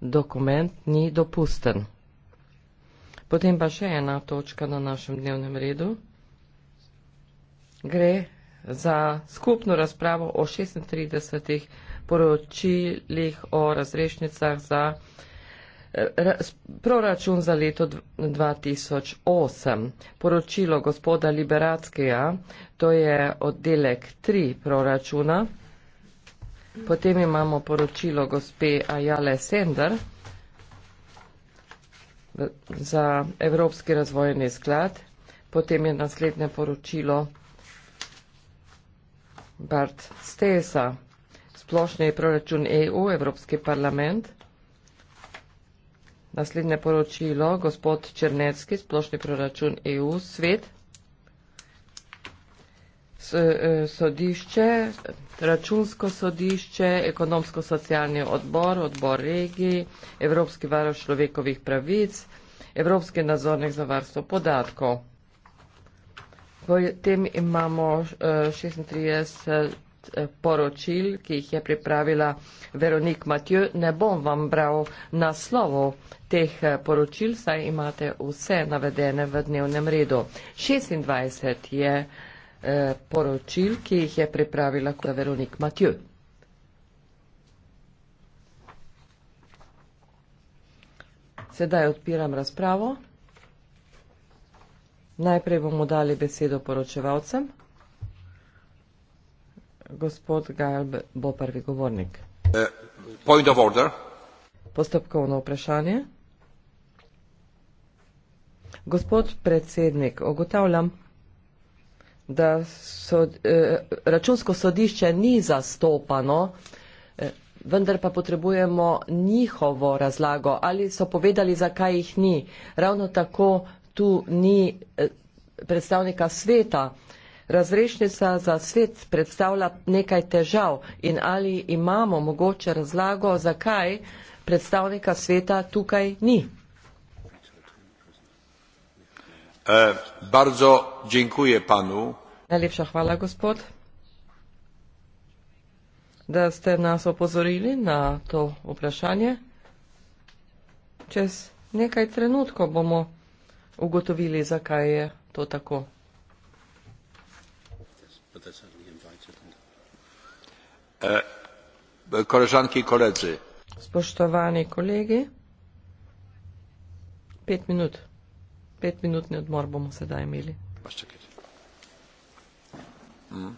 dokument ni dopusten. Potem pa še ena točka na našem dnevnem redu. Gre za skupno razpravo o 36 poročilih o razrešnicah za eh, proračun za leto 2008. Poročilo gospoda Liberackega, to je oddelek 3 proračuna. Potem imamo poročilo gospe Ajale Sender za Evropski razvojni sklad. Potem je naslednje poročilo Bart Stesa, splošni proračun EU, Evropski parlament. Naslednje poročilo gospod Černecki, splošni proračun EU, svet. E, sodišče, računsko sodišče, ekonomsko-socialni odbor, odbor regij, Evropski varuh človekovih pravic, Evropski nadzornik za varstvo podatkov. Potem imamo 36 e, e, poročil, ki jih je pripravila Veronik Matjo. Ne bom vam bral naslovov teh poročil, saj imate vse navedene v dnevnem redu. 26 je. Eh, poročil, ki jih je pripravila kolega Veronik Matju. Sedaj odpiram razpravo. Najprej bomo dali besedo poročevalcem. Gospod Gajal bo prvi govornik. Eh, point of order. Postopkovno vprašanje. Gospod predsednik, ogotavljam, da so, eh, računsko sodišče ni zastopano, eh, vendar pa potrebujemo njihovo razlago ali so povedali, zakaj jih ni. Ravno tako tu ni eh, predstavnika sveta. Razrešnica za svet predstavlja nekaj težav in ali imamo mogoče razlago, zakaj predstavnika sveta tukaj ni. Eh, bardzo dziękuję panu. Najlepša hvala, gospod, da ste nas opozorili na to vprašanje. Čez nekaj trenutkov bomo ugotovili, zakaj je to tako. E, Koležanki in koledzi. Spoštovani kolegi, pet minut, pet minutni odmor bomo sedaj imeli. Paščekaj. Mm.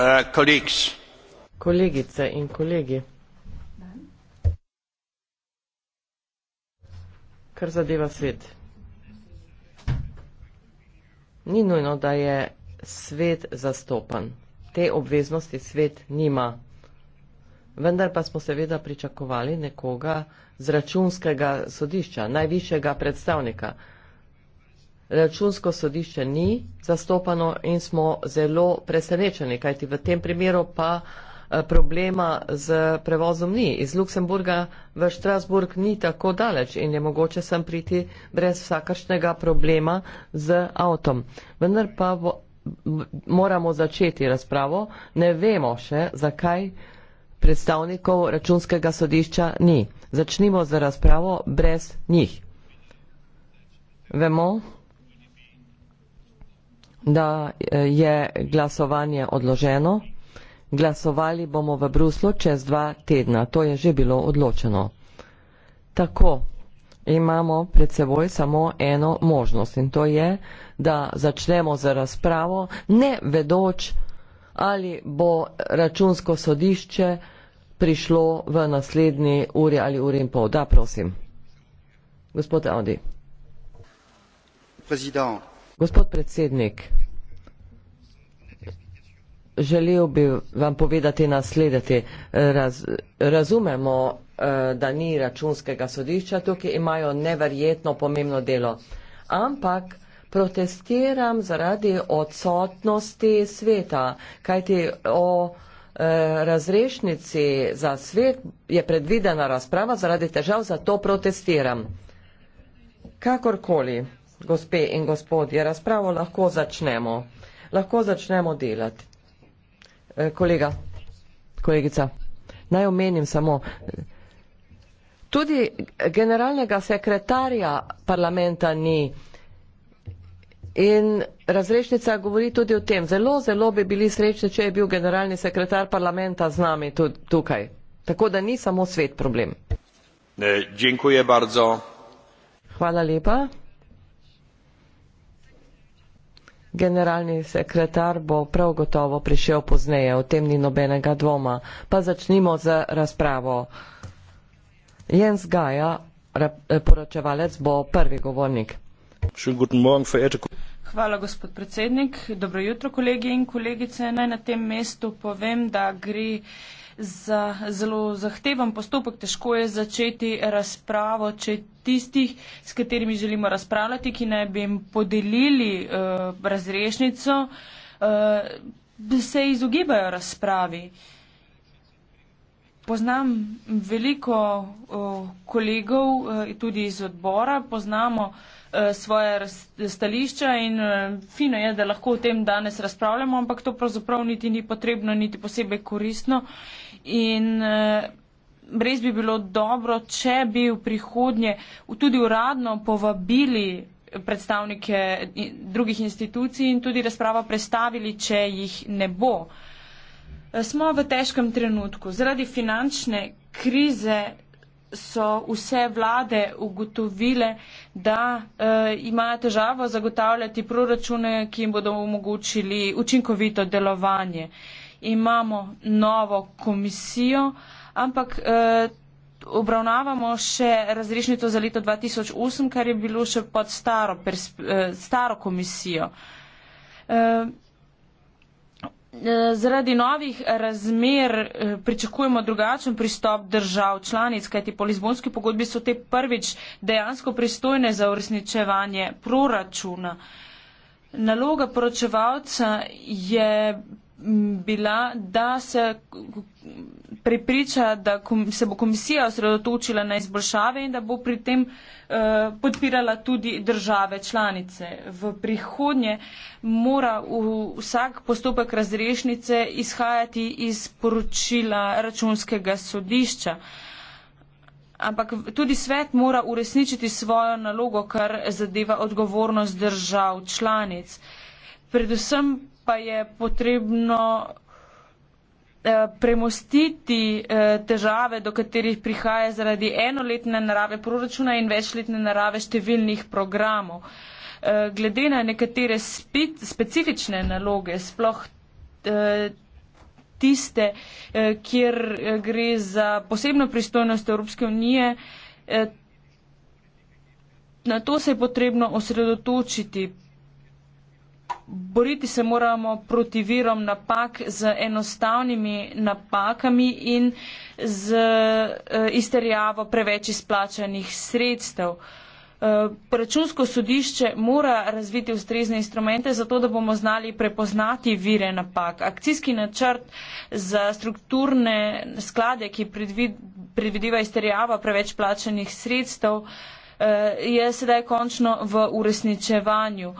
Uh, Kolegice in kolegi, kar zadeva svet. Ni nujno, da je svet zastopan. Te obveznosti svet nima. Vendar pa smo seveda pričakovali nekoga z računskega sodišča, najvišjega predstavnika računsko sodišče ni zastopano in smo zelo presenečeni, kajti v tem primeru pa eh, problema z prevozom ni. Iz Luksemburga v Štrasburg ni tako daleč in je mogoče sem priti brez vsakršnega problema z avtom. Vendar pa moramo začeti razpravo. Ne vemo še, zakaj predstavnikov računskega sodišča ni. Začnimo z razpravo brez njih. Vemo, da eh, je glasovanje odloženo. Glasovali bomo v Bruslu čez dva tedna. To je že bilo odločeno. Tako imamo pred seboj samo eno možnost in to je, da začnemo z razpravo, ne vedoč, ali bo računsko sodišče prišlo v naslednji uri ali uri in pol. Da, prosim. Gospod Audi. President. Gospod predsednik, želel bi vam povedati nasledati. Raz, razumemo, eh, da ni računskega sodišča, tukaj imajo neverjetno pomembno delo. Ampak protestiram zaradi odsotnosti sveta, kajti o eh, razrešnici za svet je predvidena razprava zaradi težav, zato protestiram. Kakorkoli gospe in gospodje, razpravo lahko začnemo. Lahko začnemo delati. Eh, kolega, kolegica, naj omenim samo. Eh, tudi generalnega sekretarja parlamenta ni. In razrešnica govori tudi o tem. Zelo, zelo bi bili srečni, če je bil generalni sekretar parlamenta z nami tudi tukaj. Tako da ni samo svet problem. Ne, bardzo. Hvala lepa. Generalni sekretar bo prav gotovo prišel pozneje, o tem ni nobenega dvoma. Pa začnimo z razpravo. Jens Gaja, poročevalec, bo prvi govornik. Hvala, gospod predsednik. Dobro jutro, kolegi in kolegice. Naj na tem mestu povem, da gre za zelo zahteven postopek, težko je začeti razpravo, če tistih, s katerimi želimo razpravljati, ki naj bi jim podelili uh, razrešnico, uh, se izogibajo razpravi. Poznam veliko uh, kolegov uh, tudi iz odbora, poznamo uh, svoje stališča in uh, fino je, da lahko o tem danes razpravljamo, ampak to pravzaprav niti ni potrebno, niti posebej koristno. Uh, In eh, res bi bilo dobro, če bi v prihodnje tudi uradno povabili predstavnike drugih institucij in tudi razpravo predstavili, če jih ne bo. Eh, smo v težkem trenutku. Zaradi finančne krize so vse vlade ugotovile, da uh, imajo težavo zagotavljati proračune, ki jim bodo omogočili učinkovito delovanje. Uh, imamo novo komisijo, ampak eh, obravnavamo še razrešnico za leto 2008, kar je bilo še pod staro, eh, staro komisijo. Eh, zaradi novih razmer pričakujemo drugačen pristop držav članic, kajti po Lizbonski pogodbi so te prvič dejansko pristojne za uresničevanje proračuna. Naloga poročevalca je bila, da se prepriča, da se bo komisija osredotočila na izboljšave in da bo pri tem eh, podpirala tudi države članice. V prihodnje mora vsak postopek razrešnice izhajati iz poročila računskega sodišča. Ampak tudi svet mora uresničiti svojo nalogo, kar zadeva odgovornost držav članic. Predvsem pa je potrebno eh, premostiti eh, težave, do katerih prihaja zaradi enoletne narave proračuna in večletne narave številnih programov. Eh, glede na nekatere specifične naloge, sploh tiste, kjer gre za posebno pristojnost Evropske unije, na to se je potrebno osredotočiti. Boriti se moramo proti virom napak z enostavnimi napakami in z eh, izterjavo preveč izplačanih sredstev. Eh, Računsko sodišče mora razviti ustrezne instrumente, zato da bomo znali prepoznati vire napak. Akcijski načrt za strukturne sklade, ki predvideva izterjavo preveč plačanih sredstev, eh, je sedaj končno v uresničevanju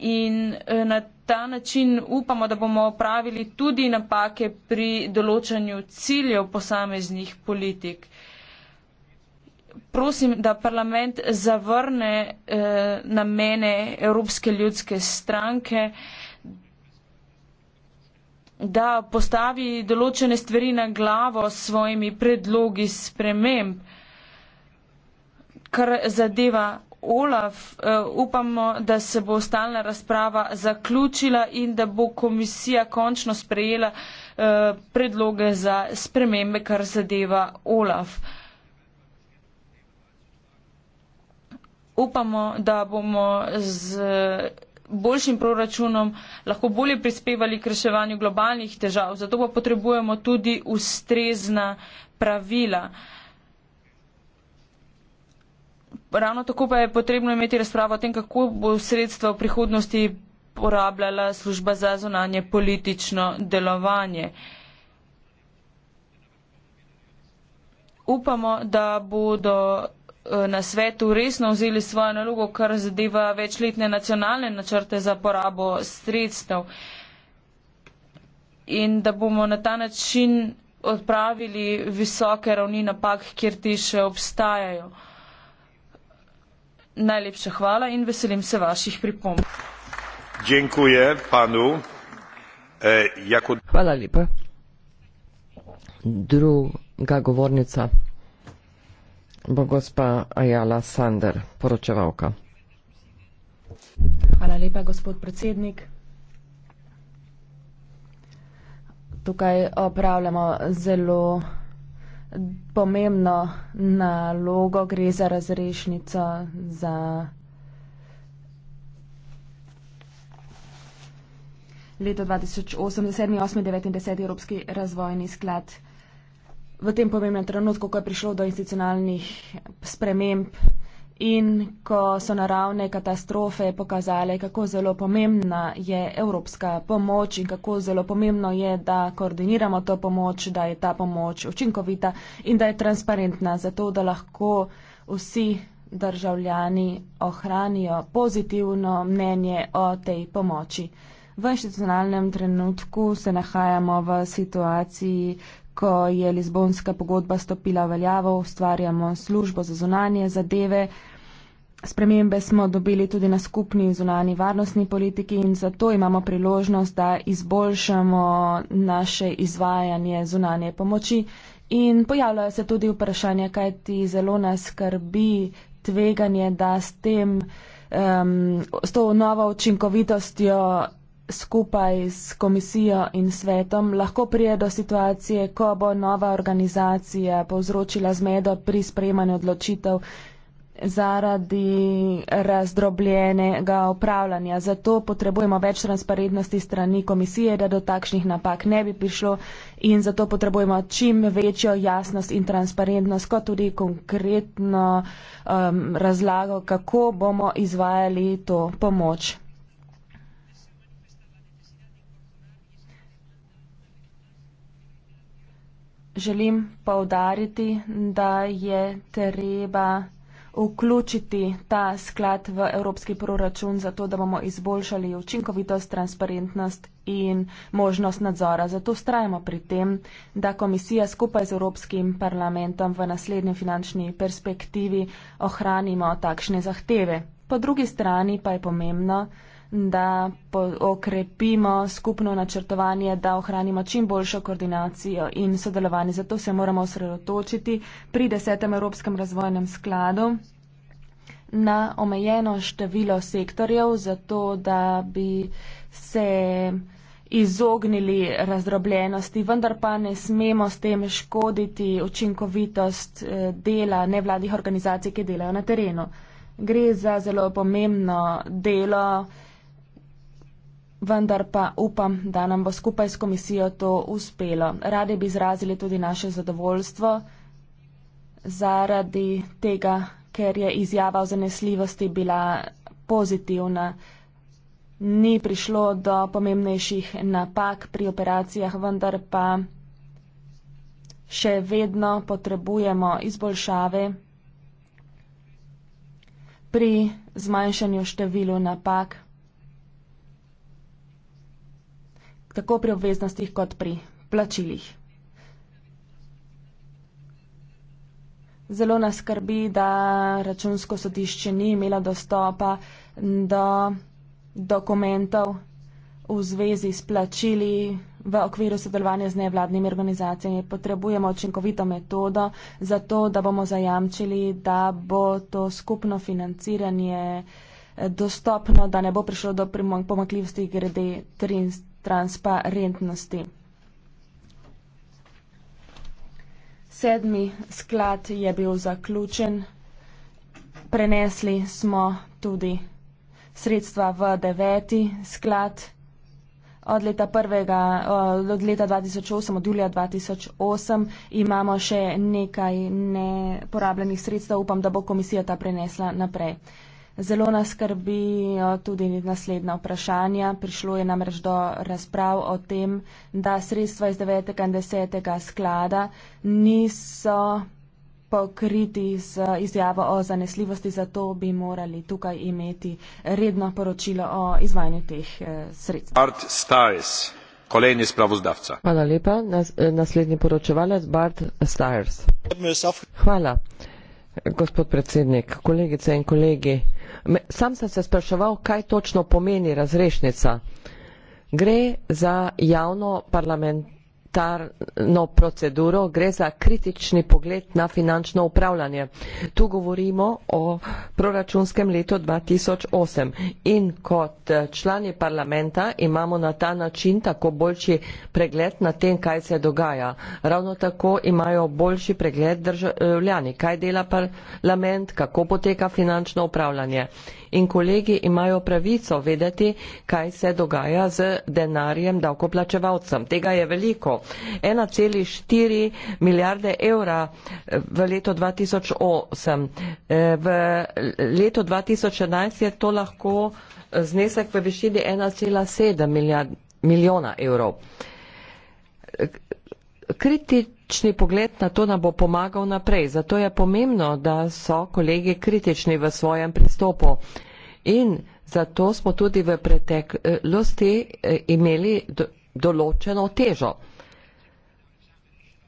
in eh, na ta način upamo, da bomo opravili tudi napake pri določanju ciljev posameznih politik. Prosim, da parlament zavrne eh, namene Evropske ljudske stranke, da postavi določene stvari na glavo s svojimi predlogi sprememb, kar zadeva Olaf, eh, upamo, da se bo stalna razprava zaključila in da bo komisija končno sprejela eh, predloge za spremembe, kar zadeva Olaf. Upamo, da bomo z boljšim proračunom lahko bolje prispevali k reševanju globalnih težav. Zato pa potrebujemo tudi ustrezna pravila. Uh, Ravno tako pa je potrebno imeti razpravo o tem, kako bo sredstva v prihodnosti porabljala služba za zunanje politično delovanje. Upamo, da bodo eh, na svetu resno vzeli svojo nalogo, kar zadeva večletne nacionalne načrte za porabo sredstev in da bomo na ta način odpravili visoke ravni napak, kjer ti še obstajajo. Najlepša hvala in veselim se vaših pripomb. Dziękuję panu. E, jako... Hvala lepa. Druga govornica bo gospa Ajala Sander, poročevalka. Hvala lepa, gospod predsednik. Tukaj opravljamo zelo pomembno nalogo, gre za razrešnico, za. Leto 2008, 7, 8, 9 in 10 Evropski razvojni sklad. V tem pomembnem trenutku, ko je prišlo do institucionalnih sprememb, in ko so naravne katastrofe pokazale, kako zelo pomembna je evropska pomoč in kako zelo pomembno je, da koordiniramo to pomoč, da je ta pomoč učinkovita in da je transparentna, zato da lahko vsi državljani ohranijo pozitivno mnenje o tej pomoči. V institucionalnem trenutku se nahajamo v situaciji, ko je Lizbonska pogodba stopila v veljavo, ustvarjamo službo za zunanje zadeve, Spremembe smo dobili tudi na skupni zunani varnostni politiki in zato imamo priložnost, da izboljšamo naše izvajanje zunanje pomoči. In pojavljajo se tudi vprašanja, kaj ti zelo nas skrbi tveganje, da s, tem, um, s to novo učinkovitostjo skupaj s komisijo in svetom lahko prije do situacije, ko bo nova organizacija povzročila zmedo pri sprejemanju odločitev zaradi razdrobljenega upravljanja. Zato potrebujemo več transparentnosti strani komisije, da do takšnih napak ne bi prišlo in zato potrebujemo čim večjo jasnost in transparentnost, kot tudi konkretno um, razlago, kako bomo izvajali to pomoč. Želim povdariti, da je treba vključiti ta sklad v evropski proračun, zato da bomo izboljšali učinkovitost, transparentnost in možnost nadzora. Zato strajamo pri tem, da komisija skupaj z Evropskim parlamentom v naslednji finančni perspektivi ohranimo takšne zahteve. Po drugi strani pa je pomembno, da okrepimo skupno načrtovanje, da ohranimo čim boljšo koordinacijo in sodelovanje. Zato se moramo osredotočiti pri desetem Evropskem razvojnem skladu na omejeno število sektorjev, zato da bi se izognili razdrobljenosti, vendar pa ne smemo s tem škoditi učinkovitost eh, dela nevladnih organizacij, ki delajo na terenu. Gre za zelo pomembno delo, vendar pa upam, da nam bo skupaj s komisijo to uspelo. Radi bi izrazili tudi naše zadovoljstvo zaradi tega, ker je izjava o zanesljivosti bila pozitivna. Ni prišlo do pomembnejših napak pri operacijah, vendar pa še vedno potrebujemo izboljšave pri zmanjšanju številu napak. tako pri obveznostih kot pri plačilih. Zelo nas skrbi, da računsko sodišče ni imelo dostopa do dokumentov v zvezi s plačili v okviru sodelovanja z nevladnimi organizacijami. Potrebujemo očinkovito metodo za to, da bomo zajamčili, da bo to skupno financiranje dostopno, da ne bo prišlo do pomakljivosti grede 13 transparentnosti. Sedmi sklad je bil zaključen, prenesli smo tudi sredstva v deveti sklad. Od leta, prvega, od leta 2008, od julija 2008 imamo še nekaj neporabljenih sredstev, upam, da bo komisija ta prenesla naprej. Zelo nas skrbijo tudi naslednja vprašanja. Prišlo je namreč do razprav o tem, da sredstva iz 9. in 10. sklada niso pokriti z izjavo o zanesljivosti, zato bi morali tukaj imeti redno poročilo o izvajanju teh eh, sredstev. Art Stiles, kolejni spravozdavca. Hvala lepa, nas, eh, naslednji poročevalec Bart Stiles. Hvala gospod predsednik, kolegice in kolegi. Sam sem se spraševal, kaj točno pomeni razrešnica. Gre za javno parlament, parlamentarno proceduro, gre za kritični pogled na finančno upravljanje. Tu govorimo o proračunskem letu 2008 in kot eh, člani parlamenta imamo na ta način tako boljši pregled na tem, kaj se dogaja. Ravno tako imajo boljši pregled državljani, kaj dela parlament, kako poteka finančno upravljanje in kolegi imajo pravico vedeti, kaj se dogaja z denarjem davkoplačevalcem. Tega je veliko. 1,4 milijarde evra eh, v letu 2008. Eh, v letu 2011 je to lahko eh, znesek v višini 1,7 milijona evrov. Kritič kritični pogled na to nam bo pomagal naprej. Zato je pomembno, da so kolegi kritični v svojem pristopu. In zato smo tudi v preteklosti eh, imeli določeno težo.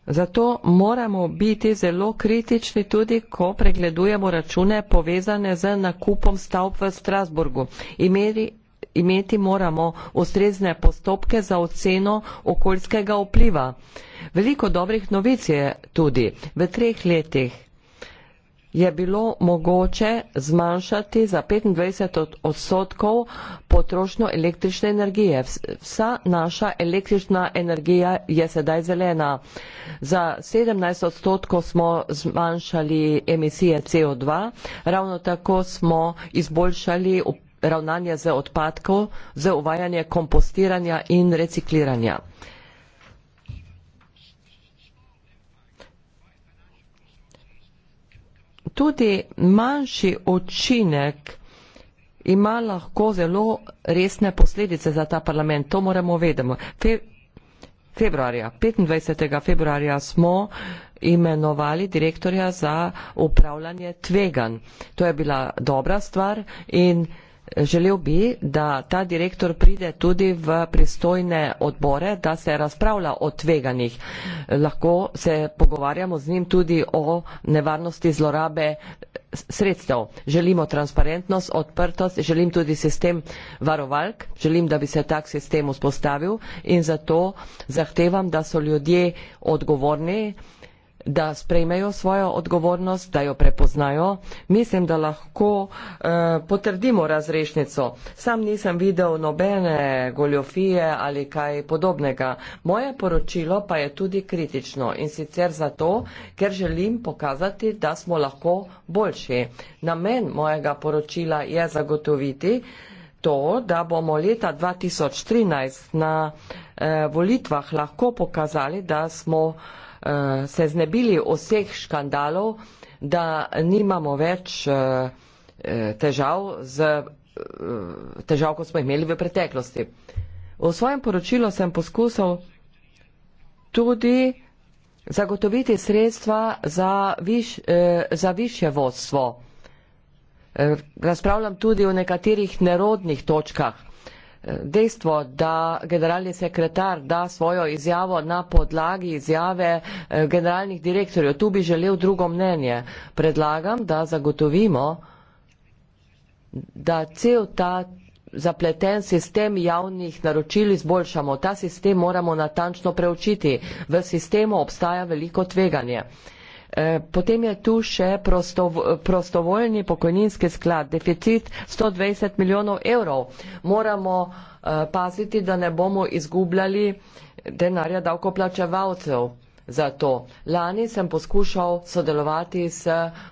Zato moramo biti zelo kritični tudi, ko pregledujemo račune povezane z nakupom stavb v Strasburgu. Imeli, imeti moramo ustrezne postopke za oceno okoljskega vpliva. Veliko dobrih novic je tudi. V treh letih je bilo mogoče zmanjšati za 25 odstotkov potrošnjo električne energije. Vsa naša električna energija je sedaj zelena. Za 17 odstotkov smo zmanjšali emisije CO2, ravno tako smo izboljšali ravnanje z odpadkov, z uvajanje kompostiranja in recikliranja. Tudi manjši učinek ima lahko zelo resne posledice za ta parlament, to moramo vedeti. Fe, februarja, 25. februarja smo imenovali direktorja za upravljanje tvegan. To je bila dobra stvar in Želel bi, da ta direktor pride tudi v pristojne odbore, da se razpravlja o tveganih. Lahko se pogovarjamo z njim tudi o nevarnosti zlorabe sredstev. Želimo transparentnost, odprtost, želim tudi sistem varovalk, želim, da bi se tak sistem vzpostavil in zato zahtevam, da so ljudje odgovorni da sprejmejo svojo odgovornost, da jo prepoznajo. Mislim, da lahko eh, potrdimo razrešnico. Sam nisem videl nobene goljofije ali kaj podobnega. Moje poročilo pa je tudi kritično in sicer zato, ker želim pokazati, da smo lahko boljši. Namen mojega poročila je zagotoviti, To, da bomo leta 2013 na eh, volitvah lahko pokazali, da smo eh, uh, se znebili vseh škandalov, da nimamo več uh, težav, z, uh, težav, kot smo imeli v preteklosti. V svojem poročilu sem poskusil tudi zagotoviti sredstva za, viš, uh, za više vodstvo. Razpravljam tudi o nekaterih nerodnih točkah dejstvo, da generalni sekretar da svojo izjavo na podlagi izjave eh, generalnih direktorjev. Tu bi želel drugo mnenje. Predlagam, da zagotovimo, da cel ta zapleten sistem javnih naročil izboljšamo. Ta sistem moramo natančno preučiti. V sistemu obstaja veliko tveganje. Eh, potem je tu še prostov, prostovoljni pokojninski sklad, deficit 120 milijonov evrov. Moramo eh, paziti, da ne bomo izgubljali denarja davkoplačevalcev. Zato lani sem poskušal sodelovati s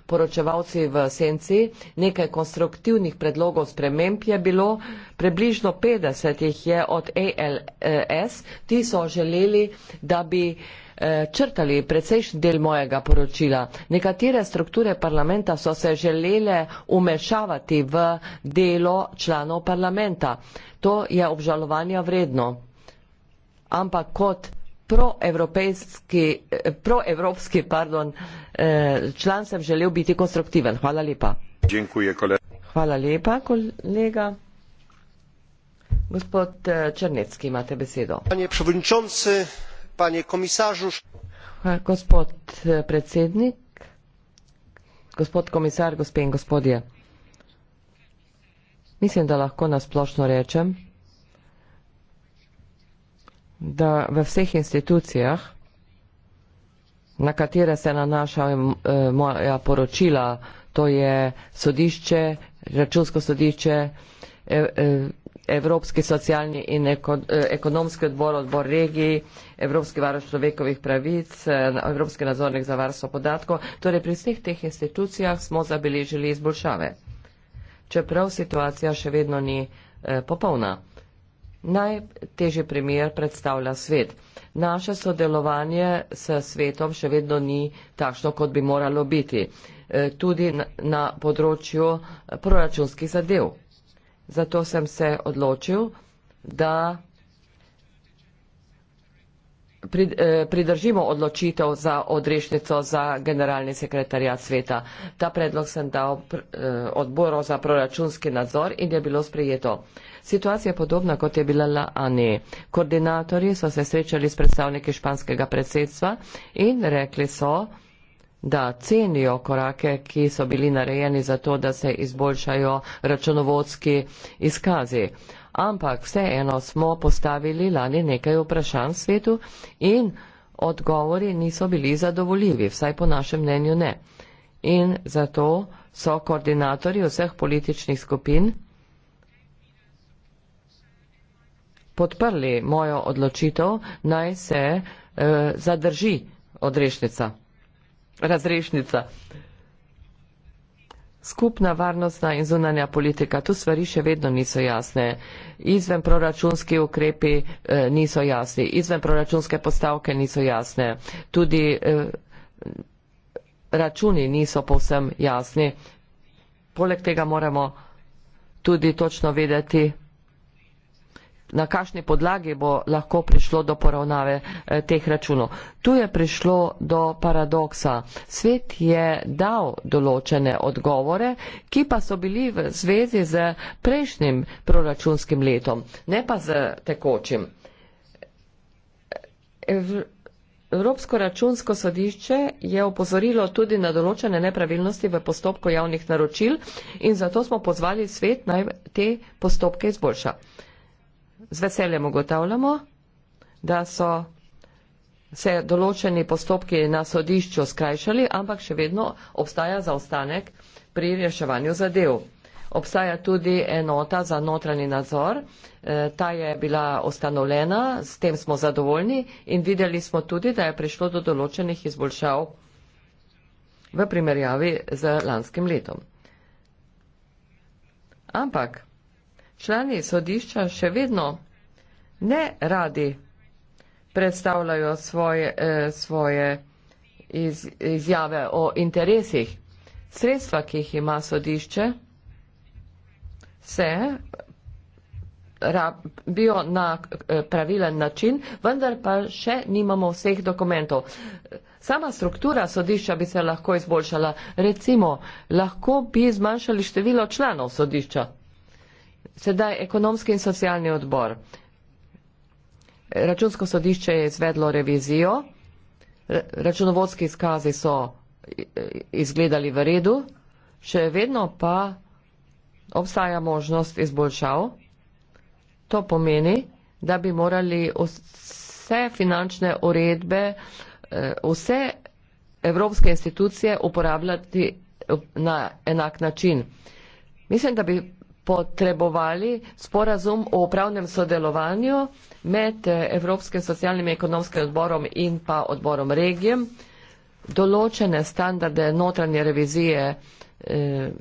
poročevalci v Senci, nekaj konstruktivnih predlogov sprememb je bilo, približno 50 jih je od ALS, ti so želeli, da bi eh, Eh, črtali precejšen del mojega poročila. Nekatere strukture parlamenta so se želele umešavati v delo članov parlamenta. To je obžalovanja vredno. Ampak kot eh, proevropski pro eh, član sem želel biti konstruktiven. Hvala lepa. Dziękuję, Hvala lepa, kolega. Gospod Črnecki, imate besedo. Panie przewodniczący, panie komisarzu. Gospod eh, predsednik, gospod komisar, gospe in gospodje. Mislim, da lahko nasplošno rečem, da v vseh institucijah, na katere se nanaša eh, moja poročila, to je sodišče, računsko sodišče, eh, Evropski socialni in eh, ekonomski odbor, odbor regiji, Evropski varuš človekovih pravic, eh, Evropski nadzornik za varstvo podatkov. Torej pri vseh teh institucijah smo zabeležili izboljšave. Čeprav situacija še vedno ni eh, popolna. Najtežji primer predstavlja svet. Naše sodelovanje s svetom še vedno ni takšno, kot bi moralo biti. Tudi na področju proračunskih zadev. Zato sem se odločil, da eh, pridržimo odločitev za odrešnico za generalni sekretarjat sveta. Ta predlog sem dal eh, odboru za proračunski nadzor in je bilo sprejeto. Situacija je podobna, kot je bila lani. Koordinatorji so se srečali s predstavniki španskega predsedstva in rekli so, da da cenijo korake, ki so bili narejeni za to, da se izboljšajo računovodski izkazi. Ampak vseeno smo postavili lani nekaj vprašanj svetu in odgovori niso bili zadovoljivi, vsaj po našem mnenju ne. In zato so koordinatorji vseh političnih skupin podprli mojo odločitev, naj se eh, zadrži odrešnica razrešnica. Skupna varnostna in zunanja politika, tu stvari še vedno niso jasne. Izven proračunski ukrepi eh, niso jasni, izven proračunske postavke niso jasne, tudi eh, računi niso povsem jasni. Poleg tega moramo tudi točno vedeti, na kakšni podlagi bo lahko prišlo do poravnave eh, teh računov. Tu je prišlo do paradoksa. Svet je dal določene odgovore, ki pa so bili v zvezi z prejšnjim proračunskim letom, ne pa z tekočim. Evropsko računsko sodišče je opozorilo tudi na določene nepravilnosti v postopku javnih naročil in zato smo pozvali svet naj te postopke izboljša z veseljem ugotavljamo, da so se določeni postopki na sodišču skrajšali, ampak še vedno obstaja zaostanek pri reševanju zadev. Obstaja tudi enota za notranji nadzor, eh, ta je bila ustanovljena, s tem smo zadovoljni in videli smo tudi, da je prišlo do določenih izboljšav v primerjavi z lanskim letom. Ampak člani sodišča še vedno ne radi predstavljajo svoje, eh, svoje iz, izjave o interesih. Sredstva, ki jih ima sodišče, se rabijo na eh, pravilen način, vendar pa še nimamo vseh dokumentov. Sama struktura sodišča bi se lahko izboljšala. Recimo, lahko bi zmanjšali število članov sodišča. Sedaj ekonomski in socialni odbor. Računsko sodišče je izvedlo revizijo, računovodski izkazi so izgledali v redu, še vedno pa obstaja možnost izboljšav. To pomeni, da bi morali vse finančne uredbe, eh, vse evropske institucije uporabljati eh, na enak način. Mislim, da bi potrebovali sporazum o upravnem sodelovanju med eh, Evropskim socialnim in ekonomskim odborom in pa odborom regijem, določene standarde notranje revizije eh,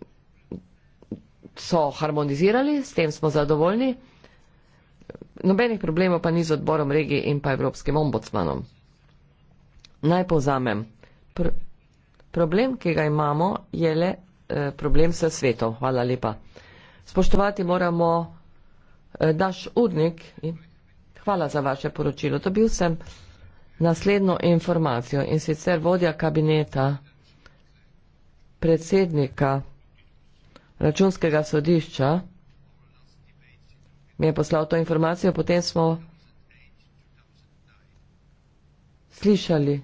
so harmonizirali, s tem smo zadovoljni, nobenih problemov pa ni z odborom regije in pa Evropskim ombudsmanom. Naj povzamem, Pr problem, ki ga imamo, je le eh, problem s svetom. Hvala lepa spoštovati moramo eh, naš urnik. Hvala za vaše poročilo. Dobil sem naslednjo informacijo in sicer vodja kabineta predsednika računskega sodišča mi je poslal to informacijo, potem smo slišali,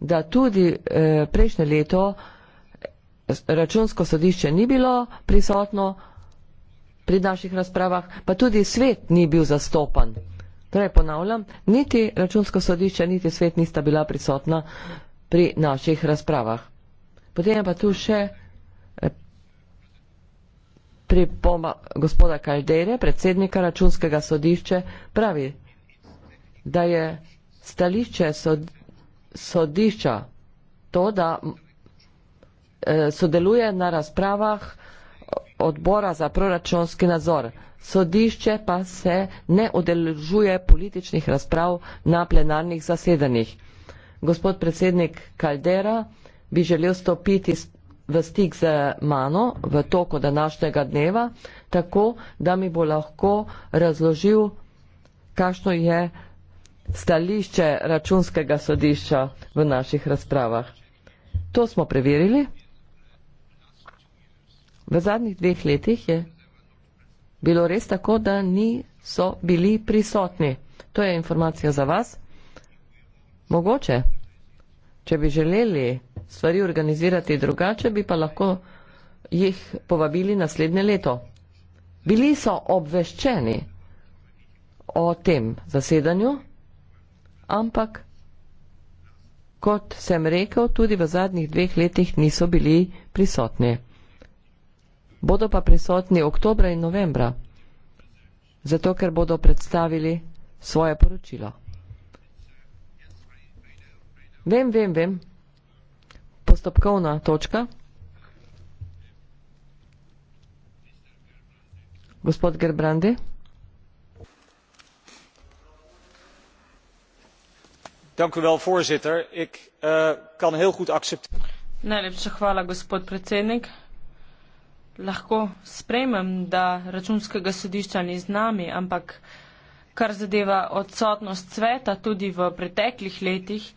da tudi eh, prejšnje leto računsko sodišče ni bilo prisotno pri naših razpravah, pa tudi svet ni bil zastopan. Torej ponavljam, niti računsko sodišče, niti svet nista bila prisotna pri naših razpravah. Potem je pa tu še eh, pripomba gospoda Kaldere, predsednika računskega sodišče, pravi, da je stališče sod, sodišča to, da Eh, sodeluje na razpravah odbora za proračunski nadzor. Sodišče pa se ne udeležuje političnih razprav na plenarnih zasedanjih. Gospod predsednik Kaldera bi želel stopiti v stik z mano v toku današnjega dneva, tako da mi bo lahko razložil, kakšno je stališče računskega sodišča v naših razpravah. To smo preverili. V zadnjih dveh letih je bilo res tako, da niso bili prisotni. To je informacija za vas. Mogoče, če bi želeli stvari organizirati drugače, bi pa lahko jih povabili naslednje leto. Bili so obveščeni o tem zasedanju, ampak, kot sem rekel, tudi v zadnjih dveh letih niso bili prisotni bodo pa prisotni oktobra in novembra, zato ker bodo predstavili svoje poročilo. Vem, vem, vem, postopkovna točka. Gospod Gerbrandi. Dank u wel, voorzitter. Ik uh, kan heel goed accepteren. Najlepša hvala, gospod predsednik lahko sprejmem, da računskega sodišča ni z nami, ampak kar zadeva odsotnost sveta tudi v preteklih letih,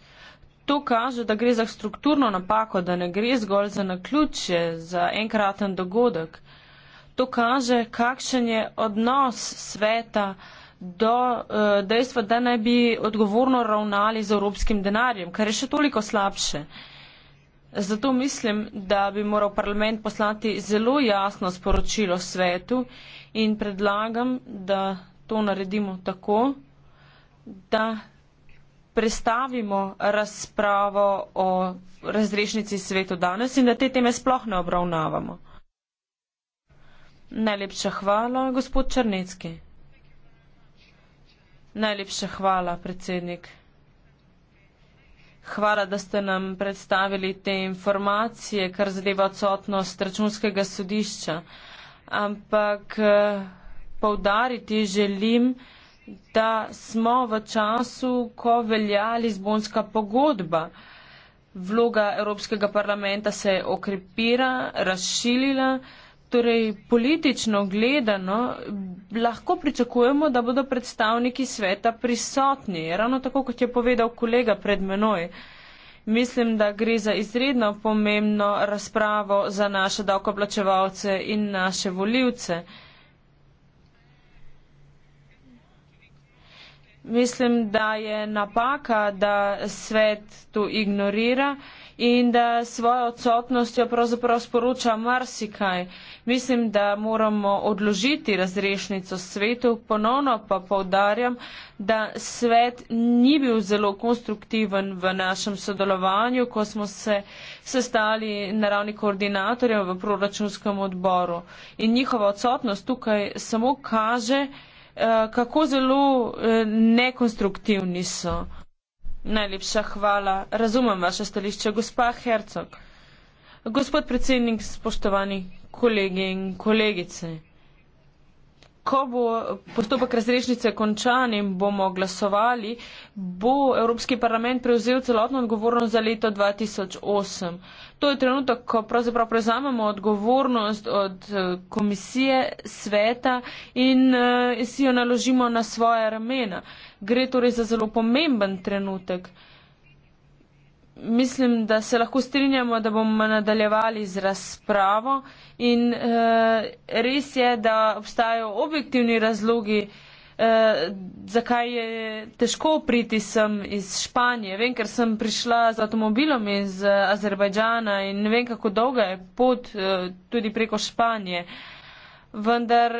to kaže, da gre za strukturno napako, da ne gre zgolj za naključje, za enkraten dogodek. To kaže, kakšen je odnos sveta do eh, dejstva, da naj bi odgovorno ravnali z evropskim denarjem, kar je še toliko slabše. Zato mislim, da bi moral parlament poslati zelo jasno sporočilo svetu in predlagam, da to naredimo tako, da prestavimo razpravo o razrešnici svetu danes in da te teme sploh ne obravnavamo. Najlepša hvala, gospod Črnecki. Najlepša hvala, predsednik. Hvala, da ste nam predstavili te informacije, kar zadeva odsotnost računskega sodišča. Ampak eh, povdariti želim, da smo v času, ko velja Lizbonska pogodba. Vloga Evropskega parlamenta se je okrepila, razširila. Torej, politično gledano lahko pričakujemo, da bodo predstavniki sveta prisotni, ravno tako kot je povedal kolega pred menoj. Mislim, da gre za izredno pomembno razpravo za naše davkoplačevalce in naše voljivce. Mislim, da je napaka, da svet to ignorira in da svojo odsotnostjo pravzaprav sporoča marsikaj. Mislim, da moramo odložiti razrešnico svetu, ponovno pa povdarjam, da svet ni bil zelo konstruktiven v našem sodelovanju, ko smo se sestali na ravni koordinatorjev v proračunskem odboru. In njihova odsotnost tukaj samo kaže, eh, kako zelo eh, nekonstruktivni so. Najlepša hvala. Razumem vaše stališče, gospa Hercog. Gospod predsednik, spoštovani kolegi in kolegice. Ko bo postopek razrešnice končan in bomo glasovali, bo Evropski parlament prevzel celotno odgovornost za leto 2008. To je trenutek, ko pravzaprav prevzamemo odgovornost od eh, komisije, sveta in eh, si jo naložimo na svoje ramena gre torej za zelo pomemben trenutek. Mislim, da se lahko strinjamo, da bomo nadaljevali z razpravo in e, res je, da obstajajo objektivni razlogi, e, zakaj je težko priti sem iz Španije. Vem, ker sem prišla z avtomobilom iz eh, Azerbajdžana in ne vem, kako dolga je pot e, tudi preko Španije. Vendar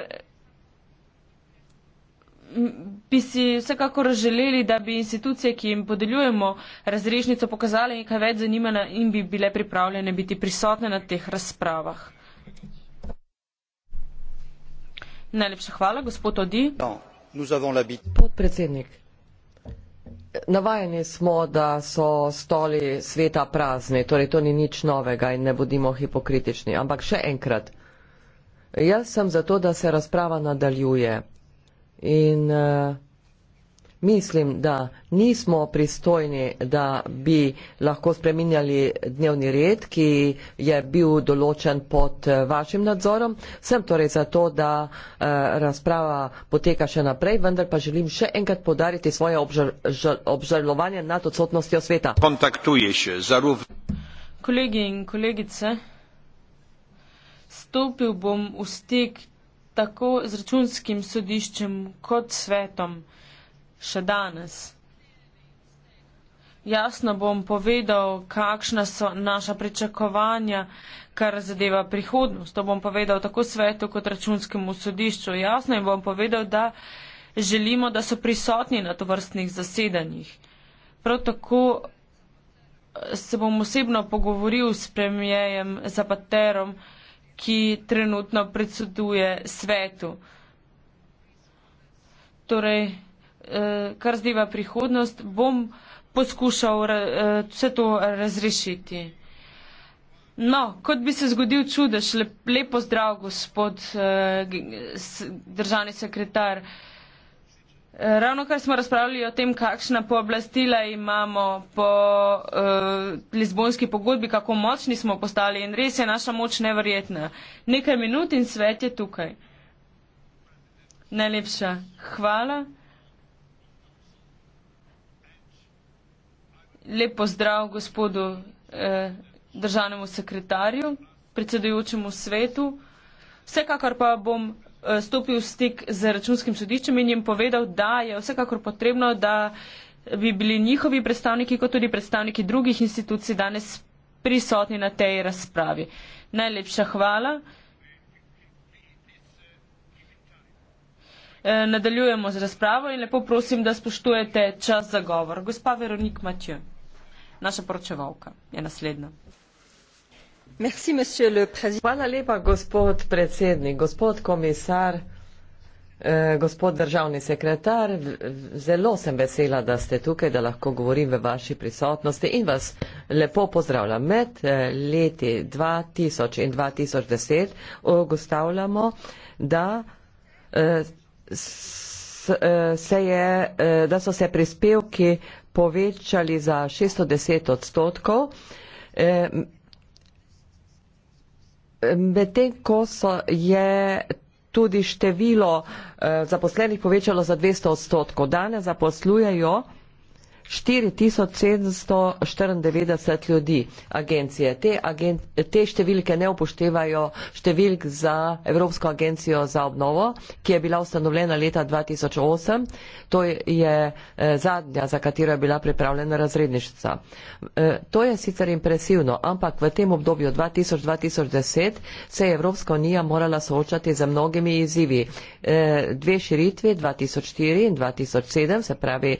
bi si vsekakor želeli, da bi institucije, ki jim podeljujemo razrešnico, pokazale nekaj več zanimanja in bi bile pripravljene biti prisotne na teh razpravah. Najlepša hvala, gospod Odi. No, Podpredsednik, navajeni smo, da so stoli sveta prazni, torej to ni nič novega in ne bodimo hipokritični. Ampak še enkrat, jaz sem zato, da se razprava nadaljuje. In uh, mislim, da nismo pristojni, da bi lahko spreminjali dnevni red, ki je bil določen pod eh, vašim nadzorom. Sem torej za to, da uh, razprava poteka še naprej, vendar pa želim še enkrat podariti svoje obžal, žal, obžalovanje nad odsotnostjo sveta. Kolegi in kolegice, stopil bom v stik tako z računskim sodiščem kot svetom še danes. Jasno bom povedal, kakšna so naša pričakovanja, kar zadeva prihodnost. To bom povedal tako svetu kot računskemu sodišču. Jasno jim bom povedal, da želimo, da so prisotni na tovrstnih zasedanjih. Prav tako eh, se bom osebno pogovoril s premijejem Zapaterom, ki trenutno predsoduje svetu. Torej, eh, kar zdiva prihodnost, bom poskušal eh, vse to razrešiti. No, kot bi se zgodil čudež, lepo zdrav gospod eh, državni sekretar. Ravno kar smo razpravljali o tem, kakšna pooblastila imamo po uh, Lizbonski pogodbi, kako močni smo postali in res je naša moč neverjetna. Nekaj minut in svet je tukaj. Najlepša hvala. Lep pozdrav gospodu eh, državnemu sekretarju, predsedujočemu svetu. Vsekakor pa bom Eh, stopil v stik z računskim sodiščem in jim povedal, da je vsekakor potrebno, da bi bili njihovi predstavniki, kot tudi predstavniki drugih institucij danes prisotni na tej razpravi. Najlepša hvala. Eh, nadaljujemo z razpravo in lepo prosim, da spoštujete čas za govor. Gospa Veronik Matjo, naša poročevalka, je naslednja. Hvala lepa, gospod predsednik, gospod komisar, eh, gospod državni sekretar. Zelo sem vesela, da ste tukaj, da lahko govorim v vaši prisotnosti in vas lepo pozdravljam. Med eh, leti 2000 in 2010 ugostavljamo, da eh, se je, da so se prispevki povečali za 610 odstotkov medtem ko so je tudi število eh, zaposlenih povečalo za 200 odstotkov. Danes zaposlujejo 4794 ljudi agencije. Te, agen, te številke ne upoštevajo številk za Evropsko agencijo za obnovo, ki je bila ustanovljena leta 2008. To je eh, zadnja, za katero je bila pripravljena razredništica. Eh, to je sicer impresivno, ampak v tem obdobju 2000-2010 se je Evropska unija morala soočati z mnogimi izzivi. Eh, dve širitvi 2004 in 2007, se pravi,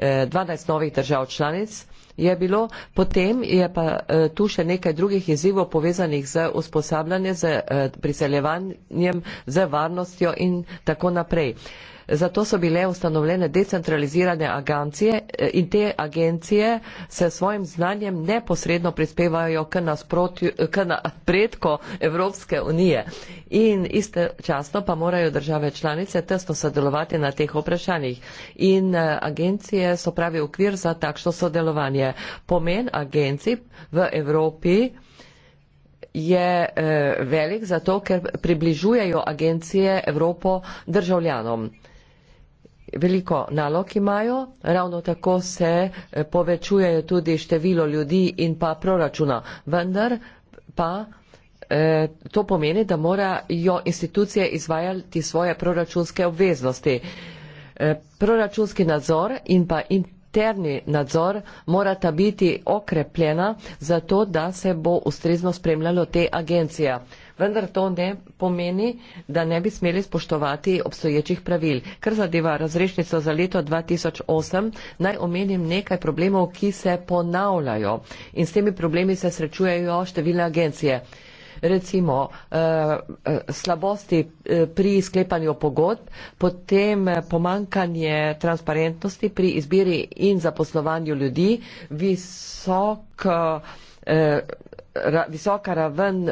12 novih držav članic. Je bilo, potem je pa e, tu še nekaj drugih izzivov povezanih z usposabljanjem, z e, priseljevanjem, z varnostjo in tako naprej zato so bile ustanovljene decentralizirane agencije eh, in te agencije se svojim znanjem neposredno prispevajo k, eh, k napredku Evropske unije. In istočasno pa morajo države članice tesno sodelovati na teh vprašanjih. In eh, agencije so pravi okvir za takšno sodelovanje. Pomen agencij v Evropi je velik zato, ker približujejo agencije Evropo državljanom veliko nalog imajo, ravno tako se eh, povečuje tudi število ljudi in pa proračuna, vendar pa eh, to pomeni, da morajo institucije izvajati svoje proračunske obveznosti. Eh, proračunski nadzor in pa interni nadzor morata biti okrepljena, zato da se bo ustrezno spremljalo te agencije. Vendar to ne pomeni, da ne bi smeli spoštovati obstoječih pravil. Kar zadeva razrešnico za leto 2008, naj omenim nekaj problemov, ki se ponavljajo in s temi problemi se srečujejo številne agencije recimo eh, eh, slabosti eh, pri sklepanju pogodb, potem pomankanje transparentnosti pri izbiri in zaposlovanju ljudi, visok, visoka raven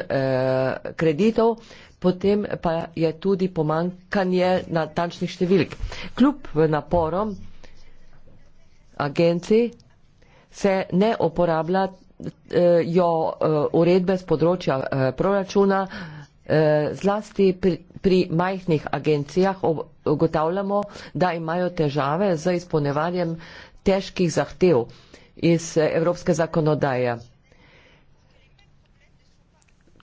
kreditov, potem pa je tudi pomankanje natančnih številk. Kljub naporom agenci se ne uporablja Eh, jo eh, uredbe z področja eh, proračuna, zlasti pri, pri majhnih agencijah ugotavljamo, da imajo težave z izpolnevanjem težkih zahtev iz evropske zakonodaje.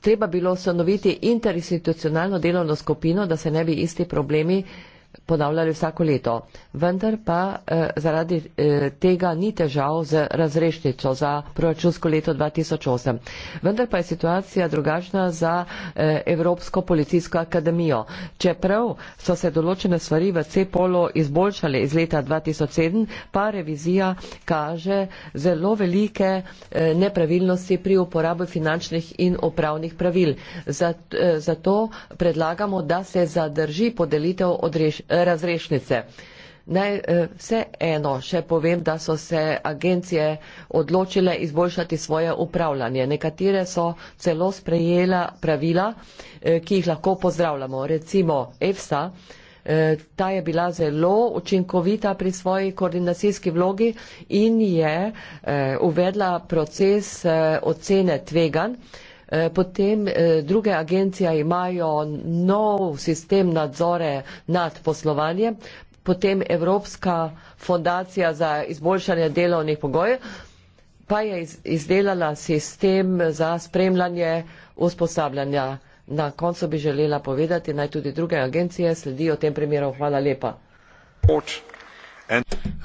Treba bilo ustanoviti interinstitucionalno delovno skupino, da se ne bi isti problemi eh, ponavljali vsako leto. Vendar pa eh, zaradi eh, tega ni težav z razrešnico za proračunsko leto 2008. Vendar pa je situacija drugačna za eh, Evropsko policijsko akademijo. Čeprav so se določene stvari v C-polo izboljšale iz leta 2007, pa revizija kaže zelo velike eh, nepravilnosti pri uporabi finančnih in upravnih pravil. Zat, eh, zato predlagamo, da se zadrži podelitev odreš, razrešnice. Naj eh, vse eno še povem, da so se agencije odločile izboljšati svoje upravljanje. Nekatere so celo sprejela pravila, eh, ki jih lahko pozdravljamo. Recimo EFSA, eh, ta je bila zelo učinkovita pri svoji koordinacijski vlogi in je uvedla proces ocene tveganj Eh, potem eh, druge agencije imajo nov sistem nadzore nad poslovanjem, potem Evropska fondacija za izboljšanje delovnih pogojev pa je izdelala sistem za spremljanje usposabljanja. Na koncu bi želela povedati, naj tudi druge agencije sledijo tem primerom. Hvala lepa.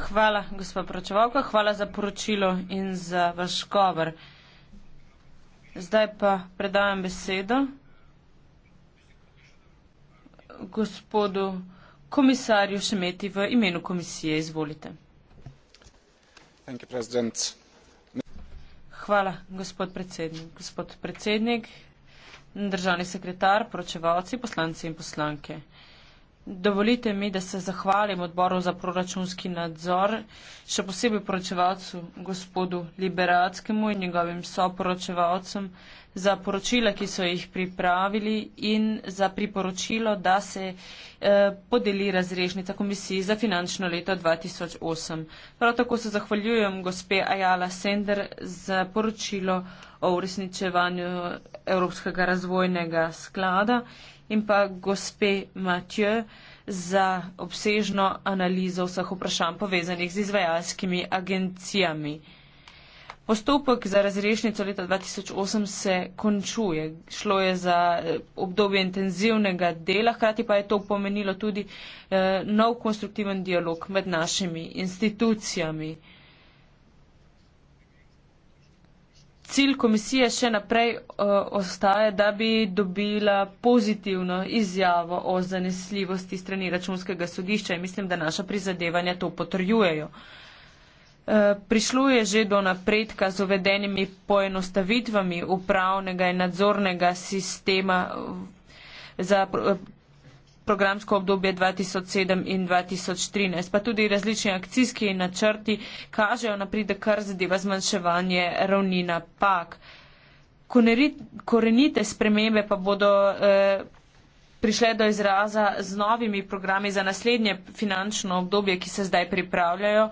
Hvala, gospod Pročevalko, hvala za poročilo in za vaš govor. Zdaj pa predajam besedo gospodu komisarju Šemeti v imenu komisije. Izvolite. Thank you, Hvala, gospod predsednik. Gospod predsednik, državni sekretar, poročevalci, poslanci in poslanke. Dovolite mi, da se zahvalim odboru za proračunski nadzor, še posebej poročevalcu gospodu Liberatskemu in njegovim soporočevalcem za poročila, ki so jih pripravili in za priporočilo, da se eh, podeli razrežnica komisiji za finančno leto 2008. Prav tako se zahvaljujem gospe Ajala Sender za poročilo o uresničevanju Evropskega razvojnega sklada in pa gospe Matjo za obsežno analizo vseh vprašanj povezanih z izvajalskimi agencijami. Postopek za razrešnico leta 2008 se končuje. Šlo je za eh, obdobje intenzivnega dela, hkrati pa je to pomenilo tudi eh, nov konstruktiven dialog med našimi institucijami. Eh, cilj komisije še naprej uh, ostaje, da bi dobila pozitivno izjavo o zanesljivosti strani računskega sodišča in mislim, da naša prizadevanja to potrjujejo. Eh, prišlo je že do napredka z uvedenimi poenostavitvami upravnega in nadzornega sistema eh, za programsko obdobje 2007 in 2013, pa tudi različni akcijski načrti kažejo napredek, kar zadeva zmanjševanje ravnina pak. Korenite spremembe pa bodo eh, prišle do izraza z novimi programi za naslednje finančno obdobje, ki se zdaj pripravljajo.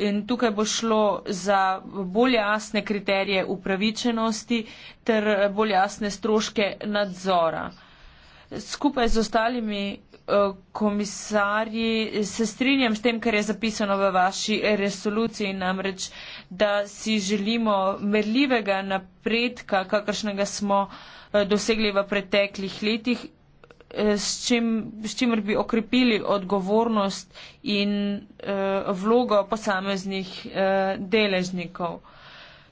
In tukaj bo šlo za bolj jasne kriterije upravičenosti ter bolj jasne stroške nadzora skupaj z ostalimi eh, komisarji se strinjam s tem, kar je zapisano v vaši resoluciji, namreč, da si želimo merljivega napredka, kakršnega smo eh, dosegli v preteklih letih, eh, s, čim, s čimer bi okrepili odgovornost in vlogo posameznih deležnikov.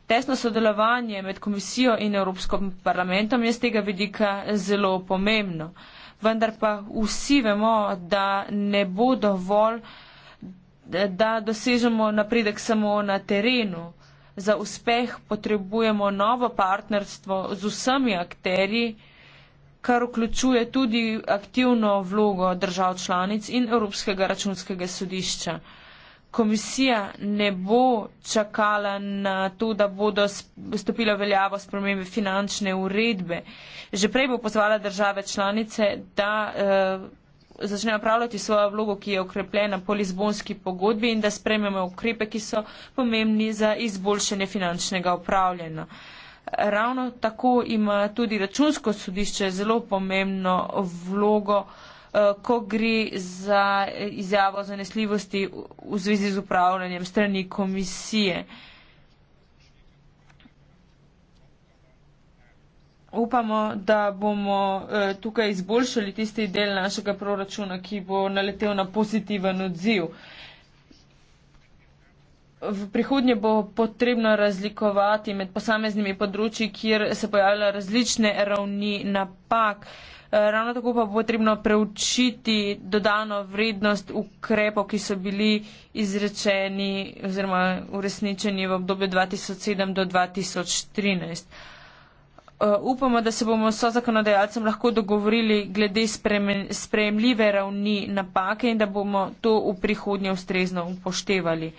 Tesno sodelovanje med komisijo in Evropskim parlamentom je z tega vidika zelo pomembno. Vendar pa vsi vemo, da ne bo dovolj, da dosežemo napredek samo na terenu. Za uspeh potrebujemo novo partnerstvo z vsemi akteri, kar vključuje tudi aktivno vlogo držav članic in Evropskega računskega sodišča komisija ne bo čakala na to, da bodo stopila veljavo spremembe finančne uredbe. Že prej bo pozvala države članice, da uh, eh, začne upravljati svojo vlogo, ki je okrepljena po Lizbonski pogodbi in da sprememe ukrepe, ki so pomembni za izboljšanje finančnega upravljanja. Ravno tako ima tudi računsko sodišče zelo pomembno vlogo uh, Eh, ko gre za eh, izjavo zanesljivosti v zvezi z upravljanjem strani komisije. Upamo, da bomo eh, tukaj izboljšali tisti del našega proračuna, ki bo naletel na pozitiven odziv. V prihodnje bo potrebno razlikovati med posameznimi področji, kjer se pojavljajo različne ravni napak. Ravno tako pa bo potrebno preučiti dodano vrednost ukrepov, ki so bili izrečeni oziroma uresničeni v obdobju 2007 do 2013. Eh, upamo, da se bomo s zakonodajalcem lahko dogovorili glede sprejemljive ravni napake in da bomo to v prihodnje ustrezno upoštevali. Uh,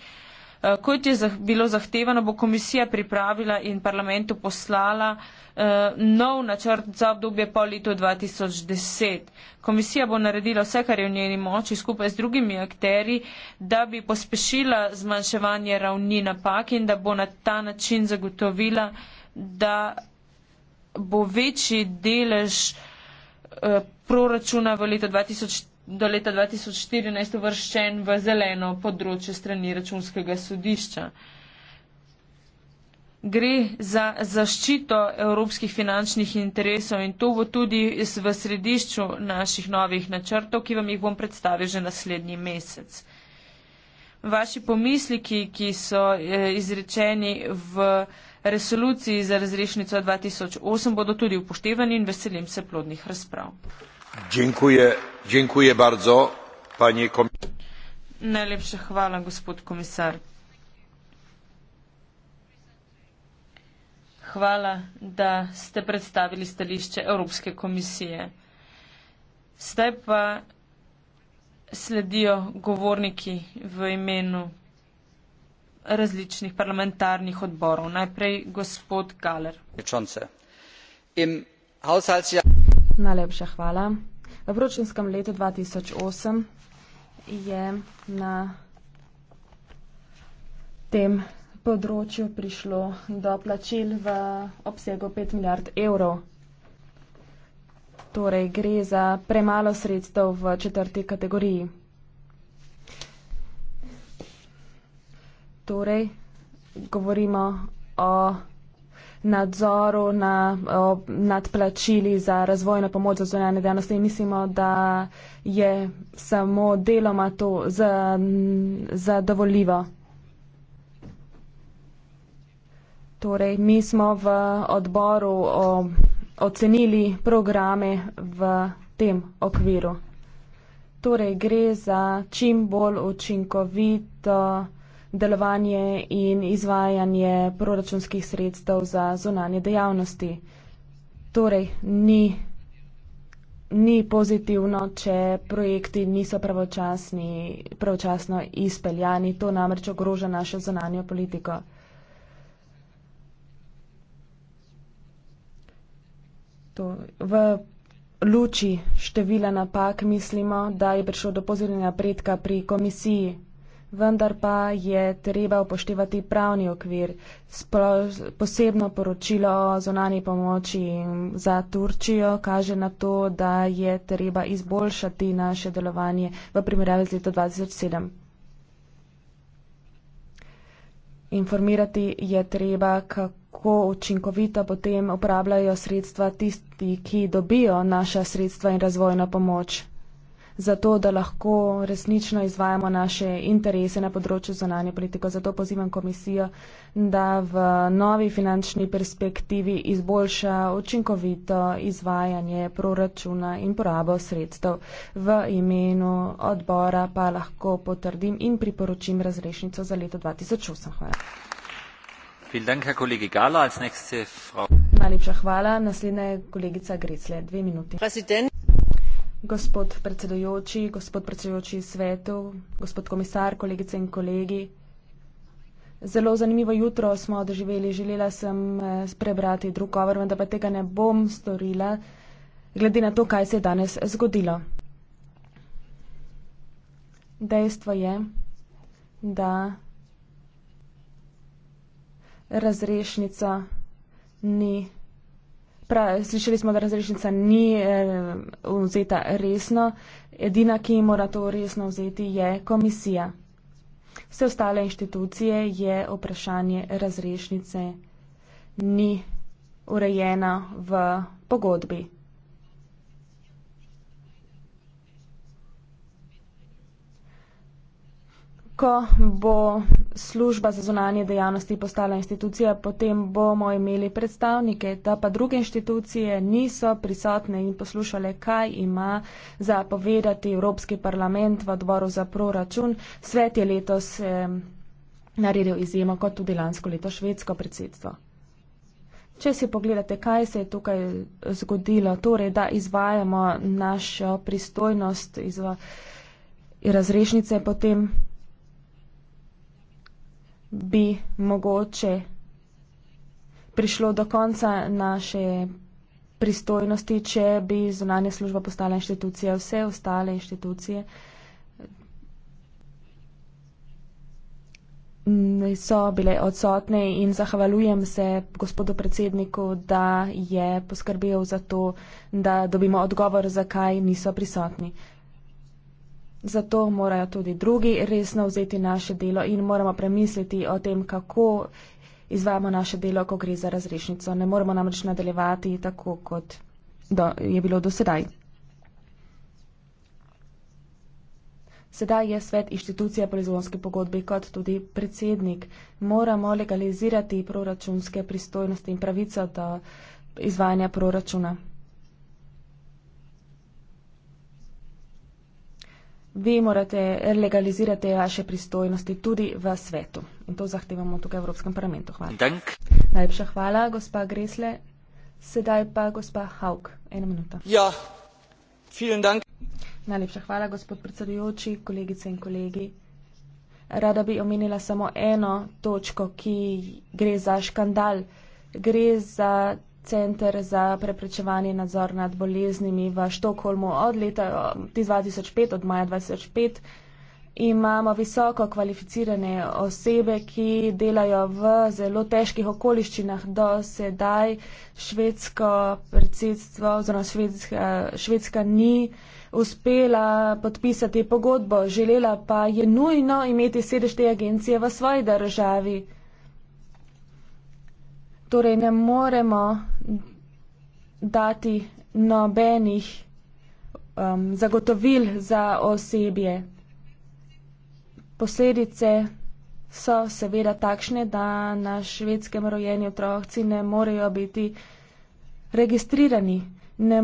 Eh, kot je bilo zahtevano, bo komisija pripravila in parlamentu poslala eh, nov načrt za obdobje po letu 2010. Komisija bo naredila vse, kar je v njeni moči skupaj z drugimi akteri, da bi pospešila zmanjševanje ravni napak in da bo na ta način zagotovila, da bo večji delež eh, proračuna v letu 2010 do leta 2014 uvrščen v zeleno področje strani računskega sodišča. Gre za zaščito evropskih finančnih interesov in to bo tudi v središču naših novih načrtov, ki vam jih bom predstavil že naslednji mesec. Vaši pomisliki, ki so eh, izrečeni v resoluciji za razrešnico 2008, bodo tudi upoštevani in veselim se plodnih razprav najlepša hvala gospod komisar hvala da ste predstavili stališče evropske komisije zdaj pa sledijo govorniki v imenu različnih parlamentarnih odborov najprej gospod galer Najlepša hvala. V vročinskem letu 2008 je na tem področju prišlo do plačil v obsegu 5 milijard evrov. Torej gre za premalo sredstev v četrti kategoriji. Torej, govorimo o nadzoru na, o, nad plačili za razvojno pomoč za zunanje dejavnosti in mislimo, da je samo deloma to zadovoljivo. Torej, mi smo v odboru o, ocenili programe v tem okviru. Torej, gre za čim bolj učinkovito delovanje in izvajanje proračunskih sredstev za zonanje dejavnosti. Torej, ni, ni pozitivno, če projekti niso pravočasni, pravočasno izpeljani, to namreč ogroža našo zonanjo politiko. To, v luči števila napak mislimo, da je prišlo do pozitivnega napredka pri komisiji vendar pa je treba upoštevati pravni okvir, posebno poročilo o zonani pomoči za Turčijo kaže na to, da je treba izboljšati naše delovanje v primerjavi z leto 2007. Informirati je treba, kako učinkovito potem upravljajo sredstva tisti, ki dobijo naša sredstva in razvojno pomoč zato da lahko resnično izvajamo naše interese na področju zonanje politike. Zato pozivam komisijo, da v novi finančni perspektivi izboljša učinkovito izvajanje proračuna in porabo sredstev. V imenu odbora pa lahko potrdim in priporočim razrešnico za leto 2008. Hvala. Dank, Gala, frau... Najlepša hvala. Naslednja je kolegica Gricle. Dve minuti. President... Gospod predsedujoči, gospod predsedujoči svetu, gospod komisar, kolegice in kolegi. Zelo zanimivo jutro smo doživeli. Želela sem eh, prebrati drug govor, vendar pa tega ne bom storila, glede na to, kaj se je danes zgodilo. Dejstvo je, da razrešnica ni prav, slišali smo, da razrešnica ni eh, vzeta resno. Edina, ki mora to resno vzeti, je komisija. Vse ostale inštitucije je vprašanje razrešnice ni urejena v pogodbi. ko bo služba za zunanje dejavnosti postala institucija, potem bomo imeli predstavnike, da pa druge inštitucije niso prisotne in poslušale, kaj ima za povedati Evropski parlament v odboru za proračun. Svet je letos naredil izjemo, kot tudi lansko leto švedsko predsedstvo. Če si pogledate, kaj se je tukaj zgodilo, torej, da izvajamo našo pristojnost iz razrešnice, potem bi mogoče prišlo do konca naše pristojnosti, če bi zunanja služba postala inštitucija, vse ostale inštitucije. so bile odsotne in zahvaljujem se gospodu predsedniku, da je poskrbel za to, da dobimo odgovor, zakaj niso prisotni. Zato morajo tudi drugi resno vzeti naše delo in moramo premisliti o tem, kako izvajamo naše delo, ko gre za razrešnico. Ne moremo namreč nadaljevati tako, kot do, je bilo do sedaj. Sedaj je svet inštitucija po lizbonski pogodbi kot tudi predsednik. Moramo legalizirati proračunske pristojnosti in pravico do izvajanja proračuna. vi morate legalizirati vaše pristojnosti tudi v svetu. In to zahtevamo tukaj v Evropskem parlamentu. Hvala. Dank. Najlepša hvala, gospa Gresle. Sedaj pa gospa Hauk. Ena minuta. Ja, vielen dank. Najlepša hvala, gospod predsedujoči, kolegice in kolegi. Rada bi omenila samo eno točko, ki gre za škandal. Gre za center za preprečevanje nadzor nad boleznimi v Štokholmu od leta 2005, um, od maja 2005. Imamo visoko kvalificirane osebe, ki delajo v zelo težkih okoliščinah. Do sedaj švedsko predsedstvo oziroma švedska, eh, švedska ni uspela podpisati pogodbo, želela pa je nujno imeti sedež te agencije v svoji državi. Torej ne moremo dati nobenih um, zagotovil za osebje. Posledice so seveda takšne, da na švedskem rojeni otroci ne morejo biti registrirani. Ne,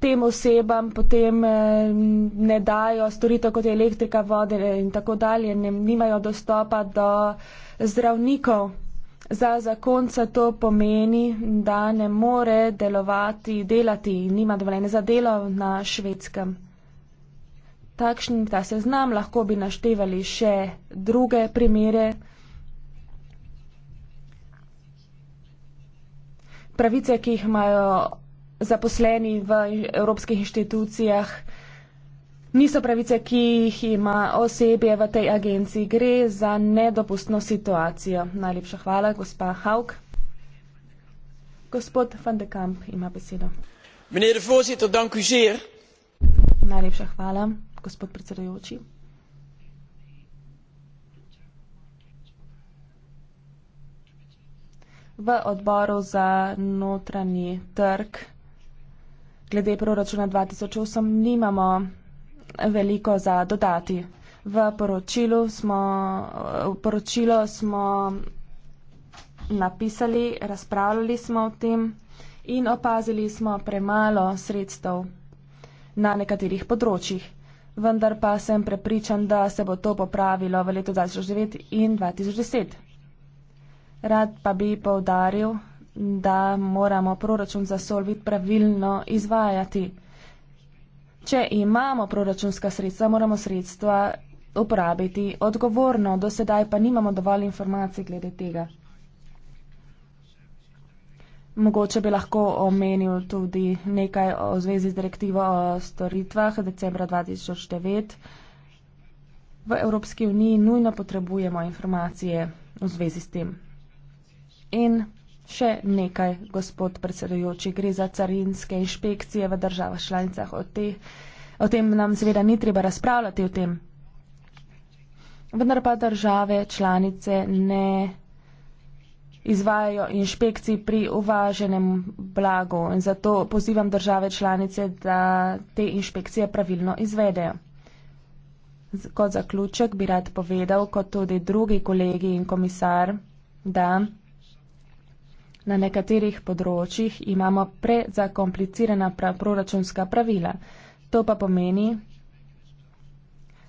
tem osebam potem eh, ne dajo storitev kot je elektrika, vode eh, in tako dalje, ne, nimajo dostopa do zdravnikov. Za zakonca to pomeni, da ne more delovati, delati in nima dovoljene za delo na švedskem. Takšen ta seznam lahko bi naštevali še druge primere. Pravice, ki jih imajo zaposleni v evropskih inštitucijah niso pravice, ki jih ima osebje v tej agenciji. Gre za nedopustno situacijo. Najlepša hvala, gospa Hauk. Gospod van de Kamp ima besedo. Meneer de voorzitter, dank u zeer. Najlepša hvala, gospod predsedujoči. V odboru za notranji trg glede proračuna 2008 nimamo veliko za dodati. V poročilu smo, v poročilo smo napisali, razpravljali smo o tem in opazili smo premalo sredstev na nekaterih področjih. Vendar pa sem prepričan, da se bo to popravilo v letu 2009 in 2010. Rad pa bi povdaril, da moramo proračun za Solvit pravilno izvajati. Če imamo proračunska sredstva, moramo sredstva uporabiti odgovorno. Do sedaj pa nimamo dovolj informacij glede tega. Mogoče bi lahko omenil tudi nekaj o zvezi z direktivo o storitvah decembra 2009. V Evropski uniji nujno potrebujemo informacije v zvezi s tem. In Še nekaj, gospod predsedujoči, gre za carinske inšpekcije v državah članicah. O, te, o tem nam seveda ni treba razpravljati o tem. Vendar pa države članice ne izvajajo inšpekcij pri uvaženem blagu in zato pozivam države članice, da te inšpekcije pravilno izvedejo. Kot zaključek bi rad povedal, kot tudi drugi kolegi in komisar, da Na nekaterih področjih imamo prezakomplicirana proračunska pravila. To pa pomeni,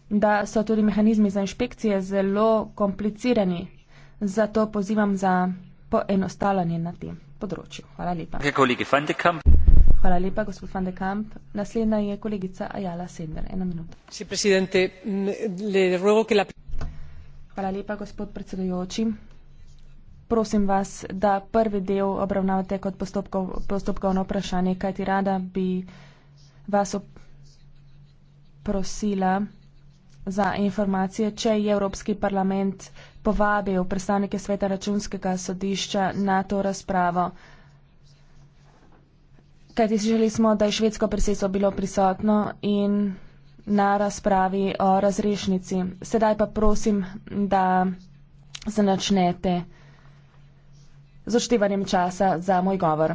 da so tudi mehanizmi za inšpekcije zelo komplicirani. Zato pozivam za poenostavljanje na tem področju. Hvala lepa. Hvala lepa, gospod Van de Kamp. Naslednja je kolegica Ajala Sender. Ena minuta. Mm, Hvala lepa, gospod predsedujoči prosim vas, da prvi del obravnavate kot postopkov, postopkovno vprašanje, kajti rada bi vas prosila za informacije, če je Evropski parlament povabil predstavnike sveta računskega sodišča na to razpravo. Kajti želeli smo, da je švedsko predsedstvo bilo prisotno in na razpravi o razrešnici. Sedaj pa prosim, da začnete z oštevanjem časa za moj govor.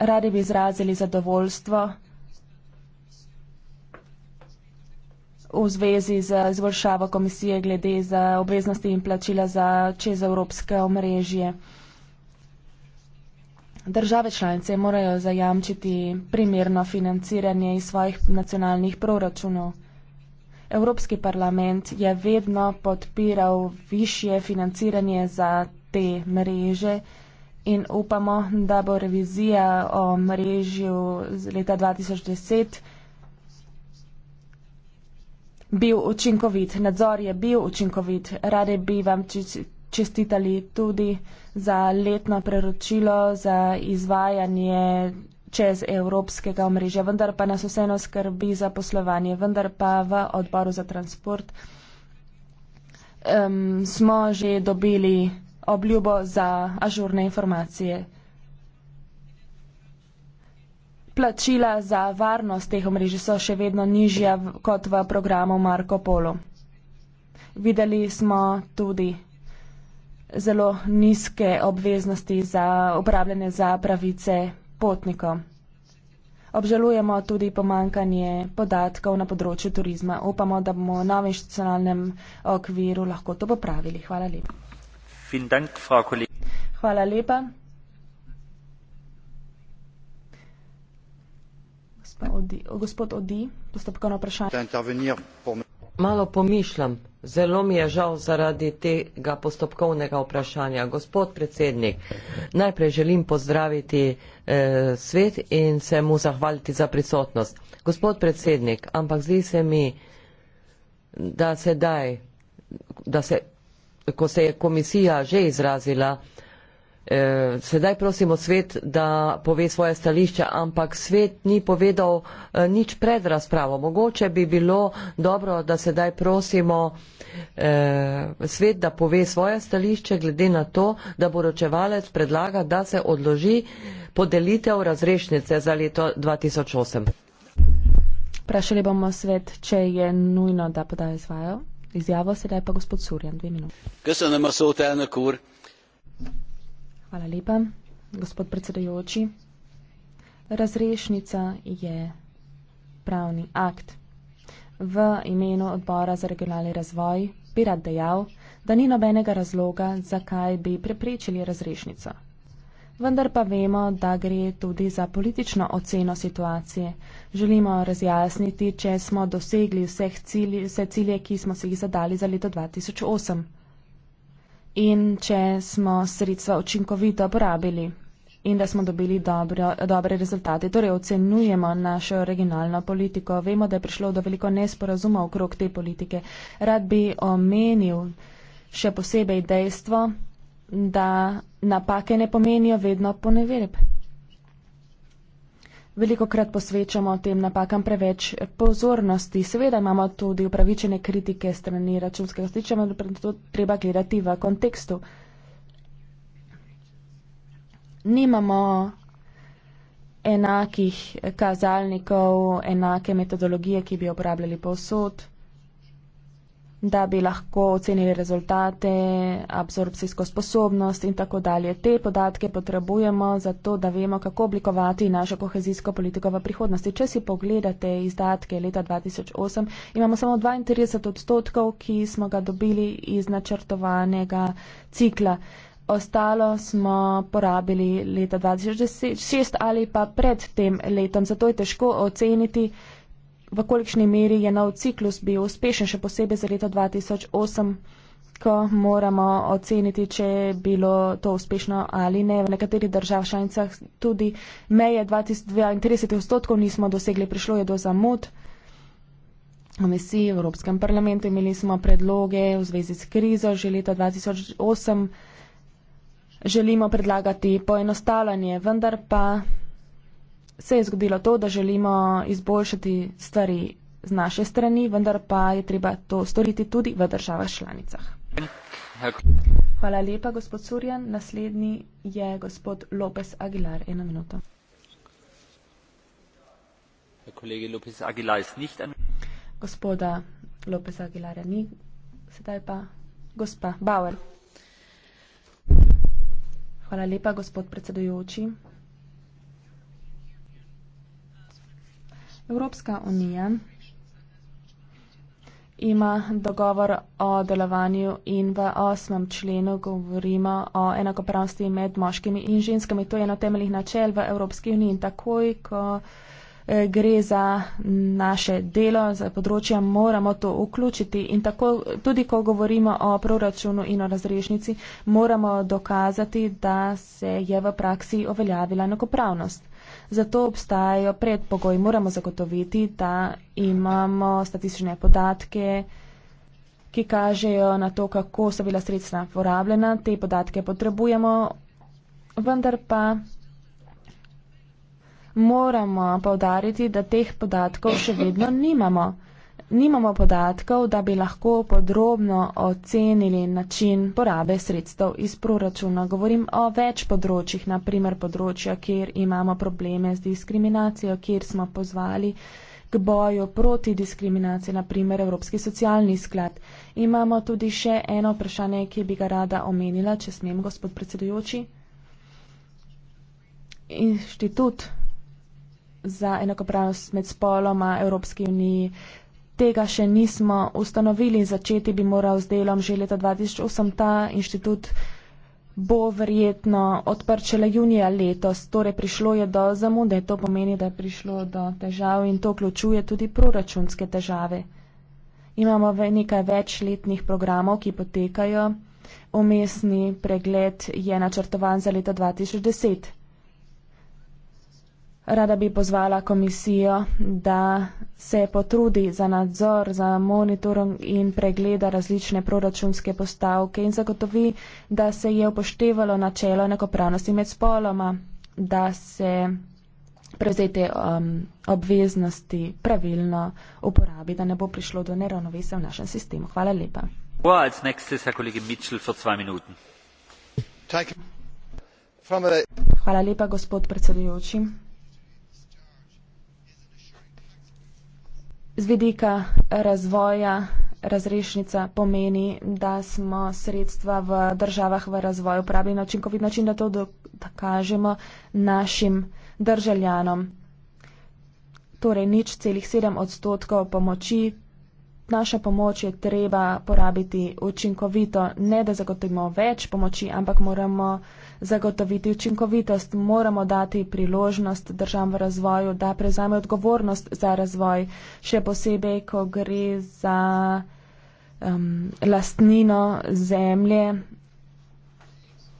Radi bi izrazili zadovoljstvo v zvezi z izvršavo komisije glede za obveznosti in plačila za čezevropske omrežje. Države članice morajo zajamčiti primerno financiranje iz svojih nacionalnih proračunov. Evropski parlament je vedno podpiral višje financiranje za te mreže in upamo, da bo revizija o mrežju z leta 2010 bil učinkovit. Nadzor je bil učinkovit. Rade bi vam čestitali tudi za letno preročilo, za izvajanje čez evropskega omrežja, vendar pa nas vseeno skrbi za poslovanje, vendar pa v odboru za transport um, smo že dobili obljubo za ažurne informacije. Plačila za varnost teh omrežij so še vedno nižja kot v programu Marko Polo. Videli smo tudi zelo nizke obveznosti za upravljanje za pravice potnikov. Obžalujemo tudi pomankanje podatkov na področju turizma. Upamo, da bomo v novem institucionalnem okviru lahko to popravili. Hvala lepa. Hvala lepa. Gospod Odi, postopkovno vprašanje. Malo pomišljam, zelo mi je žal zaradi tega postopkovnega vprašanja. Gospod predsednik, najprej želim pozdraviti eh, svet in se mu zahvaliti za prisotnost. Gospod predsednik, ampak zdi se mi, da se daj, da se ko se je komisija že izrazila, eh, sedaj prosimo svet, da pove svoje stališče, ampak svet ni povedal eh, nič pred razpravo. Mogoče bi bilo dobro, da sedaj prosimo eh, svet, da pove svoje stališče, glede na to, da bo ročevalec predlaga, da se odloži podelitev razrešnice za leto 2008. Vprašali bomo svet, če je nujno, da podajo izvajo. Izjavo sedaj pa gospod Surjan, dve minuti. Köszönöm a szót, elnök úr. Hvala lepa, gospod predsedajoči. Razrešnica je pravni akt. V imenu odbora za regionalni razvoj bi rad dejal, da ni nobenega razloga, zakaj bi preprečili razrešnico vendar pa vemo, da gre tudi za politično oceno situacije. Želimo razjasniti, če smo dosegli vseh cilj, vse cilje, ki smo si jih zadali za leto 2008 in če smo sredstva učinkovito porabili in da smo dobili dobro, dobre rezultate. Torej ocenujemo našo regionalno politiko. Vemo, da je prišlo do veliko nesporazumov okrog te politike. Rad bi omenil še posebej dejstvo, da napake ne pomenijo vedno poneverb. Veliko krat posvečamo tem napakam preveč pozornosti. Seveda imamo tudi upravičene kritike strani računskega sodišča, vendar to treba gledati v kontekstu. Nimamo enakih kazalnikov, enake metodologije, ki bi jo uporabljali povsod da bi lahko ocenili rezultate, absorpcijsko sposobnost in tako dalje. Te podatke potrebujemo zato, da vemo, kako oblikovati našo kohezijsko politiko v prihodnosti. Če si pogledate izdatke leta 2008, imamo samo 32 odstotkov, ki smo ga dobili iz načrtovanega cikla. Ostalo smo porabili leta 2006 ali pa pred tem letom, zato je težko oceniti, v kolikšni meri je nov ciklus bil uspešen, še posebej za leto 2008, ko moramo oceniti, če je bilo to uspešno ali ne. V nekaterih držav šanicah tudi meje 32 odstotkov nismo dosegli, prišlo je do zamud. Mi si v Evropskem parlamentu imeli smo predloge v zvezi s krizo že leta 2008. Želimo predlagati poenostavljanje, vendar pa se je zgodilo to, da želimo izboljšati stvari z naše strani, vendar pa je treba to storiti tudi v državah članicah. Hvala lepa, gospod Surjan. Naslednji je gospod Lopes Aguilar. Eno minuto. Gospoda Lopes Aguilarja ni, sedaj pa gospa Bauer. Hvala lepa, gospod predsedujoči. Evropska unija ima dogovor o delovanju in v osmem členu govorimo o enakopravnosti med moškimi in ženskami. To je eno temeljnih načel v Evropski uniji in takoj, ko gre za naše delo, za področja, moramo to vključiti. In tako tudi, ko govorimo o proračunu in o razrešnici, moramo dokazati, da se je v praksi oveljavila enakopravnost. Zato obstajajo predpogoji, moramo zagotoviti, da imamo statistične podatke, ki kažejo na to, kako so bila sredstva porabljena. Te podatke potrebujemo, vendar pa moramo povdariti, da teh podatkov še vedno nimamo. Nimamo podatkov, da bi lahko podrobno ocenili način porabe sredstev iz proračuna. Govorim o več področjih, naprimer področja, kjer imamo probleme z diskriminacijo, kjer smo pozvali k boju proti diskriminaciji, naprimer Evropski socialni sklad. Imamo tudi še eno vprašanje, ki bi ga rada omenila, če smem, gospod predsedujoči. Inštitut za enakopravnost med spoloma Evropski uniji. Tega še nismo ustanovili, začeti bi moral z delom že leta 2008. Ta inštitut bo verjetno odprt šele junija letos, torej prišlo je do zamude, to pomeni, da je prišlo do težav in to vključuje tudi proračunske težave. Imamo nekaj večletnih programov, ki potekajo. Omestni pregled je načrtovan za leto 2010. Rada bi pozvala komisijo, da se potrudi za nadzor, za monitorom in pregleda različne proračunske postavke in zagotovi, da se je upoštevalo načelo enakopravnosti med spoloma, da se prevzete um, obveznosti pravilno uporabi, da ne bo prišlo do neravnovesja v našem sistemu. Hvala lepa. Hvala lepa, gospod predsedujoči. z vedika razvoja razrešnica pomeni, da smo sredstva v državah v razvoju pravi na učinkovit način, da to dokažemo našim državljanom. Torej nič celih sedem odstotkov pomoči. Naša pomoč je treba porabiti učinkovito, ne da zagotovimo več pomoči, ampak moramo zagotoviti učinkovitost, moramo dati priložnost državam v razvoju, da prevzame odgovornost za razvoj, še posebej, ko gre za um, lastnino zemlje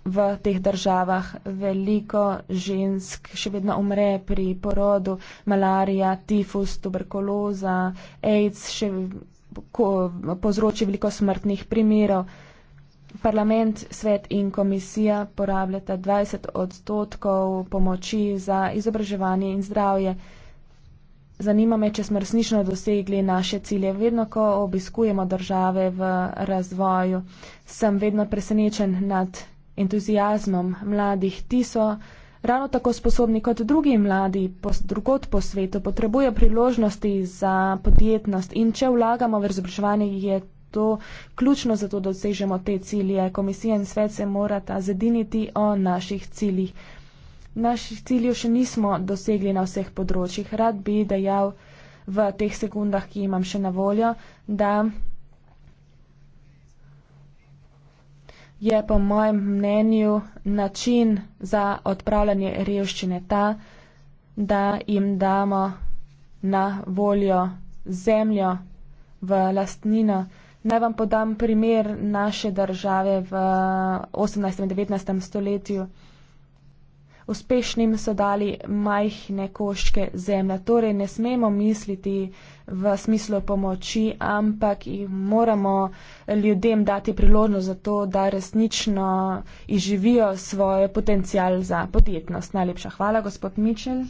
v teh državah. Veliko žensk še vedno umre pri porodu, malarija, tifus, tuberkuloza, AIDS še ko, povzroči veliko smrtnih primerov parlament, svet in komisija porabljata 20 odstotkov pomoči za izobraževanje in zdravje. Zanima me, če smo resnično dosegli naše cilje. Vedno, ko obiskujemo države v razvoju, sem vedno presenečen nad entuzijazmom mladih. Ti so ravno tako sposobni kot drugi mladi po, drugot po svetu, potrebujejo priložnosti za podjetnost in če vlagamo v izobraževanje, je to ključno za to, da dosežemo te cilje. Komisija in svet se morata zediniti o naših ciljih. Naših ciljev še nismo dosegli na vseh področjih. Rad bi dejal v teh sekundah, ki imam še na voljo, da je po mojem mnenju način za odpravljanje revščine ta, da jim damo na voljo zemljo v lastnino. Naj vam podam primer naše države v 18. in 19. stoletju. Uspešnim so dali majhne koščke zemlje, torej ne smemo misliti v smislu pomoči, ampak moramo ljudem dati priložnost za to, da resnično izživijo svoj potencial za podjetnost. Najlepša hvala, gospod Mičel.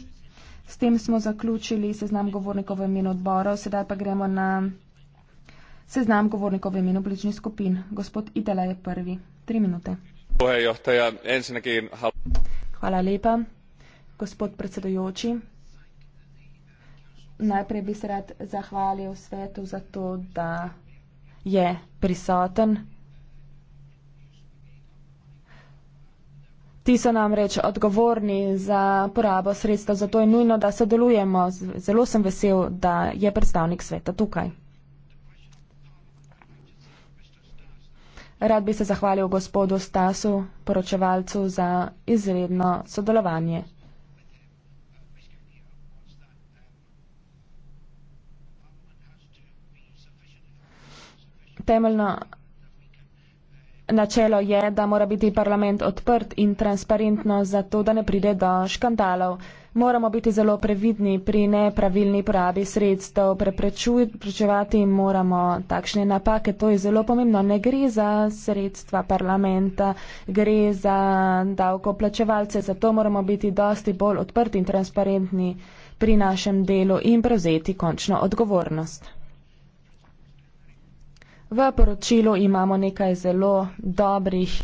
S tem smo zaključili seznam govornikov v imenu odborov, sedaj pa gremo na. Seznam govornikov v imenu bližnjih skupin. Gospod Itela je prvi. Tri minute. Puheenjohtaja, ensinnäkin hal... Hvala lepa. Gospod predsedujoči, najprej bi se rad zahvalil svetu za to, da je prisoten. Ti so namreč odgovorni za porabo sredstev, zato je nujno, da sodelujemo. Zelo sem vesel, da je predstavnik sveta tukaj. Rad bi se zahvalil gospodu Stasu, poročevalcu, za izredno sodelovanje. Temeljno načelo je, da mora biti parlament odprt in transparentno, zato da ne pride do škandalov moramo biti zelo previdni pri nepravilni porabi sredstev, preprečevati moramo takšne napake. To je zelo pomembno. Ne gre za sredstva parlamenta, gre za davkoplačevalce, zato moramo biti dosti bolj odprti in transparentni pri našem delu in prevzeti končno odgovornost. V poročilu imamo nekaj zelo dobrih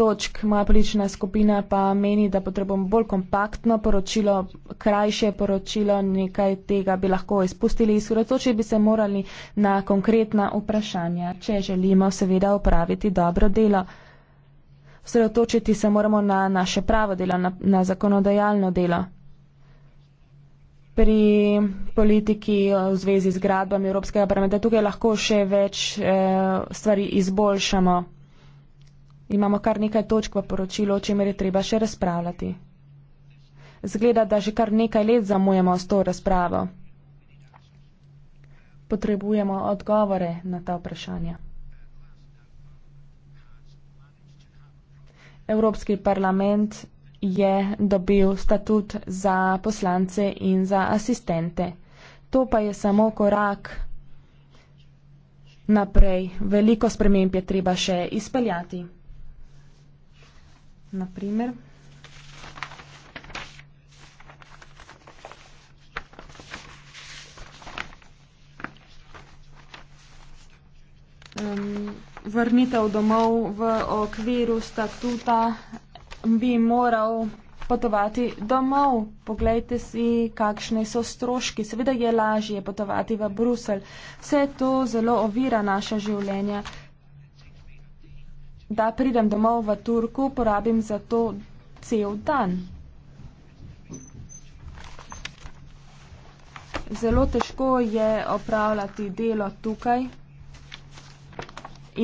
točk. Moja politična skupina pa meni, da potrebujem bolj kompaktno poročilo, krajše poročilo, nekaj tega bi lahko izpustili in sredotočili bi se morali na konkretna vprašanja, če želimo seveda upraviti dobro delo. Sredotočiti se moramo na naše pravo delo, na, na zakonodajalno delo. Pri politiki eh, v zvezi z gradbami Evropskega parlamenta tukaj lahko še več eh, stvari izboljšamo. Imamo kar nekaj točk v poročilu, o čemer je treba še razpravljati. Zgleda, da že kar nekaj let zamujamo s to razpravo. Potrebujemo odgovore na ta vprašanja. Evropski parlament je dobil statut za poslance in za asistente. To pa je samo korak naprej. Veliko sprememb je treba še izpeljati naprimer. Um, vrnitev domov v okviru statuta bi moral potovati domov. Poglejte si, kakšne so stroški. Seveda je lažje potovati v Brusel. Vse to zelo ovira naša življenja da pridem domov v Turku, porabim za to cel dan. Zelo težko je opravljati delo tukaj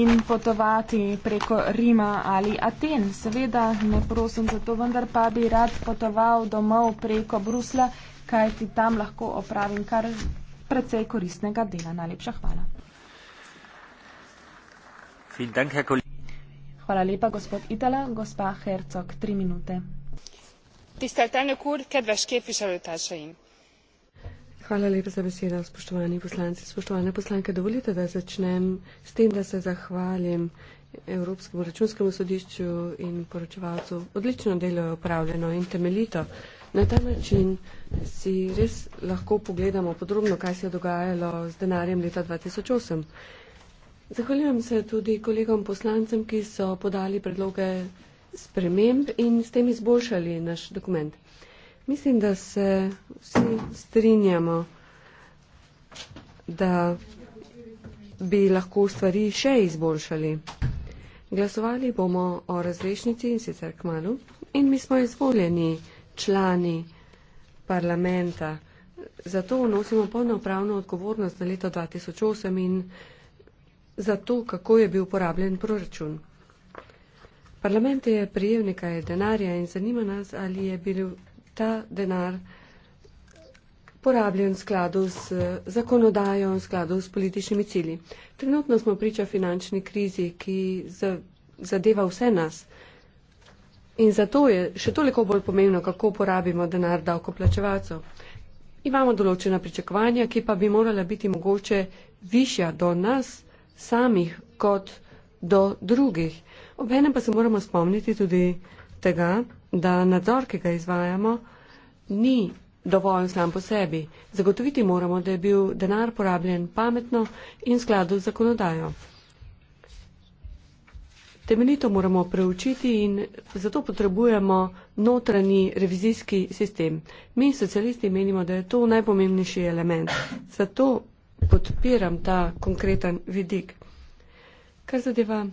in potovati preko Rima ali Aten. Seveda ne prosim za to, vendar pa bi rad potoval domov preko Brusla, kaj ti tam lahko opravim kar precej koristnega dela. Najlepša hvala. Vielen Dank, Herr Kollege. Hvala lepa, gospod Itala. Gospa Hercog, tri minute. Tisztelt elnök úr, kedves képviselőtársaim! Hvala lepa za besedo, spoštovani poslanci. Spoštovane poslanke, dovolite, da začnem s tem, da se zahvalim Evropskemu računskemu sodišču in poročevalcu. Odlično delo je opravljeno in temeljito. Na ta način si res lahko pogledamo podrobno, kaj se je dogajalo z denarjem leta 2008. Zahvaljujem se tudi kolegom poslancem, ki so podali predloge sprememb in s tem izboljšali naš dokument. Mislim, da se vsi strinjamo, da bi lahko stvari še izboljšali. Glasovali bomo o razrešnici in sicer k malu. In mi smo izvoljeni člani parlamenta. Zato nosimo polno upravno odgovornost za leto 2008 in 2008 za to, kako je bil uporabljen proračun. Parlament je prijel nekaj denarja in zanima nas, ali je bil ta denar porabljen v skladu z zakonodajo, v skladu s političnimi cilji. Trenutno smo priča finančni krizi, ki zadeva vse nas. In zato je še toliko bolj pomembno, kako porabimo denar davkoplačevalcev. Imamo določena pričakovanja, ki pa bi morala biti mogoče višja do nas samih kot do drugih. Obenem pa se moramo spomniti tudi tega, da nadzor, ki ga izvajamo, ni dovolj sam po sebi. Zagotoviti moramo, da je bil denar porabljen pametno in skladu z zakonodajo. Temeljito moramo preučiti in zato potrebujemo notranji revizijski sistem. Mi socialisti menimo, da je to najpomembnejši element. Zato podpiram ta konkreten vidik. Kar zadeva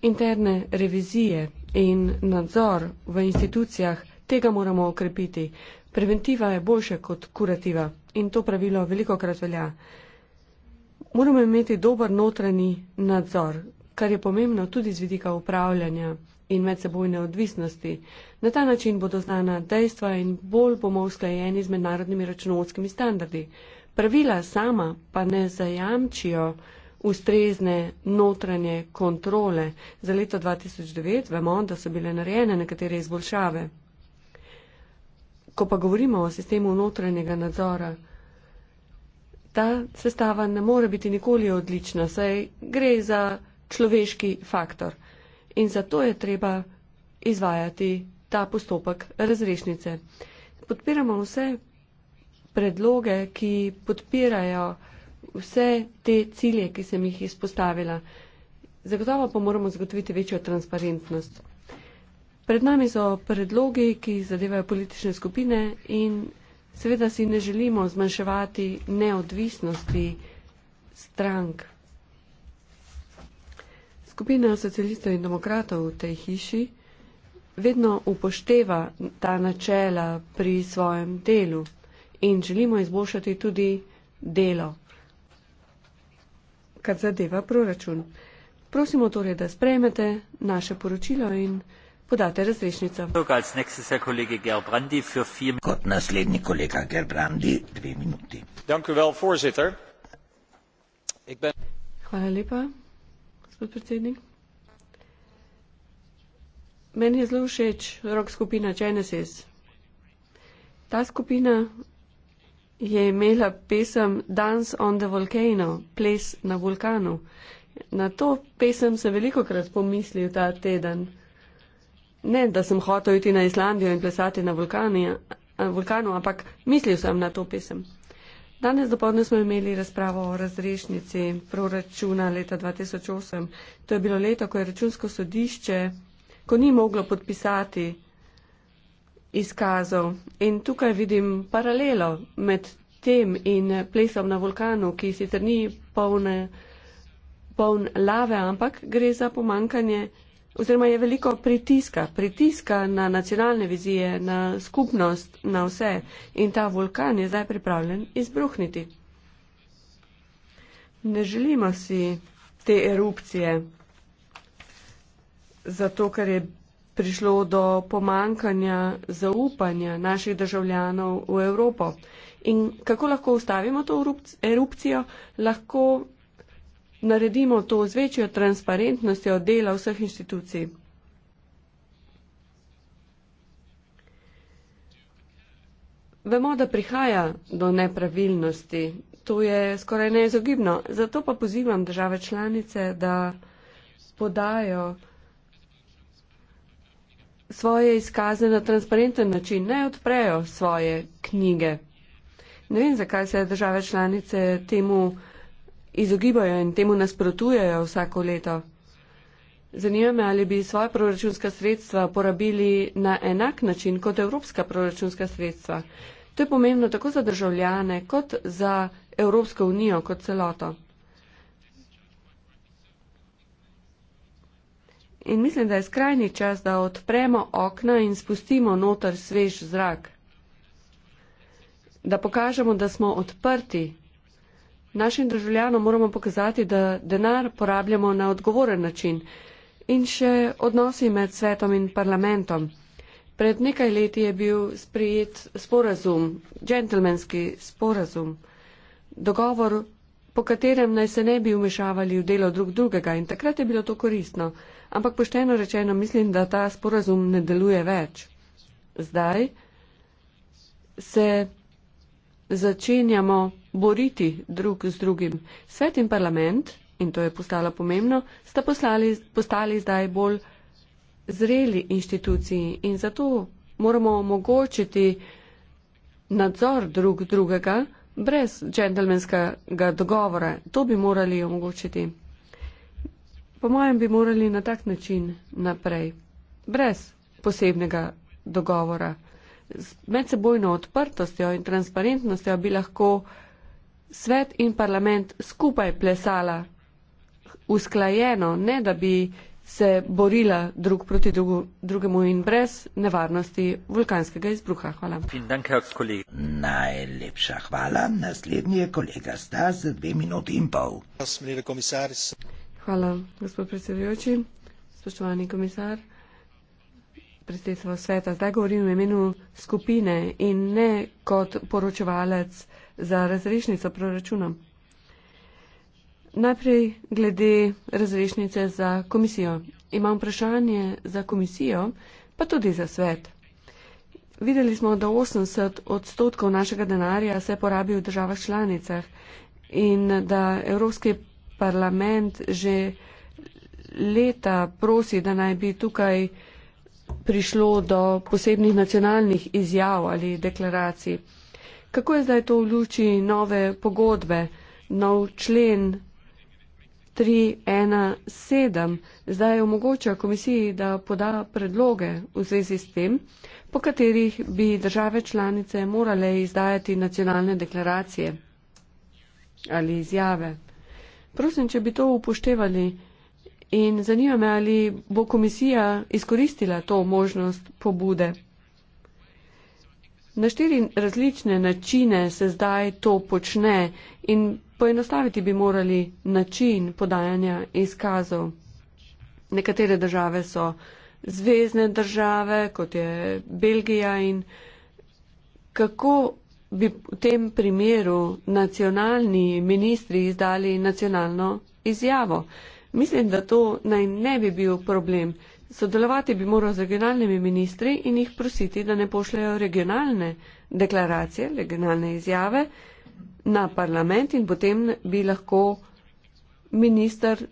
interne revizije in nadzor v institucijah, tega moramo okrepiti. Preventiva je boljša kot kurativa in to pravilo veliko krat velja. Moramo imeti dober notranji nadzor, kar je pomembno tudi z vidika upravljanja in medsebojne odvisnosti. Na ta način bodo znana dejstva in bolj bomo usklajeni z mednarodnimi računovodskimi standardi. Pravila sama pa ne zajamčijo ustrezne notranje kontrole. Za leto 2009 vemo, da so bile narejene nekatere izboljšave. Ko pa govorimo o sistemu notranjega nadzora, ta sestava ne more biti nikoli odlična, saj gre za človeški faktor. In zato je treba izvajati ta postopek razrešnice. Podpiramo vse predloge, ki podpirajo vse te cilje, ki sem jih izpostavila. Zagotovo pa moramo zagotoviti večjo transparentnost. Pred nami so predlogi, ki zadevajo politične skupine in seveda si ne želimo zmanjševati neodvisnosti strank. Skupina socialistov in demokratov v tej hiši vedno upošteva ta načela pri svojem delu in želimo izboljšati tudi delo, kar zadeva proračun. Prosimo torej, da sprejmete naše poročilo in podate razrešnico. Kot naslednji kolega Gerbrandi, dve minuti. Hvala lepa, gospod predsednik. Meni je zelo všeč rok skupina Genesis. Ta skupina je imela pesem Dance on the Volcano, ples na vulkanu. Na to pesem sem veliko krat pomislil ta teden. Ne, da sem hotel iti na Islandijo in plesati na eh, vulkanu, ampak mislil sem na to pesem. Danes dopoledne smo imeli razpravo o razrešnici proračuna leta 2008. To je bilo leto, ko je računsko sodišče, ko ni moglo podpisati izkazov. In tukaj vidim paralelo med tem in plesom na vulkanu, ki sicer ni polne, poln lave, ampak gre za pomankanje oziroma je veliko pritiska, pritiska na nacionalne vizije, na skupnost, na vse. In ta vulkan je zdaj pripravljen izbruhniti. Ne želimo si te erupcije, zato ker je prišlo do pomankanja zaupanja naših državljanov v Evropo. In kako lahko ustavimo to erupcijo? Lahko naredimo to z večjo transparentnostjo dela vseh inštitucij. Vemo, da prihaja do nepravilnosti. To je skoraj neizogibno. Zato pa pozivam države članice, da podajo svoje izkaze na transparenten način, ne odprejo svoje knjige. Ne vem, zakaj se države članice temu izogibajo in temu nasprotujejo vsako leto. Zanima me, ali bi svoje proračunska sredstva porabili na enak način kot evropska proračunska sredstva. To je pomembno tako za državljane kot za Evropsko unijo kot celoto. in mislim, da je skrajni čas, da odpremo okna in spustimo notr svež zrak. Da pokažemo, da smo odprti. Našim državljanom moramo pokazati, da denar porabljamo na odgovoren način. In še odnosi med svetom in parlamentom. Pred nekaj leti je bil sprejet sporazum, džentlmenski sporazum, dogovor, po katerem naj se ne bi umešavali v delo drug drugega in takrat je bilo to koristno ampak pošteno rečeno mislim, da ta sporazum ne deluje več. Zdaj se začenjamo boriti drug z drugim. Svet in parlament, in to je postalo pomembno, sta poslali, postali zdaj bolj zreli inštituciji in zato moramo omogočiti nadzor drug drugega brez džentlmenskega dogovora. To bi morali omogočiti. Po mojem bi morali na tak način naprej, brez posebnega dogovora, z medsebojno odprtostjo in transparentnostjo bi lahko svet in parlament skupaj plesala usklajeno, ne da bi se borila drug proti drugu, drugemu in brez nevarnosti vulkanskega izbruha. Hvala. Najlepša hvala. Naslednji je kolega Stas, dve minuti in pol. Hvala, gospod predsedujoči. Spoštovani komisar, predsedstvo sveta, zdaj govorim v imenu skupine in ne kot poročevalec za razrešnico proračuna. Najprej glede razrešnice za komisijo. Imam vprašanje za komisijo, pa tudi za svet. Videli smo, da 80 odstotkov našega denarja se porabi v državah članicah in da evropski parlament že leta prosi, da naj bi tukaj prišlo do posebnih nacionalnih izjav ali deklaracij. Kako je zdaj to v luči nove pogodbe, nov člen 317, zdaj omogoča komisiji, da poda predloge v zvezi s tem, po katerih bi države članice morale izdajati nacionalne deklaracije ali izjave? Prosim, če bi to upoštevali. In zanima me, ali bo komisija izkoristila to možnost pobude. Na štiri različne načine se zdaj to počne in poenostaviti bi morali način podajanja izkazov. Nekatere države so zvezdne države, kot je Belgija in kako bi v tem primeru nacionalni ministri izdali nacionalno izjavo. Mislim, da to naj ne bi bil problem. Sodelovati bi moral z regionalnimi ministri in jih prositi, da ne pošljajo regionalne deklaracije, regionalne izjave na parlament in potem bi lahko minister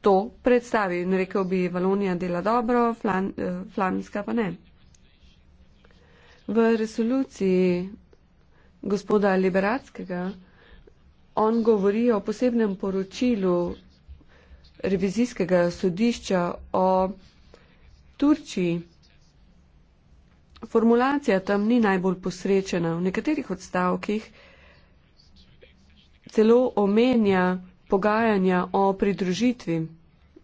to predstavil in rekel bi, Valonija dela dobro, Flan, eh, Flamska pa ne. V resoluciji gospoda Liberatskega. On govori o posebnem poročilu revizijskega sodišča o Turčiji. Formulacija tam ni najbolj posrečena. V nekaterih odstavkih celo omenja pogajanja o pridružitvi.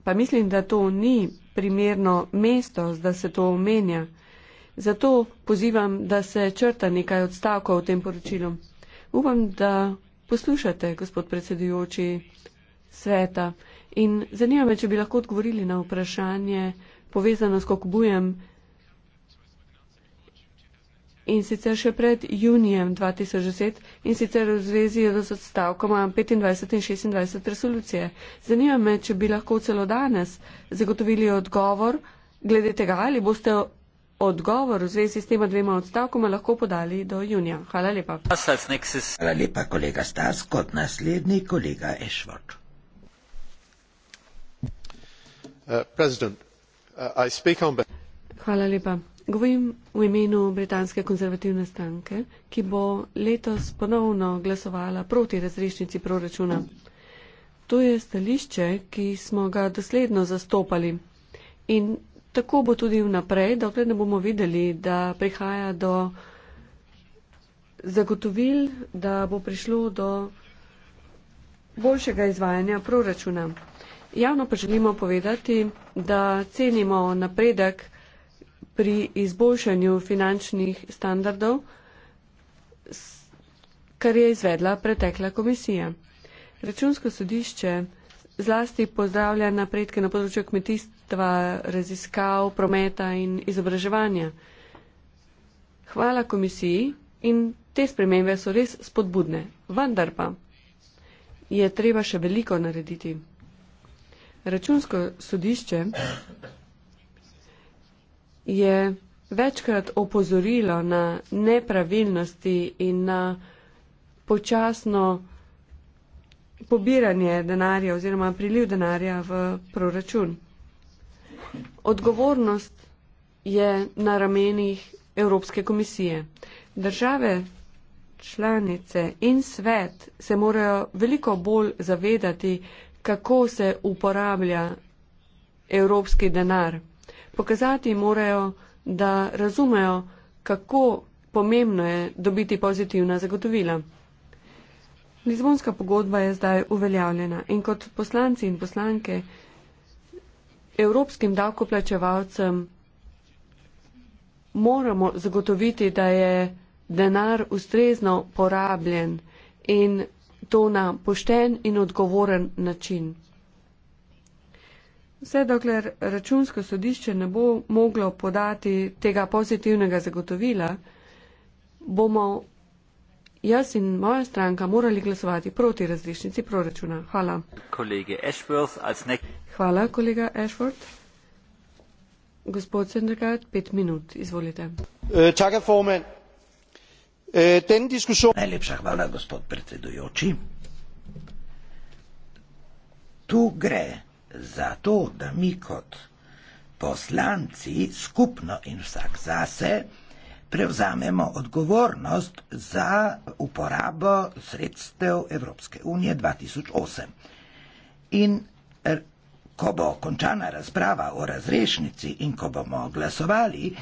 Pa mislim, da to ni primerno mesto, da se to omenja. Zato pozivam, da se črta nekaj odstavkov v tem poročilu. Upam, da poslušate, gospod predsedujoči sveta. In zanima me, če bi lahko odgovorili na vprašanje povezano s Kokbujem in sicer še pred junijem 2010 in sicer v zvezi z odstavkoma 25 in 26 resolucije. Zanima me, če bi lahko celo danes zagotovili odgovor glede tega, ali boste odgovor v zvezi s tema dvema odstavkoma lahko podali do junija. Hvala lepa. Hvala lepa, kolega Stas, kot naslednji kolega uh, Ešvot. Uh, Hvala lepa. Govorim v imenu Britanske konzervativne stranke, ki bo letos ponovno glasovala proti razrešnici proračuna. To je stališče, ki smo ga dosledno zastopali in tako bo tudi vnaprej, dokler ne bomo videli, da prihaja do zagotovil, da bo prišlo do boljšega izvajanja proračuna. Javno pa želimo povedati, da cenimo napredek pri izboljšanju finančnih standardov, kar je izvedla pretekla komisija. Računsko sodišče zlasti pozdravlja napredke na področju kmetijstva, raziskav, prometa in izobraževanja. Hvala komisiji in te spremembe so res spodbudne, vendar pa je treba še veliko narediti. Računsko sodišče je večkrat opozorilo na nepravilnosti in na počasno pobiranje denarja oziroma priliv denarja v proračun. Odgovornost je na ramenih Evropske komisije. Države, članice in svet se morajo veliko bolj zavedati, kako se uporablja evropski denar. Pokazati morajo, da razumejo, kako pomembno je dobiti pozitivna zagotovila. Lizbonska pogodba je zdaj uveljavljena in kot poslanci in poslanke evropskim davkoplačevalcem moramo zagotoviti, da je denar ustrezno porabljen in to na pošten in odgovoren način. Vse dokler računsko sodišče ne bo moglo podati tega pozitivnega zagotovila, bomo jaz in moja stranka morali glasovati proti različnici proračuna. Hvala. Hvala, kolega Ashford. Gospod Sendergaard, pet minut, izvolite. Eh, eh, Najlepša hvala, gospod predsedujoči. Tu gre za to, da mi kot poslanci skupno in vsak zase prevzamemo odgovornost za uporabo sredstev Evropske unije 2008. In er, ko bo končana razprava o razrešnici in ko bomo glasovali,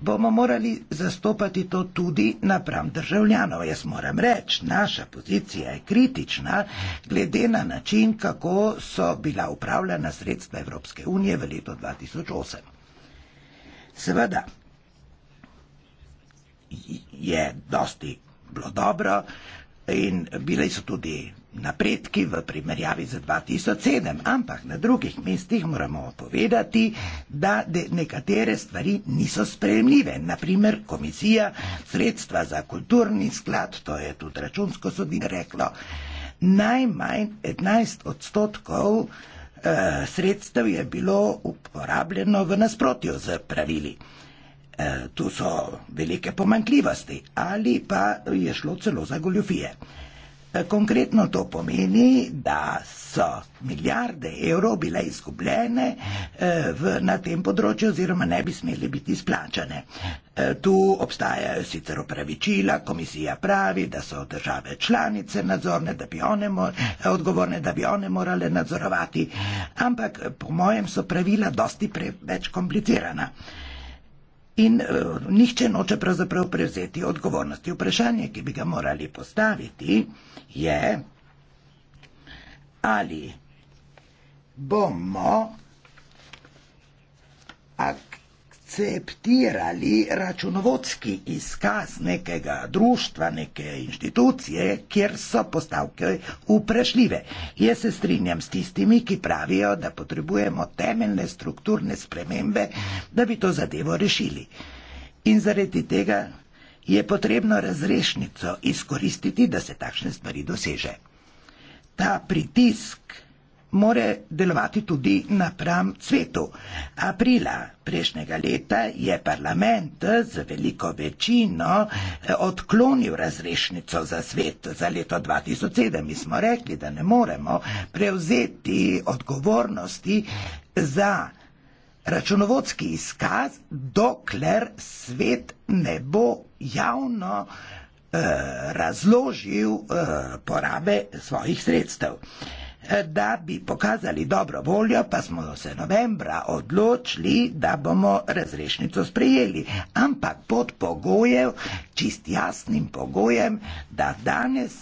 bomo morali zastopati to tudi napram državljanov. Jaz moram reči, naša pozicija je kritična glede na način, kako so bila upravljena sredstva Evropske unije v letu 2008. Seveda, je dosti bilo dobro in bile so tudi napredki v primerjavi z 2007, ampak na drugih mestih moramo povedati, da nekatere stvari niso sprejemljive. Naprimer, komisija sredstva za kulturni sklad, to je tudi računsko sodišče reklo, najmanj 15 odstotkov eh, sredstev je bilo uporabljeno v nasprotju z pravili. E, tu so velike pomankljivosti ali pa je šlo celo za goljofije. E, eh, konkretno to pomeni, da so milijarde evrov bile izgubljene e, v, na tem področju oziroma ne bi smeli biti izplačane. E, tu obstajajo sicer opravičila, komisija pravi, da so države članice nadzorne, da bi one, mor, odgovorne, da bi one morale nadzorovati, ampak po mojem so pravila dosti preveč komplicirana in uh, nihče noče pravzaprav prevzeti odgovornosti. Vprašanje, ki bi ga morali postaviti, je, ali bomo akceptirali računovodski izkaz nekega društva, neke inštitucije, kjer so postavke uprešljive. Jaz se strinjam s tistimi, ki pravijo, da potrebujemo temeljne strukturne spremembe, da bi to zadevo rešili. In zaradi tega je potrebno razrešnico izkoristiti, da se takšne stvari doseže. Ta pritisk more delovati tudi napram cvetu. Aprila prejšnjega leta je parlament z veliko večino eh, odklonil razrešnico za svet za leto 2007. Mi smo rekli, da ne moremo prevzeti odgovornosti za računovodski izkaz, dokler svet ne bo javno eh, razložil eh, porabe svojih sredstev. Eh, da bi pokazali dobro voljo, pa smo se novembra odločili, da bomo razrešnico sprejeli, ampak pod pogojem, čist jasnim pogojem, da danes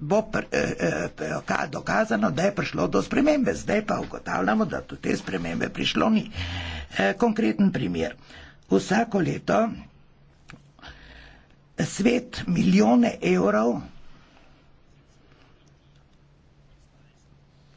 bo pr, e, e, dokazano, da je prišlo do spremembe, zdaj pa ugotavljamo, da do te spremembe prišlo ni. E, konkreten primer. Vsako leto svet milijone evrov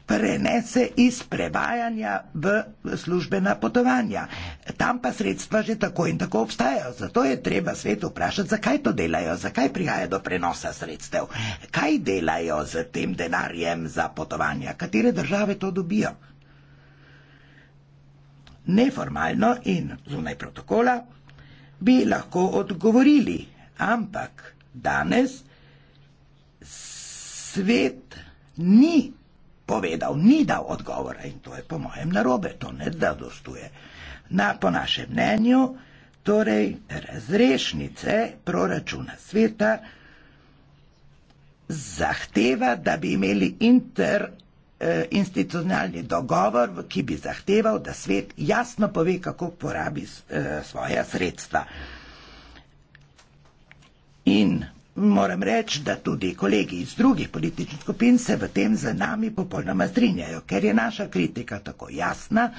prenese iz prevajanja v službena potovanja. Tam pa sredstva že tako in tako obstajajo. Zato je treba svet vprašati, zakaj to delajo, zakaj prihaja do prenosa sredstev, kaj delajo z tem denarjem za potovanja, katere države to dobijo. Neformalno in zunaj protokola bi lahko odgovorili, ampak danes svet ni povedal, ni dal odgovora in to je po mojem narobe, to ne da dostuje. Na po našem mnenju, torej razrešnice proračuna sveta zahteva, da bi imeli inter eh, institucionalni dogovor, ki bi zahteval, da svet jasno pove, kako porabi eh, svoja sredstva. In Moram reči, da tudi kolegi iz drugih političnih skupin se v tem z nami popolnoma strinjajo, ker je naša kritika tako jasna.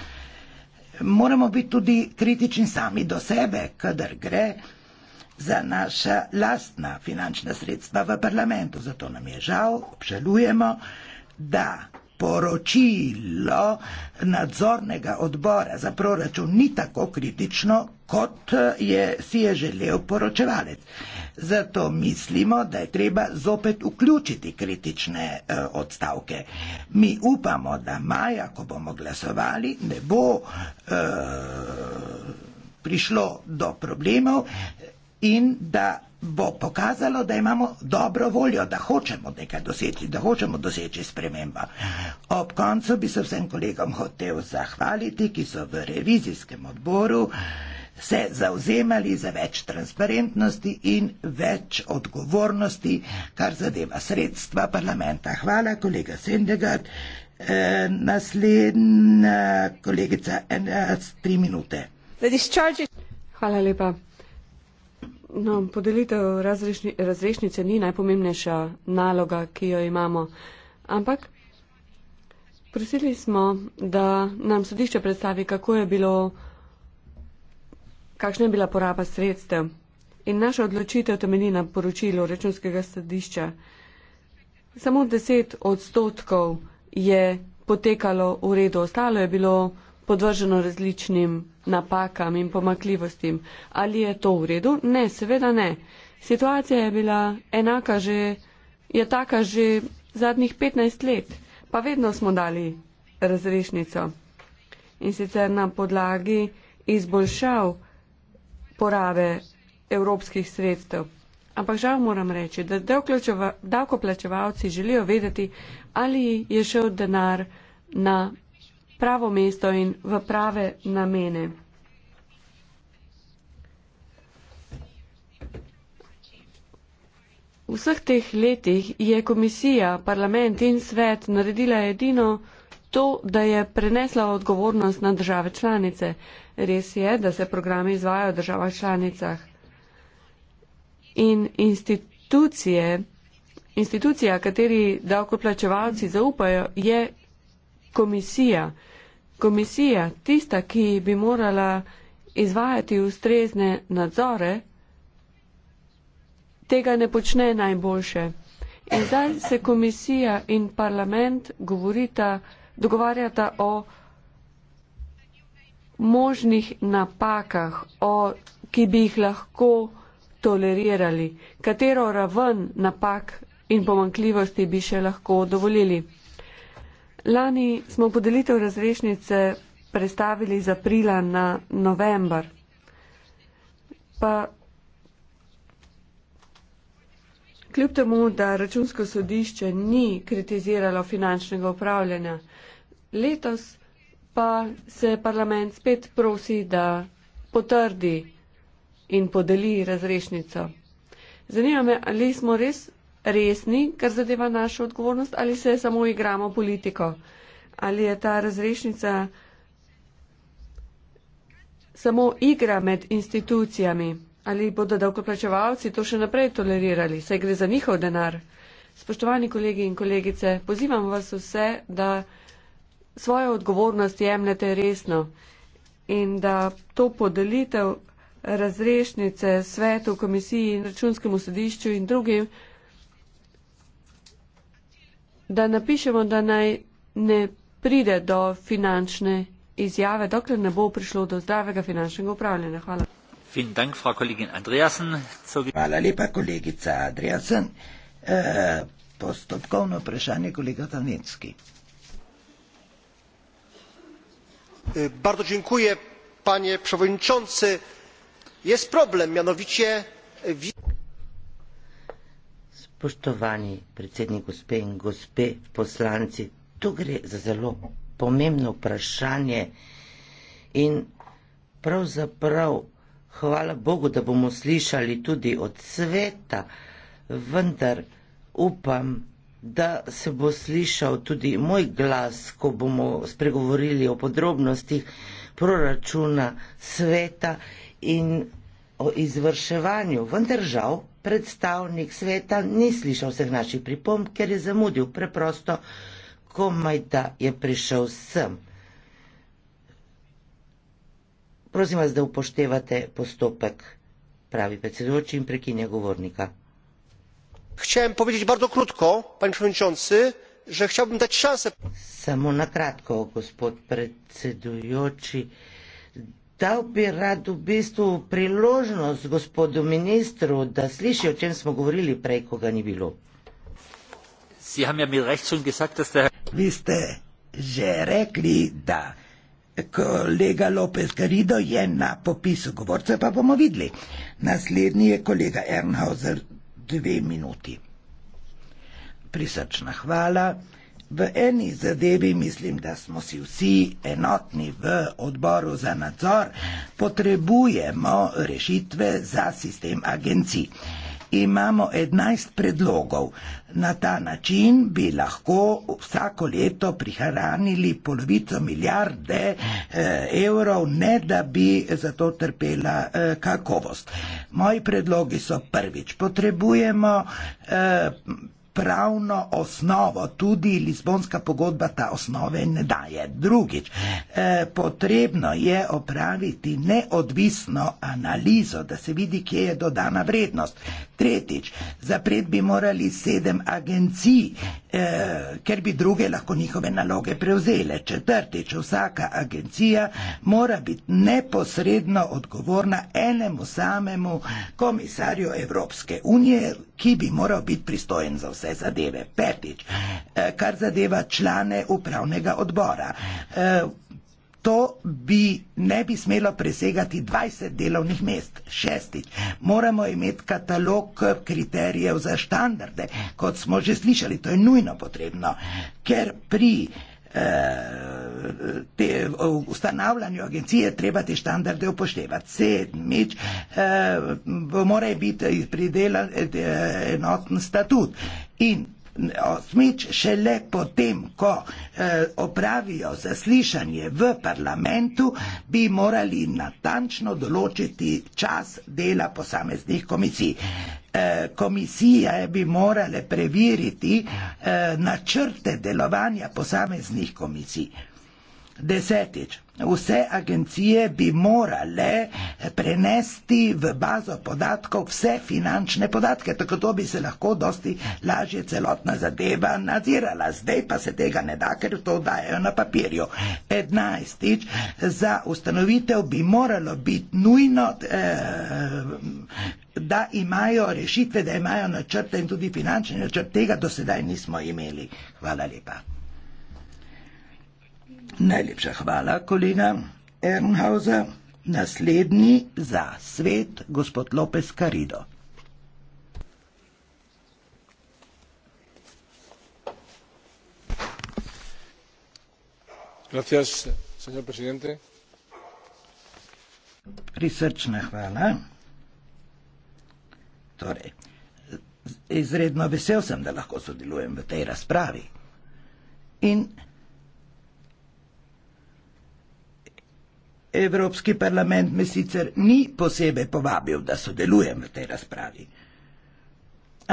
Moramo biti tudi kritični sami do sebe, kadar gre za naša lastna finančna sredstva v parlamentu. Zato nam je žal, obžalujemo, da poročilo nadzornega odbora za proračun ni tako kritično, kot eh, je si je želel poročevalec. Zato mislimo, da je treba zopet vključiti kritične eh, odstavke. Mi upamo, da maja, ko bomo glasovali, ne bo eh, prišlo do problemov in da bo pokazalo, da imamo dobro voljo, da hočemo nekaj doseči, da hočemo doseči sprememba. Ob koncu bi se vsem kolegom hotel zahvaliti, ki so v revizijskem odboru eh, se zauzemali za več transparentnosti in več odgovornosti, kar zadeva sredstva parlamenta. Hvala, kolega Sendegard. E, eh, naslednja kolegica, ena s tri minute. Hvala lepa. No, podelitev razrešni, razrešnice ni najpomembnejša naloga, ki jo imamo, ampak prosili smo, da nam sodišče predstavi, kako je bilo kakšna je bila poraba sredstev. In naša odločitev temeni na poročilu računskega sodišča. Samo 10 odstotkov je potekalo v redu, ostalo je bilo podvrženo različnim napakam in pomakljivostim. Ali je to v redu? Ne, seveda ne. Situacija je bila enaka že, je taka že zadnjih 15 let, pa vedno smo dali razrešnico. In sicer na podlagi izboljšav porabe evropskih sredstev. Ampak žal moram reči, da davkoplačevalci želijo vedeti, ali je šel denar na pravo mesto in v prave namene. V vseh teh letih je komisija, parlament in svet naredila edino to, da je prenesla odgovornost na države članice. Res je, da se programi izvajajo v državah članicah. In institucije, institucija, kateri davkoplačevalci zaupajo, je komisija. Komisija, tista, ki bi morala izvajati ustrezne nadzore, tega ne počne najboljše. In zdaj se komisija in parlament govorita, dogovarjata o možnih napakah, o, ki bi jih lahko tolerirali, katero raven napak in pomankljivosti bi še lahko dovolili. Lani smo podelitev razrešnice prestavili iz aprila na novembar. Pa kljub temu, da računsko sodišče ni kritiziralo finančnega upravljanja, letos pa se parlament spet prosi, da potrdi in podeli razrešnico. Zanima me, ali smo res resni, kar zadeva našo odgovornost, ali se samo igramo politiko. Ali je ta razrešnica samo igra med institucijami, ali bodo davkoplačevalci to še naprej tolerirali, saj gre za njihov denar. Spoštovani kolegi in kolegice, pozivam vas vse, da svojo odgovornost jemljete resno in da to podelitev razrešnice svetu, komisiji in računskemu sodišču in drugim, da napišemo, da naj ne pride do finančne izjave, dokler ne bo prišlo do zdravega finančnega upravljanja. Hvala. Hvala lepa, kolegica Andreasen. Eh, postopkovno vprašanje, kolega Tanecki. panie przewodniczący! jest problem mianowicie. spoštovani predsednik gospe in gospe poslanci tu gre za zelo pomembno vprašanje in pravzaprav hvala bogu da bomo slišali tudi od sveta vendar upam da se bo slišal tudi moj glas, ko bomo spregovorili o podrobnostih proračuna sveta in o izvrševanju. Vendar žal predstavnik sveta ni slišal vseh naših pripomb, ker je zamudil preprosto, komaj da je prišel sem. Prosim vas, da upoštevate postopek, pravi predsedujoči in prekinja govornika chciałem powiedzieć bardzo krótko panie przewodniczący że chciałbym dać szansę. samo na kratko gospod predsedujoči dal bi rad v bistvu priložnost gospodu ministru da sliši o čem smo govorili prej ko ga ni bilo. Sie haben ja mir recht schon gesagt, dass der Herr Vi ste že rekli, da kolega López Garrido je na popisu govorcev, pa bomo videli. Naslednji je kolega Ernhauser, dve minuti. Prisrčna hvala. V eni zadevi mislim, da smo si vsi enotni v odboru za nadzor, potrebujemo rešitve za sistem agencij imamo 11 predlogov. Na ta način bi lahko vsako leto prihranili polovico milijarde eh, evrov, ne da bi za to trpela eh, kakovost. Moji predlogi so prvič. Potrebujemo eh, pravno osnovo, tudi Lizbonska pogodba ta osnove ne daje. Drugič, eh, potrebno je opraviti neodvisno analizo, da se vidi, kje je dodana vrednost. Tretjič, zapred bi morali sedem agencij, eh, ker bi druge lahko njihove naloge prevzele. Četrtič, vsaka agencija mora biti neposredno odgovorna enemu samemu komisarju Evropske unije, ki bi moral biti pristojen za vse vse zadeve. Petič, eh, kar zadeva člane upravnega odbora. Eh, to bi ne bi smelo presegati 20 delovnih mest. Šestič, moramo imeti katalog kriterijev za standarde, kot smo že slišali, to je nujno potrebno, ker pri eh, Eh, te, ustanavljanju agencije treba te standarde upoštevati. Sedmič, eh, mora biti pridelan eh, enoten statut. In osmič šele potem, ko eh, opravijo zaslišanje v parlamentu, bi morali natančno določiti čas dela posameznih komisij. Eh, Komisija bi morale preveriti eh, načrte delovanja posameznih komisij. Desetič, Vse agencije bi morale prenesti v bazo podatkov vse finančne podatke, tako da bi se lahko dosti lažje celotna zadeva nadzirala. Zdaj pa se tega ne da, ker to dajo na papirju. 15. Za ustanovitev bi moralo biti nujno. Eh, da imajo rešitve, da imajo načrte in tudi finančne načrte, tega do sedaj nismo imeli. Hvala lepa. Najlepša hvala, kolega Ernhauser. Naslednji za svet, gospod López Carido. Gracias, señor presidente. Prisrčna hvala. Torej, izredno vesel sem, da lahko sodelujem v tej razpravi. In Evropski parlament me sicer ni posebej povabil, da sodelujem v tej razpravi.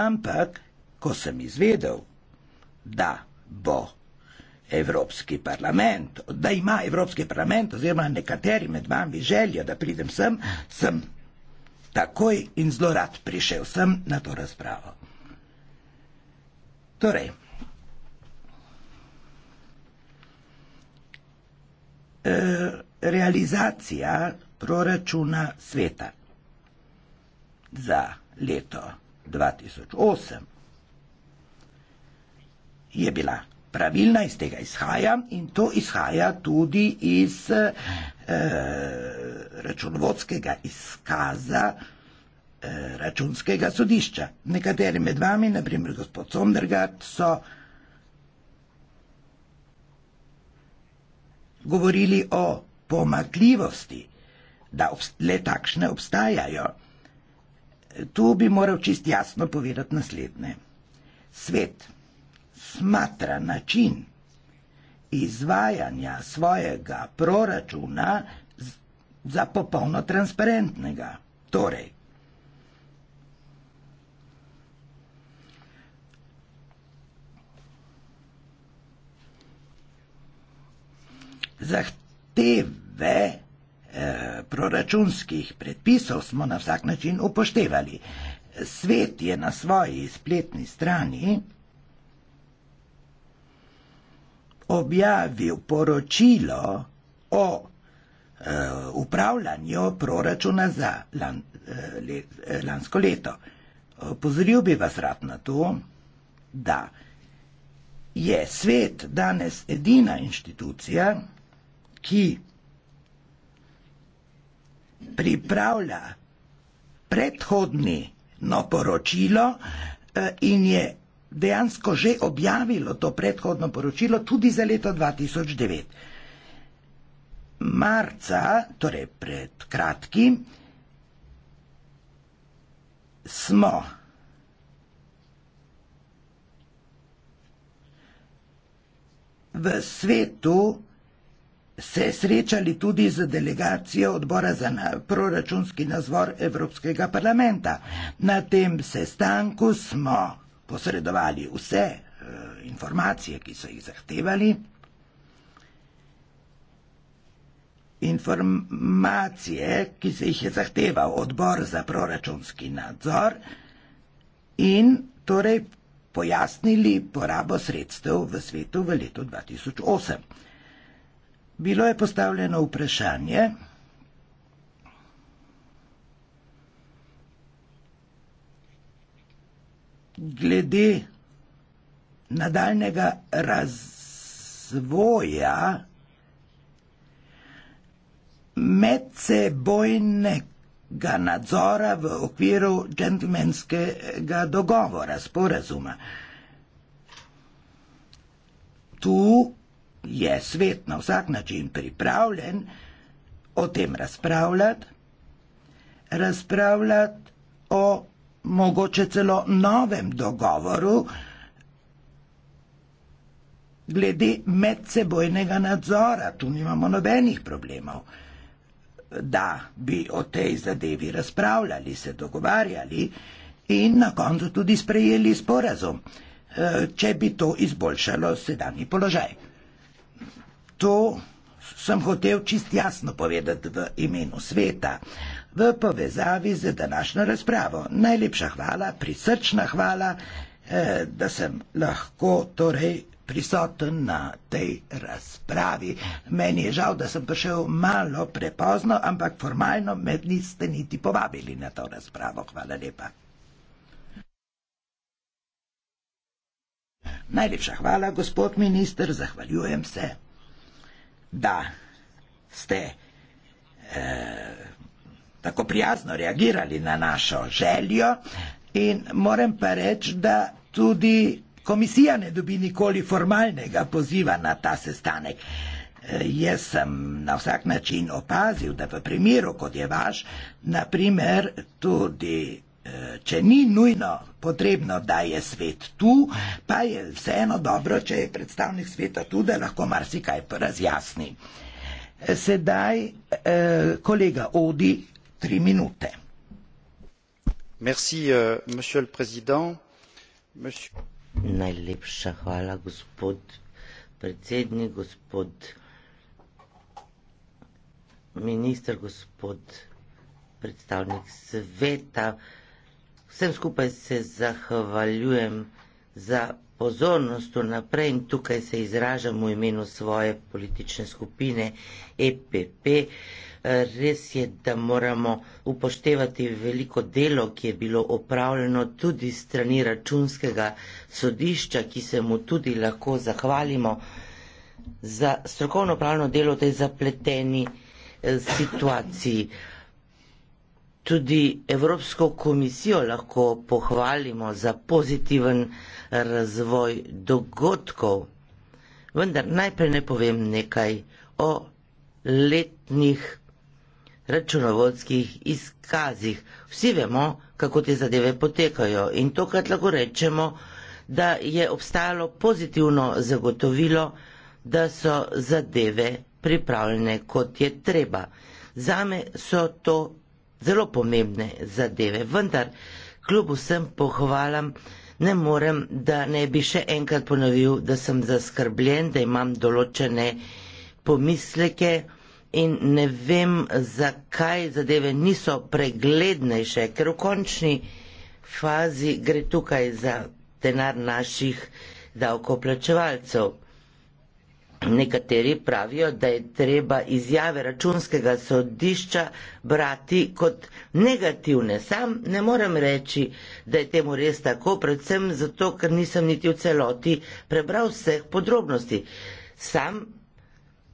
Ampak, ko sem izvedel, da bo Evropski parlament, da ima Evropski parlament oziroma nekateri med vami željo, da pridem sem, sem takoj in zelo rad prišel sem na to razpravo. Torej, uh, realizacija proračuna sveta za leto 2008 je bila pravilna, iz tega izhaja in to izhaja tudi iz eh, računovodskega izkaza eh, računskega sodišča. Nekateri med vami, naprimer gospod Sondergard, so govorili o pomagljivosti, da le takšne obstajajo. Tu bi moral čist jasno povedati naslednje. Svet smatra način izvajanja svojega proračuna za popolno transparentnega. Torej, zahtev uredbe, eh, proračunskih predpisov smo na vsak način upoštevali. Svet je na svoji spletni strani objavil poročilo o eh, upravljanju proračuna za lan, eh, lansko leto. Pozoril bi vas rad na to, da je svet danes edina inštitucija, ki pripravlja predhodni no poročilo eh, in je dejansko že objavilo to predhodno poročilo tudi za leto 2009. Marca, torej pred kratkim, smo v svetu se srečali tudi z delegacijo odbora za proračunski nazvor Evropskega parlamenta. Na tem sestanku smo posredovali vse eh, informacije, ki so jih zahtevali. Informacije, ki se jih je zahteval odbor za proračunski nadzor in torej pojasnili porabo sredstev v svetu v letu 2008. Bilo je postavljeno vprašanje. Glede nadaljnega razvoja medsebojnega nadzora v okviru džentlmenskega dogovora, sporazuma. Tu je svet na vsak način pripravljen o tem razpravljati, razpravljati o mogoče celo novem dogovoru glede medsebojnega nadzora. Tu nimamo nobenih problemov, da bi o tej zadevi razpravljali, se dogovarjali in na koncu tudi sprejeli sporazum. Eh, če bi to izboljšalo sedanji položaj to sem hotel čist jasno povedati v imenu sveta, v povezavi z današnjo razpravo. Najlepša hvala, prisrčna hvala, eh, da sem lahko torej prisoten na tej razpravi. Meni je žal, da sem prišel malo prepozno, ampak formalno me niste niti povabili na to razpravo. Hvala lepa. Najlepša hvala, gospod minister, zahvaljujem se. Da, ste e, tako prijazno reagirali na našo željo in moram pa reči, da tudi komisija ne dobi nikoli formalnega poziva na ta sestanek. Eh, jaz sem na vsak način opazil, da v primeru, kot je vaš, naprimer tudi Če ni nujno potrebno, da je svet tu, pa je vseeno dobro, če je predstavnik sveta tu, da lahko marsikaj razjasni. Sedaj eh, kolega Odi tri minute. Merci, eh, monsieur le président. Monsieur... Najlepša hvala, gospod predsednik, gospod minister, gospod predstavnik sveta. Vsem skupaj se zahvaljujem za pozornost vnaprej in tukaj se izražam v imenu svoje politične skupine EPP. Res je, da moramo upoštevati veliko delo, ki je bilo opravljeno tudi strani računskega sodišča, ki se mu tudi lahko zahvalimo za strokovno pravno delo v tej zapleteni eh, situaciji. Tudi Evropsko komisijo lahko pohvalimo za pozitiven razvoj dogodkov, vendar najprej ne povem nekaj o letnih računovodskih izkazih. Vsi vemo, kako te zadeve potekajo in tokrat lahko rečemo, da je obstajalo pozitivno zagotovilo, da so zadeve pripravljene kot je treba. Zame so to zelo pomembne zadeve. Vendar, kljub vsem pohvalam, ne morem, da ne bi še enkrat ponovil, da sem zaskrbljen, da imam določene pomisleke in ne vem, zakaj zadeve niso preglednejše, ker v končni fazi gre tukaj za denar naših davkoplačevalcev. Nekateri pravijo, da je treba izjave računskega sodišča brati kot negativne. Sam ne morem reči, da je temu res tako, predvsem zato, ker nisem niti v celoti prebral vseh podrobnosti. Sam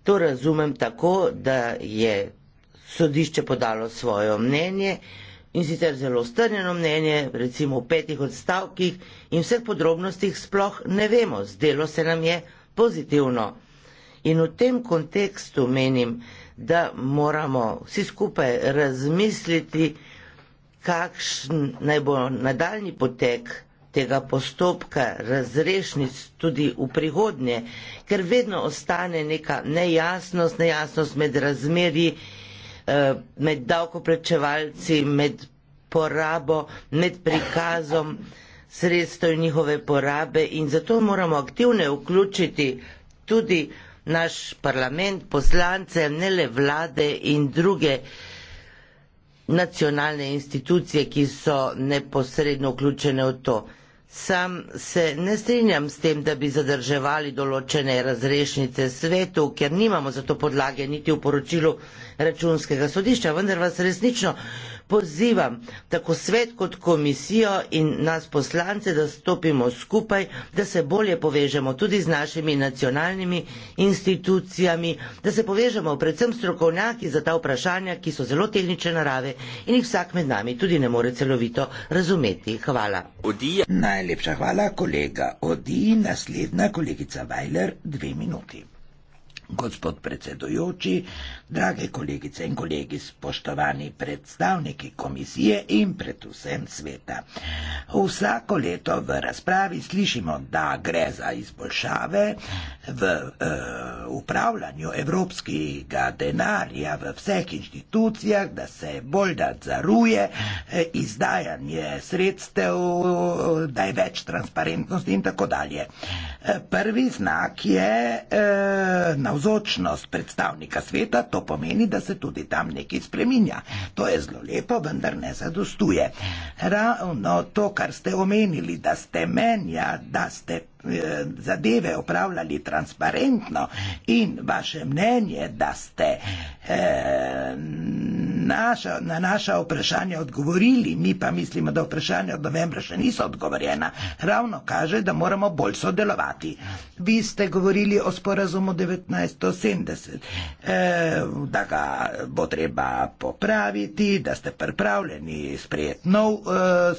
to razumem tako, da je sodišče podalo svoje mnenje in sicer zelo strnjeno mnenje, recimo v petih odstavkih in vseh podrobnostih sploh ne vemo. Zdelo se nam je pozitivno. In v tem kontekstu menim, da moramo vsi skupaj razmisliti, kakšen naj bo nadaljni potek tega postopka razrešnic tudi v prihodnje, ker vedno ostane neka nejasnost, nejasnost med razmeri, eh, med davkoprečevalci, med porabo, med prikazom sredstev njihove porabe in zato moramo aktivne vključiti tudi naš parlament, poslance, ne le vlade in druge nacionalne institucije, ki so neposredno vključene v to. Sam se ne strinjam s tem, da bi zadrževali določene razrešnice svetu, ker nimamo za to podlage niti v poročilu računskega sodišča, vendar vas resnično pozivam tako svet kot komisijo in nas poslance, da stopimo skupaj, da se bolje povežemo tudi z našimi nacionalnimi institucijami, da se povežemo predvsem strokovnjaki za ta vprašanja, ki so zelo tehnične narave in jih vsak med nami tudi ne more celovito razumeti. Hvala. Odija. Najlepša hvala, kolega. Odi naslednja kolegica Vajler, dve minuti. Gospod predsedujoči, Drage kolegice in kolegi, spoštovani predstavniki komisije in predvsem sveta. Vsako leto v razpravi slišimo, da gre za izboljšave v e, upravljanju evropskega denarja v vseh inštitucijah, da se bolj nadzoruje e, izdajanje sredstev, da je več transparentnosti in tako dalje. Eh, prvi znak je e, navzočnost predstavnika sveta, to pomeni, da se tudi tam nekaj spreminja. To je zelo lepo, vendar ne zadostuje. Ravno to, kar ste omenili, da ste menja, da ste Eh, zadeve opravljali transparentno in vaše mnenje, da ste eh, naša, na naša vprašanja odgovorili, mi pa mislimo, da vprašanja od novembra še niso odgovorjena, ravno kaže, da moramo bolj sodelovati. Vi ste govorili o sporazumu 1970, eh, da ga bo treba popraviti, da ste pripravljeni sprejeti nov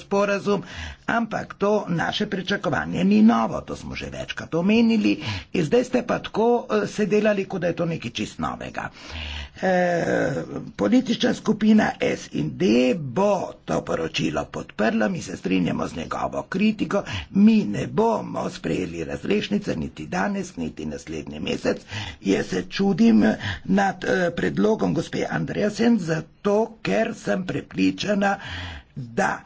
sporazum, ampak to naše pričakovanje ni novo to smo že večkrat omenili, in zdaj ste pa tako eh, se delali, kot da je to nekaj čist novega. E, politična skupina SND bo to poročilo podprla, mi se strinjamo z njegovo kritiko, mi ne bomo sprejeli razrešnice niti danes, niti naslednji mesec. Jaz se čudim nad e, predlogom gospe Andreasen, zato ker sem prepričana, da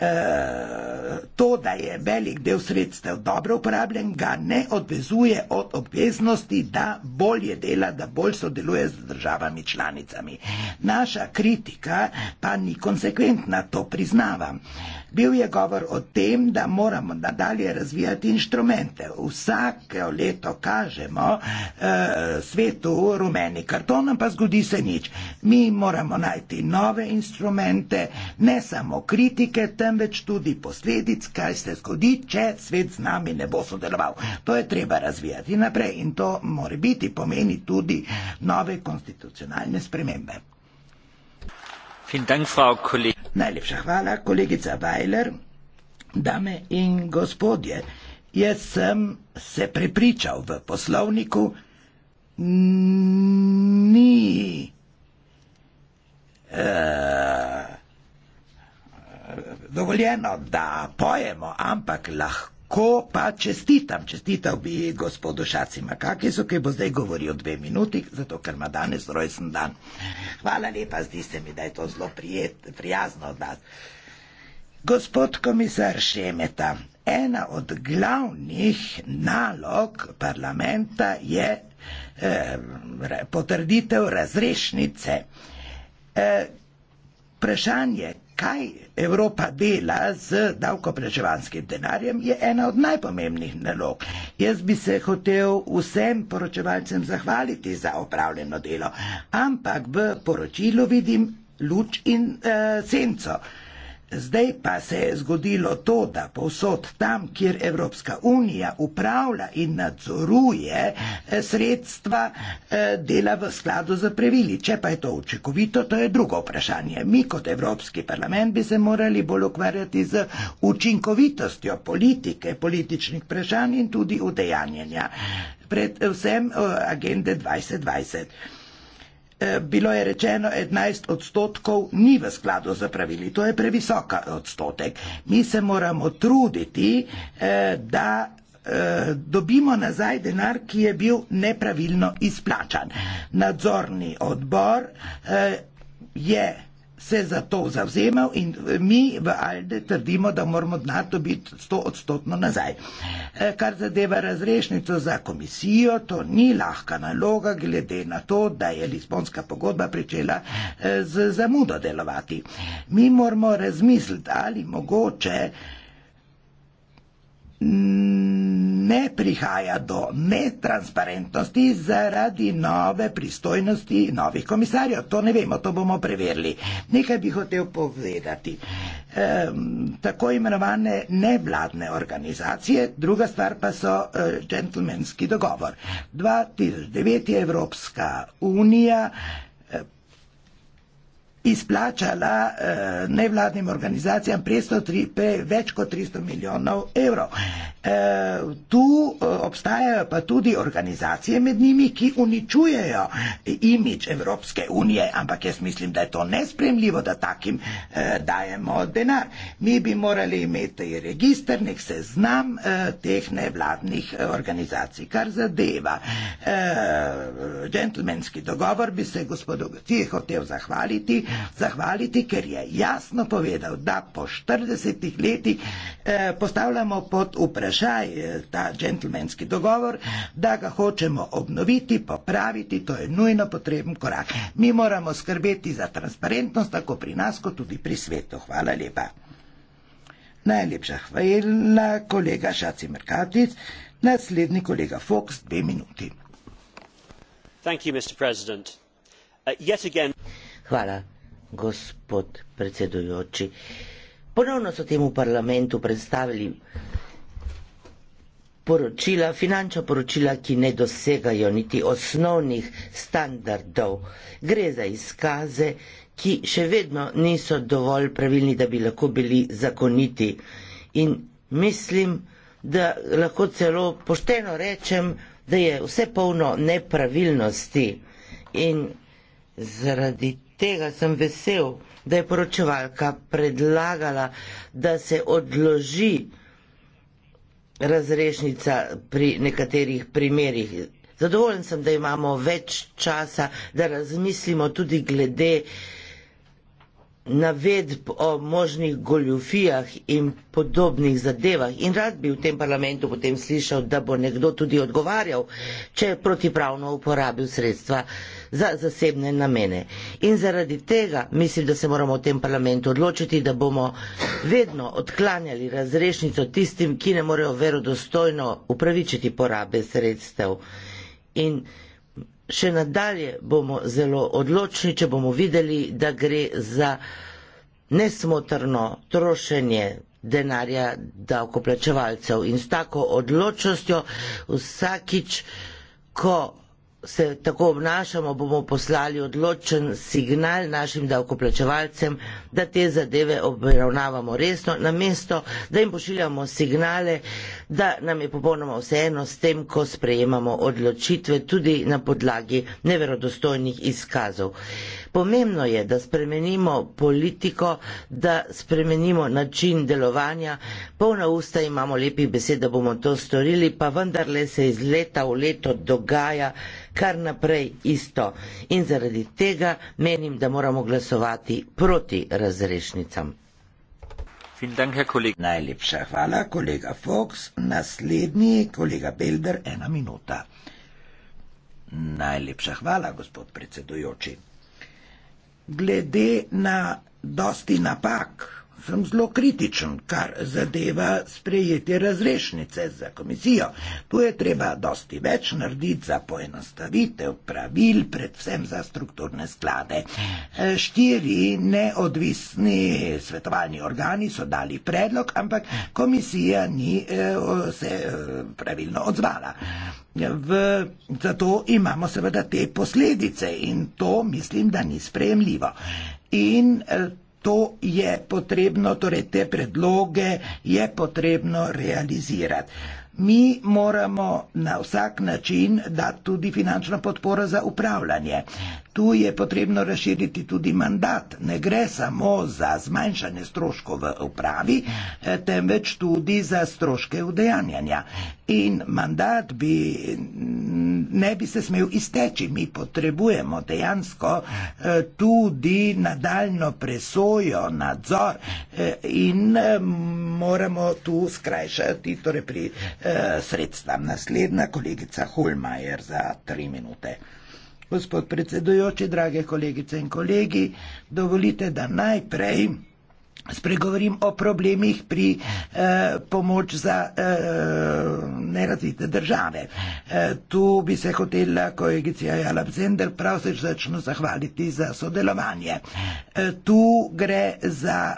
Eh, to, da je velik del sredstev dobro uporabljen, ga ne odvezuje od obveznosti, da bolje dela, da bolj sodeluje z državami članicami. Naša kritika pa ni konsekventna, to priznavam bil je govor o tem, da moramo nadalje razvijati inštrumente. Vsake leto kažemo eh, svetu rumeni karton, pa zgodi se nič. Mi moramo najti nove instrumente, ne samo kritike, temveč tudi posledic, kaj se zgodi, če svet z nami ne bo sodeloval. To je treba razvijati naprej in to mora biti pomeni tudi nove konstitucionalne spremembe. Najlepša hvala, kolegica Weiler. Dame in gospodje, jaz sem se prepričal v poslovniku, ni. Uh, dovoljeno, da pojemo, ampak lahko. Ko pa čestitam, čestital bi gospodu Šacima Kakisu, ki bo zdaj govoril dve minuti, zato ker ima danes rojsten dan. Hvala lepa, zdi se mi, da je to zelo prijet, prijazno od nas. Gospod komisar Šemeta, ena od glavnih nalog parlamenta je eh, potrditev razrešnice. Eh, vprašanje, kaj Evropa dela z davkoplačevanskim denarjem, je ena od najpomembnih nalog. Jaz bi se hotel vsem poročevalcem zahvaliti za opravljeno delo, ampak v poročilu vidim luč in e, senco. Zdaj pa se je zgodilo to, da povsod tam, kjer Evropska unija upravlja in nadzoruje eh, sredstva, eh, dela v skladu z pravili. Če pa je to učinkovito, to je drugo vprašanje. Mi kot Evropski parlament bi se morali bolj ukvarjati z učinkovitostjo politike, političnih vprašanj in tudi udejanjenja. Predvsem eh, agende 2020. Eh, bilo je rečeno, 11 odstotkov ni v skladu z pravili. To je previsoka odstotek. Mi se moramo truditi, eh, da eh, dobimo nazaj denar, ki je bil nepravilno izplačan. Nadzorni odbor je se za to zavzemal in eh, mi v Alde trdimo, da moramo NATO biti 100 odstotno nazaj. Eh, kar zadeva razrešnico za komisijo, to ni lahka naloga, glede na to, da je Lisbonska pogodba pričela eh, z zamudo delovati. Mi moramo razmisliti, ali mogoče ne prihaja do netransparentnosti zaradi nove pristojnosti novih komisarjev. To ne vemo, to bomo preverili. Nekaj bi hotel povedati. E, tako imenovane nevladne organizacije, druga stvar pa so e, džentlmenski dogovor. 2009 je Evropska unija izplačala eh, nevladnim organizacijam tri, pre, več kot 300 milijonov evrov. Eh, tu eh, obstajajo pa tudi organizacije med njimi, ki uničujejo eh, imič Evropske unije, ampak jaz mislim, da je to nespremljivo, da takim eh, dajemo denar. Mi bi morali imeti registr, nek seznam eh, teh nevladnih eh, organizacij, kar zadeva. Eh, džentlmenski dogovor bi se gospodu Gotije hotel zahvaliti, zahvaliti, ker je jasno povedal, da po 40 letih eh, postavljamo pod vprašaj eh, ta džentlmenski dogovor, da ga hočemo obnoviti, popraviti, to je nujno potreben korak. Mi moramo skrbeti za transparentnost, tako pri nas, kot tudi pri svetu. Hvala lepa. Najlepša hvala, kolega Šaci Merkatic. Naslednji kolega Fox, dve minuti. Thank you, Mr. President. Uh, yet again. Hvala, gospod predsedujoči. Ponovno so temu parlamentu predstavili poročila, finančna poročila, ki ne dosegajo niti osnovnih standardov. Gre za izkaze, ki še vedno niso dovolj pravilni, da bi lahko bili zakoniti. In mislim, da lahko celo pošteno rečem, da je vse polno nepravilnosti. In zaradi tega sem vesel, da je poročevalka predlagala, da se odloži razrešnica pri nekaterih primerjih. Zadovoljen sem, da imamo več časa, da razmislimo tudi glede uh, navedb o možnih goljufijah in podobnih zadevah. In rad bi v tem parlamentu potem slišal, da bo nekdo tudi odgovarjal, če je protipravno uporabil sredstva za zasebne namene. In zaradi tega mislim, da se moramo v tem parlamentu odločiti, da bomo vedno odklanjali razrešnico tistim, ki ne morejo verodostojno upravičiti porabe sredstev. In še nadalje bomo zelo odločni, če bomo videli, da gre za nesmotrno trošenje denarja davkoplačevalcev. In s tako odločnostjo vsakič, ko se tako obnašamo, bomo poslali odločen signal našim davkoplačevalcem, da te zadeve obravnavamo resno, namesto da jim pošiljamo signale, da nam je popolnoma vseeno s tem, ko sprejemamo odločitve tudi na podlagi neverodostojnih izkazov. Pomembno je, da spremenimo politiko, da spremenimo način delovanja. Polna usta imamo lepih besed, da bomo to storili, pa vendarle se iz leta v leto dogaja kar naprej isto. In zaradi tega menim, da moramo glasovati proti razrešnicam. Dank, Najlepša hvala, kolega Fox. Naslednji, kolega Belder, ena minuta. Najlepša hvala, gospod predsedujoči glede na dosti napak sem zelo kritičen, kar zadeva sprejetje razrešnice za komisijo. Tu je treba dosti več narediti za poenostavitev pravil, predvsem za strukturne sklade. E, štiri neodvisni svetovalni organi so dali predlog, ampak komisija ni e, se e, pravilno odzvala. V, zato imamo seveda te posledice in to mislim, da ni sprejemljivo. In to je potrebno, torej te predloge je potrebno realizirati. Mi moramo na vsak način dati tudi finančno podporo za upravljanje. Tu je potrebno razširiti tudi mandat. Ne gre samo za zmanjšanje stroškov v upravi, eh, temveč tudi za stroške udejanjanja in mandat bi ne bi se smel izteči. Mi potrebujemo dejansko eh, tudi nadaljno presojo, nadzor eh, in eh, moramo tu skrajšati torej pri sredstva. Naslednja kolegica Hulmajer za tri minute. Gospod predsedujoči, drage kolegice in kolegi, dovolite, da najprej spregovorim o problemih pri eh, pomoč za eh, nerazvite države. Eh, tu bi se hotela kolegica Jalab Zender pravzaprav začno zahvaliti za sodelovanje. Eh, tu gre za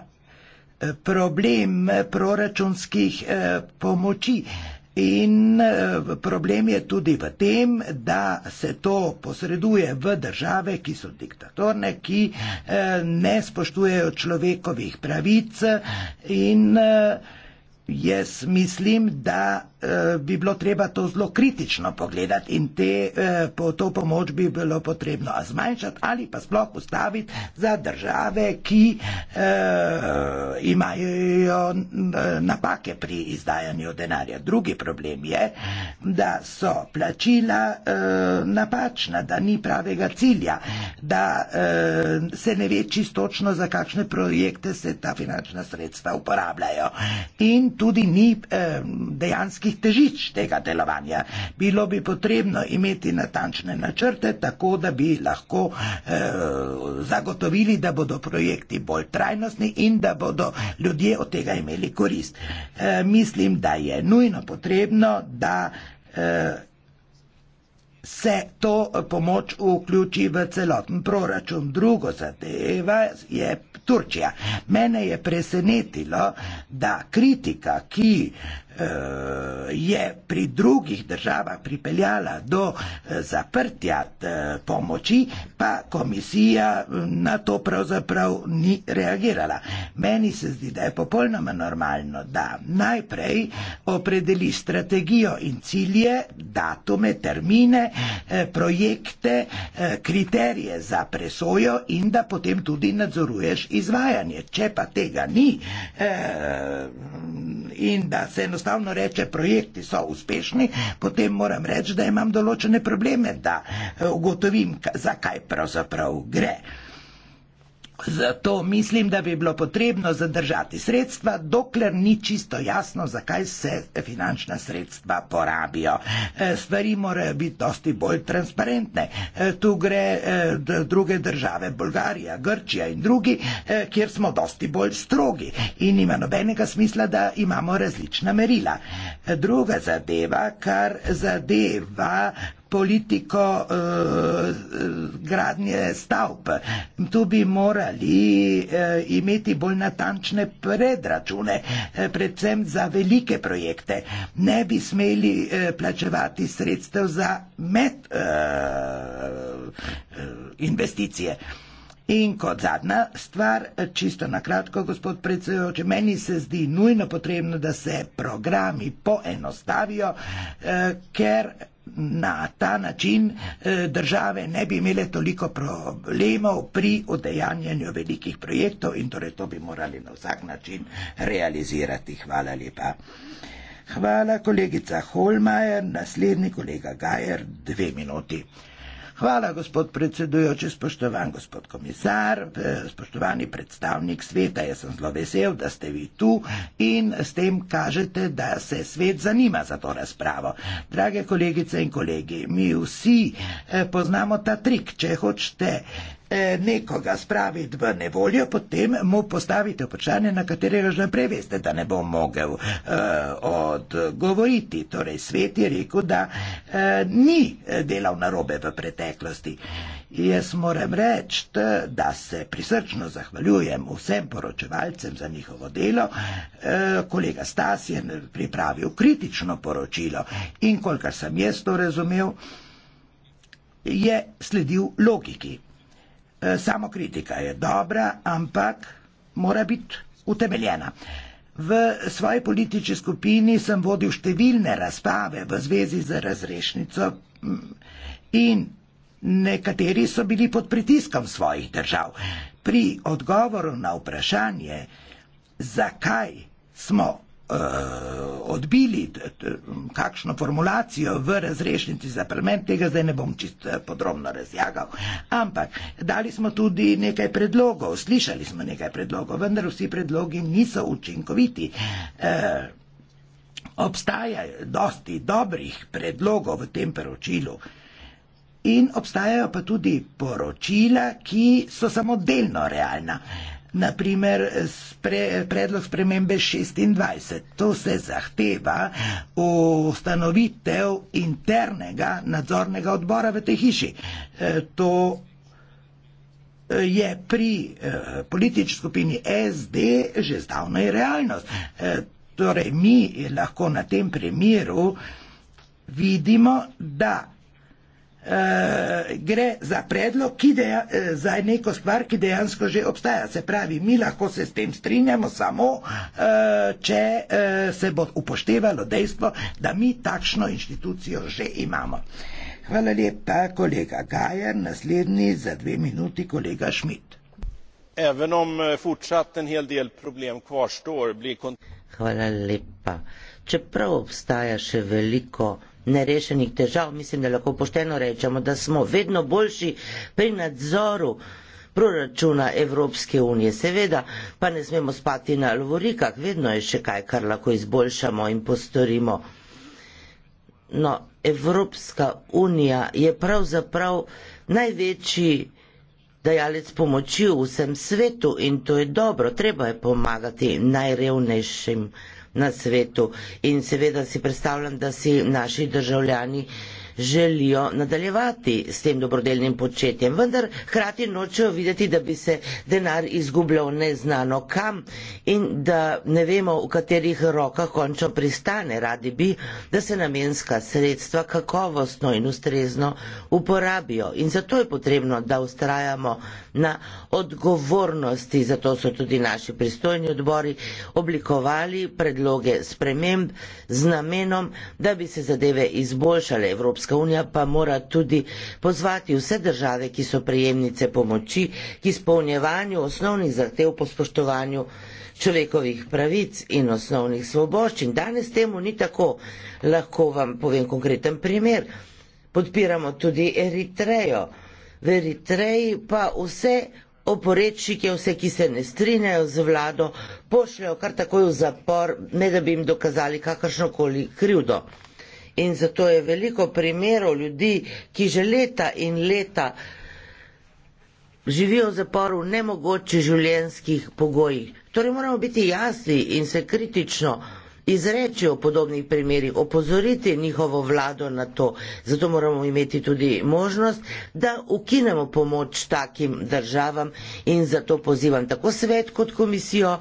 eh, problem proračunskih eh, pomoči. In eh, problem je tudi v tem, da se to posreduje v države, ki so diktatorne, ki eh, ne spoštujejo človekovih pravic in eh, jaz mislim, da Eh, bi bilo treba to zelo kritično pogledati in te, eh, po to pomoč bi bilo potrebno zmanjšati ali pa sploh ustaviti za države, ki eh, imajo eh, napake pri izdajanju denarja. Drugi problem je, da so plačila eh, napačna, da ni pravega cilja, da eh, se ne ve čisto točno, za kakšne projekte se ta finančna sredstva uporabljajo. In tudi ni eh, dejanski velikih težič tega delovanja. Bilo bi potrebno imeti natančne načrte, tako da bi lahko eh, zagotovili, da bodo projekti bolj trajnostni in da bodo ljudje od tega imeli korist. Eh, mislim, da je nujno potrebno, da. Eh, Se to pomoč vključi v celoten proračun. Drugo zadeva je Turčija. Mene je presenetilo, da kritika, ki Eh, je pri drugih državah pripeljala do eh, zaprtja eh, pomoči, pa komisija na to pravzaprav ni reagirala. Meni se zdi, da je popolnoma normalno, da najprej opredeli strategijo in cilje, datume, termine, projekte, kriterije za presojo in da potem tudi nadzoruješ izvajanje. Če pa tega ni in da se enostavno enostavno reče, projekti so uspešni, potem moram reči, da imam določene probleme, da eh, ugotovim, zakaj pravzaprav gre. Zato mislim, da bi bilo potrebno zadržati sredstva, dokler ni čisto jasno, zakaj se finančna sredstva porabijo. E, stvari morajo biti dosti bolj transparentne. E, tu gre e, druge države, Bolgarija, Grčija in drugi, kjer smo dosti bolj strogi in nima nobenega smisla, da imamo različna merila. Druga zadeva, kar zadeva politiko eh, gradnje stavb. Tu bi morali eh, imeti bolj natančne predračune, eh, predvsem za velike projekte. Ne bi smeli eh, plačevati sredstev za med eh, eh investicije. In kot zadnja stvar, čisto na kratko, gospod predsedujoči, meni se zdi nujno potrebno, da se programi poenostavijo, eh, ker Na ta način eh, države ne bi imele toliko problemov pri odejanjanju velikih projektov in torej to bi morali na vsak način realizirati. Hvala lepa. Hvala kolegica Holmajer, naslednji kolega Gajer, dve minuti. Hvala, gospod predsedujoči, spoštovan gospod komisar, eh, spoštovani predstavnik sveta. Jaz sem zelo vesel, da ste vi tu in s tem kažete, da se svet zanima za to razpravo. Drage kolegice in kolegi, mi vsi eh, poznamo ta trik, če hočete E, nekoga spraviti v nevoljo, potem mu postavite vprašanje, na katerega že prej veste, da ne bo mogel eh, odgovoriti. Torej, svet je rekel, da eh, ni e, delal narobe v preteklosti. Jaz moram reči, da se prisrčno zahvaljujem vsem poročevalcem za njihovo delo. E, kolega Stas je pripravil kritično poročilo in kolikor sem jaz to razumel, je sledil logiki. Eh, Samo kritika je dobra, ampak mora biti utemeljena. V svoji politični skupini sem vodil številne razprave v zvezi z razrešnico mm, in nekateri so bili pod pritiskom svojih držav. Pri odgovoru na vprašanje, zakaj smo uh, odbili kakšno formulacijo v razrešnici za parlament, tega zdaj ne bom čist eh, podrobno razjagal. Ampak dali smo tudi nekaj predlogov, slišali smo nekaj predlogov, vendar vsi predlogi niso učinkoviti. Uh, Obstaja dosti dobrih predlogov v tem poročilu in obstajajo pa tudi poročila, ki so samo delno realna. Uh, naprimer spre, predlog spremembe 26. To se zahteva ustanovitev internega nadzornega odbora v tej hiši. E, to e, je pri e, politični skupini SD že zdavno je realnost. Torej, mi lahko na tem primeru vidimo, da Eh, gre za predlog, deja, uh, za neko stvar, ki dejansko že obstaja. Se pravi, mi lahko se s tem strinjamo samo, uh, če uh, se bo upoštevalo dejstvo, da mi takšno inštitucijo že imamo. Hvala lepa, kolega Gajer. Naslednji za dve minuti, kolega Šmit. Even om fortsatt en hel del problem kvarstår, blir kont... Hvala lepa. Čeprav obstaja še veliko nerešenih težav, mislim, da lahko pošteno rečemo, da smo vedno boljši pri nadzoru proračuna Evropske unije. Seveda pa ne smemo spati na lovorikah, vedno je še kaj, kar lahko izboljšamo in postorimo. No, Evropska unija je pravzaprav največji dajalec pomoči v vsem svetu in to je dobro, treba je pomagati najrevnejšim na svetu. In seveda si predstavljam, da si naši državljani želijo nadaljevati s tem dobrodelnim početjem, vendar hkrati nočejo videti, da bi se denar izgubljal neznano kam in da ne vemo, v katerih rokah končno pristane. Radi bi, da se namenska sredstva kakovostno in ustrezno uporabijo. In zato je potrebno, da ustrajamo na odgovornosti. Zato so tudi naši pristojni odbori oblikovali predloge sprememb z namenom, da bi se zadeve izboljšale. Evropska unija pa mora tudi pozvati vse države, ki so prejemnice pomoči, k izpolnjevanju osnovnih zahtev po spoštovanju človekovih pravic in osnovnih svoboščin. Danes temu ni tako. Lahko vam povem konkreten primer. Podpiramo tudi Eritrejo v Eritreji pa vse oporečnike, vse, ki se ne strinjajo z vlado, pošljajo kar takoj v zapor, ne da bi jim dokazali kakršnokoli krivdo. In zato je veliko primerov ljudi, ki že leta in leta živijo v zaporu v nemogoče življenskih pogojih. Torej moramo biti jasni in se kritično izreči o podobnih primerjih, opozoriti njihovo vlado na to. Zato moramo imeti tudi možnost, da ukinemo pomoč takim državam in zato pozivam tako svet kot komisijo,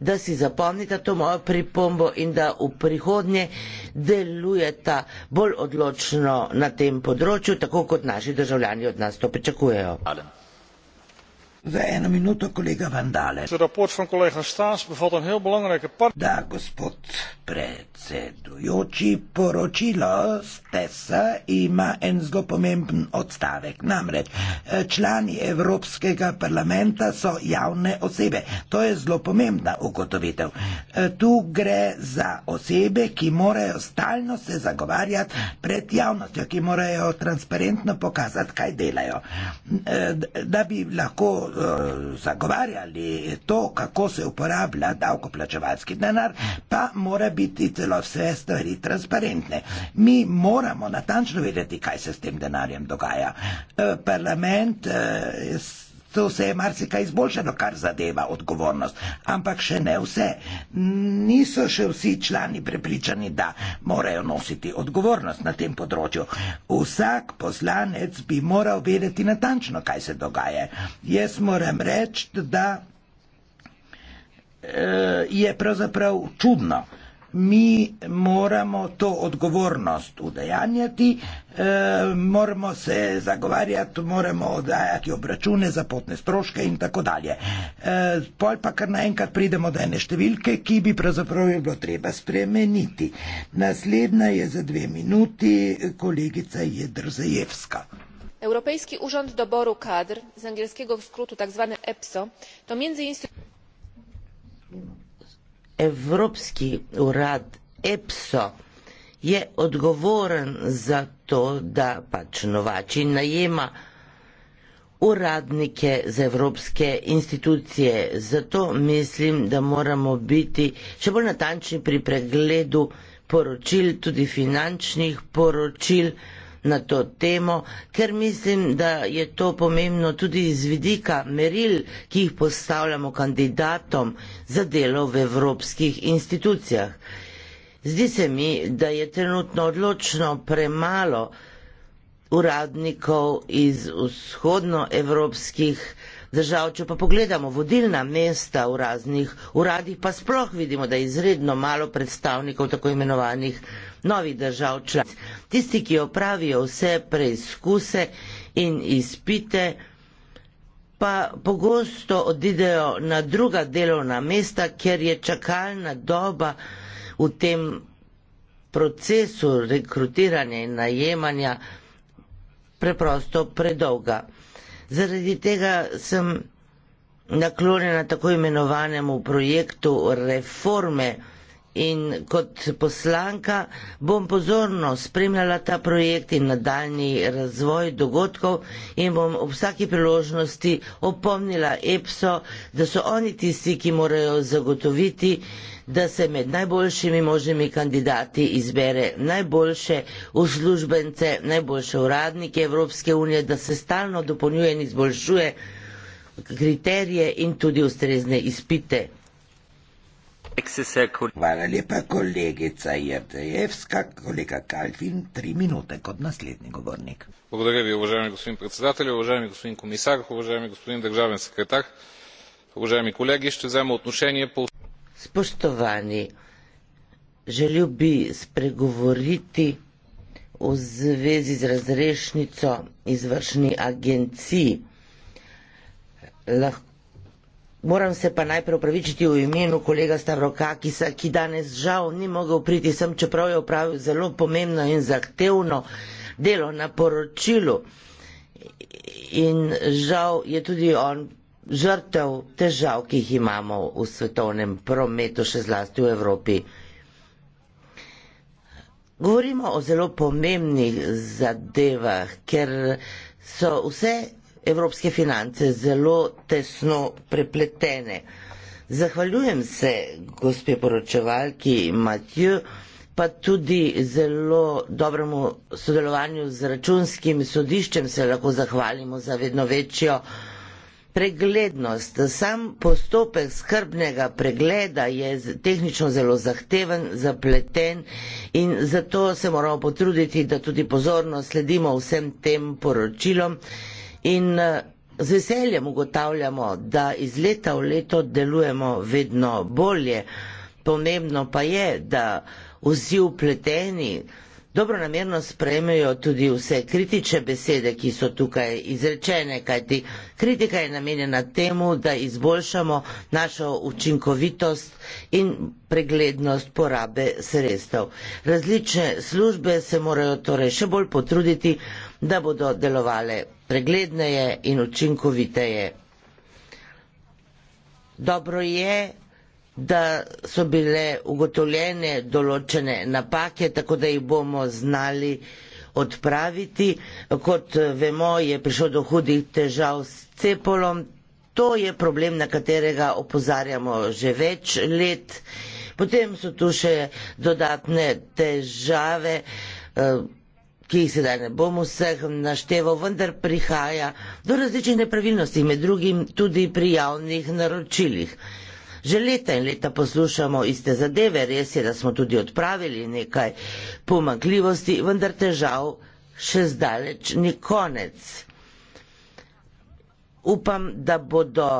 da si zapomnite to mojo pripombo in da v prihodnje delujeta bolj odločno na tem področju, tako kot naši državljani od nas to pričakujejo. Hvala. Eno minuto, kolega Vandale. Het rapport van collega Staes bevat een heel belangrijke part. Da, gospod predsedujoči, poročilo Stesa ima en zelo pomemben odstavek. Namreč, eh, člani Evropskega parlamenta so javne osebe. To je zelo pomembna ugotovitev. Eh, tu gre za osebe, ki morajo stalno se zagovarjati pred javnostjo, ki morajo transparentno pokazati, kaj delajo. Eh, da bi lahko Eh, zagovarjali to, kako se uporablja davkoplačevalski denar, pa mora biti celo vse stvari transparentne. Mi moramo natančno vedeti, kaj se s tem denarjem dogaja. Eh, parlament. Eh, To se je marsikaj izboljšalo, kar zadeva odgovornost, ampak še ne vse. Niso še vsi člani prepričani, da morajo nositi odgovornost na tem področju. Vsak poslanec bi moral vedeti natančno, kaj se dogaja. Jaz moram reči, da e, je pravzaprav čudno mi moramo to odgovornost udejanjati, eh, moramo se zagovarjati, moramo oddajati obračune za potne stroške in tako dalje. Eh, pol pa kar naenkrat pridemo do ene številke, ki bi pravzaprav jo bilo treba spremeniti. Naslednja je za dve minuti kolegica Jedrzejevska. Europejski Urząd Doboru Kadr, z angielskiego skrótu tzw. EPSO, to między innymi. Evropski urad EPSO je odgovoren za to, da pač Novači najema uradnike za evropske institucije. Zato mislim, da moramo biti še bolj natančni pri pregledu poročil, tudi finančnih poročil na to temo, ker mislim, da je to pomembno tudi iz vidika meril, ki jih postavljamo kandidatom za delo v evropskih institucijah. Zdi se mi, da je trenutno odločno premalo uradnikov iz vzhodnoevropskih držav. Če pa pogledamo vodilna mesta v raznih uradih, pa sploh vidimo, da je izredno malo predstavnikov tako imenovanih novih držav članic. Tisti, ki opravijo vse preizkuse in izpite, pa pogosto odidejo na druga delovna mesta, ker je čakalna doba v tem procesu rekrutiranja in najemanja preprosto predolga. Zaradi tega sem naklonjena tako imenovanemu projektu reforme in kot poslanka bom pozorno spremljala ta projekt in nadaljni razvoj dogodkov in bom ob vsaki priložnosti opomnila EPSO, da so oni tisti, ki morajo zagotoviti, da se med najboljšimi možnimi kandidati izbere najboljše uslužbence, najboljše uradnike Evropske unije, da se stalno dopolnjuje in izboljšuje kriterije in tudi ustrezne izpite. Hvala lepa, kolegica Jevdejevska, kolega Kalvin, tri minute kot naslednji govornik. Благодаря ви, уважаеми господин председател, уважаеми господин комисар, уважаеми господин държавен секретар, уважаеми колеги, ще взема отношение по... Споштовани, želil bi spregovoriti v zvezi z razrešnico izvršni agenciji. Lahko Moram se pa najprej opravičiti v imenu kolega Stavrokakisa, ki danes žal ni mogel priti sem, čeprav je opravil zelo pomembno in zahtevno delo na poročilu. In žal je tudi on žrtev težav, ki jih imamo v svetovnem prometu, še zlasti v Evropi. Govorimo o zelo pomembnih zadevah, ker so vse evropske finance zelo tesno prepletene. Zahvaljujem se gospe poročevalki Matju, pa tudi zelo dobremu sodelovanju z računskim sodiščem se lahko zahvalimo za vedno večjo preglednost. Sam postopek skrbnega pregleda je tehnično zelo zahteven, zapleten in zato se moramo potruditi, da tudi pozorno sledimo vsem tem poročilom. In eh, z veseljem ugotavljamo, da iz leta v leto delujemo vedno bolje. Pomembno pa je, da vsi upleteni dobro namerno sprejmejo tudi vse kritične besede, ki so tukaj izrečene, kajti kritika je namenjena temu, da izboljšamo našo učinkovitost in preglednost porabe sredstev. Različne službe se morajo torej še bolj potruditi, da bodo delovale pregledneje in učinkoviteje. Dobro je, da so bile ugotovljene določene napake, tako da jih bomo znali odpraviti. Kot vemo, je prišlo do hudih težav s cepolom. To je problem, na katerega opozarjamo že več let. Potem so tu še dodatne težave. Eh, ki jih sedaj ne bom vseh našteval, vendar prihaja do različnih nepravilnosti, med drugim tudi pri javnih naročilih. Že leta in leta poslušamo iste zadeve, res je, da smo tudi odpravili nekaj pomakljivosti, vendar težav še zdaleč ni konec. Upam, da bodo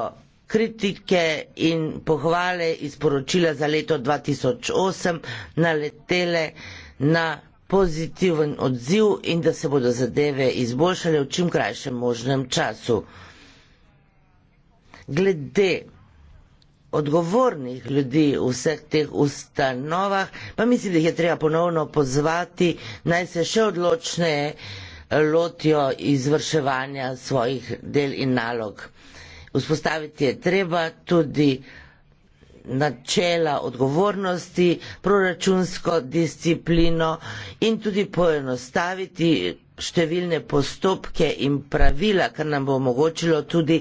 kritike in pohvale iz poročila za leto 2008 naletele na pozitiven odziv in da se bodo zadeve izboljšale v čim krajšem možnem času. Glede odgovornih ljudi v vseh teh ustanovah, pa mislim, da jih je treba ponovno pozvati, naj se še odločneje lotijo izvrševanja svojih del in nalog. Vzpostaviti je treba tudi načela odgovornosti, proračunsko disciplino in tudi poenostaviti številne postopke in pravila, kar nam bo omogočilo tudi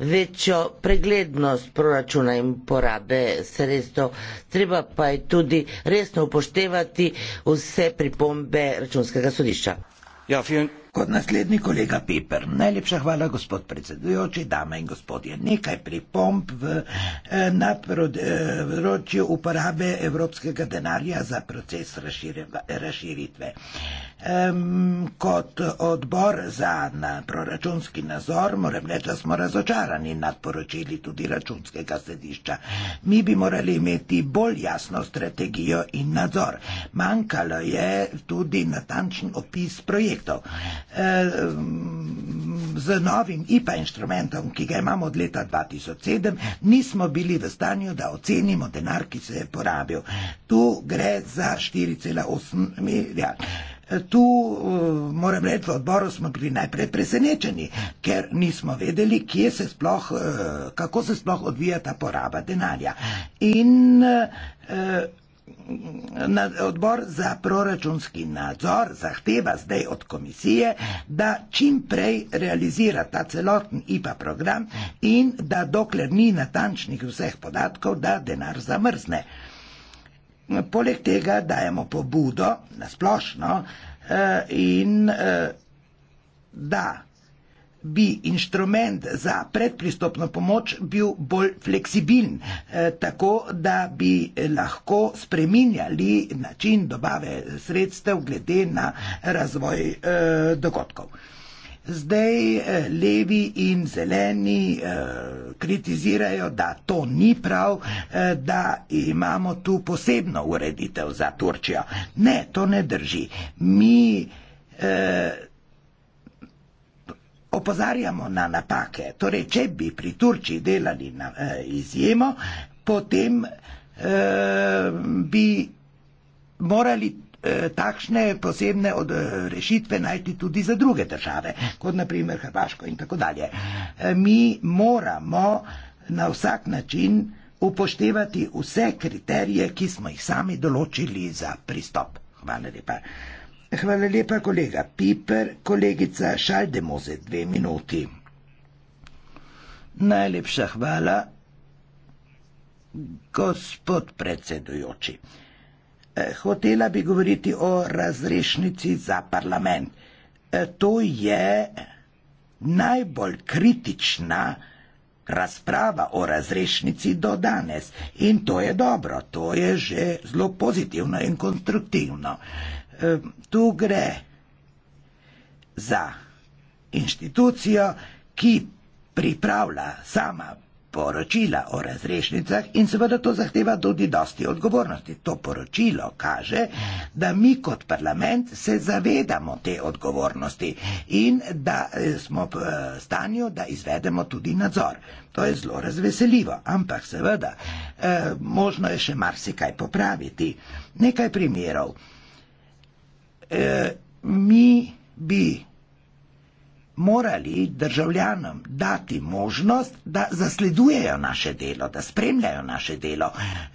večjo preglednost proračuna in porabe sredstev. Treba pa je tudi resno upoštevati vse pripombe računskega sodišča. Ja, kot naslednji kolega Piper. Najlepša hvala, gospod predsedujoči, dame in gospodje. Nekaj pripomp v, eh, na eh, področju uporabe evropskega denarja za proces razširitve. Kot odbor za na proračunski nazor moram reči, da smo razočarani nad poročili tudi računskega središča. Mi bi morali imeti bolj jasno strategijo in nadzor. Manjkalo je tudi natančen opis projektov. Eh, z novim IPA inštrumentom, ki ga imamo od leta 2007, nismo bili v stanju, da ocenimo denar, ki se je porabil. Tu gre za 4,8 milijard. Eh, tu eh, moram reči, v odboru smo bili najprej presenečeni, ker nismo vedeli, se sploh, kako se sploh odvija ta poraba denarja. In Odbor za proračunski nadzor zahteva zdaj od komisije, da čim prej realizira ta celoten IPA program in da dokler ni natančnih vseh podatkov, da denar zamrzne. Poleg tega dajemo pobudo na splošno eh, in eh, da bi inštrument za predpristopno pomoč bil bolj fleksibilen, eh, tako da bi lahko spreminjali način dobave sredstev glede na razvoj eh, dogodkov. Zdaj eh, levi in zeleni kritizirajo, da to ni prav, da imamo tu posebno ureditev za Turčijo. Ne, to ne drži. Mi opozarjamo na napake. Torej, če bi pri Turčiji delali na, eh, izjemo, potem eh, bi morali. Eh, takšne posebne od, eh, rešitve najti tudi za druge države, kot naprimer Hrvaško in tako dalje. Eh, mi moramo na vsak način upoštevati vse kriterije, ki smo jih sami določili za pristop. Hvala lepa. Hvala lepa, kolega Piper, kolegica Šaldemoze, dve minuti. Najlepša hvala, gospod predsedujoči. Eh, hotela bi govoriti o razrešnici za parlament. Eh, to je najbolj kritična razprava o razrešnici do danes in to je dobro, to je že zelo pozitivno in konstruktivno tu gre za inštitucijo, ki pripravlja sama poročila o razrešnicah in seveda to zahteva tudi dosti odgovornosti. To poročilo kaže, da mi kot parlament se zavedamo te odgovornosti in da e, smo v e, stanju, da izvedemo tudi nadzor. To je zelo razveseljivo, ampak seveda eh, možno je še marsikaj popraviti. Nekaj primerov. Eh, mi bi morali državljanom dati možnost, da zasledujejo naše delo, da spremljajo naše delo.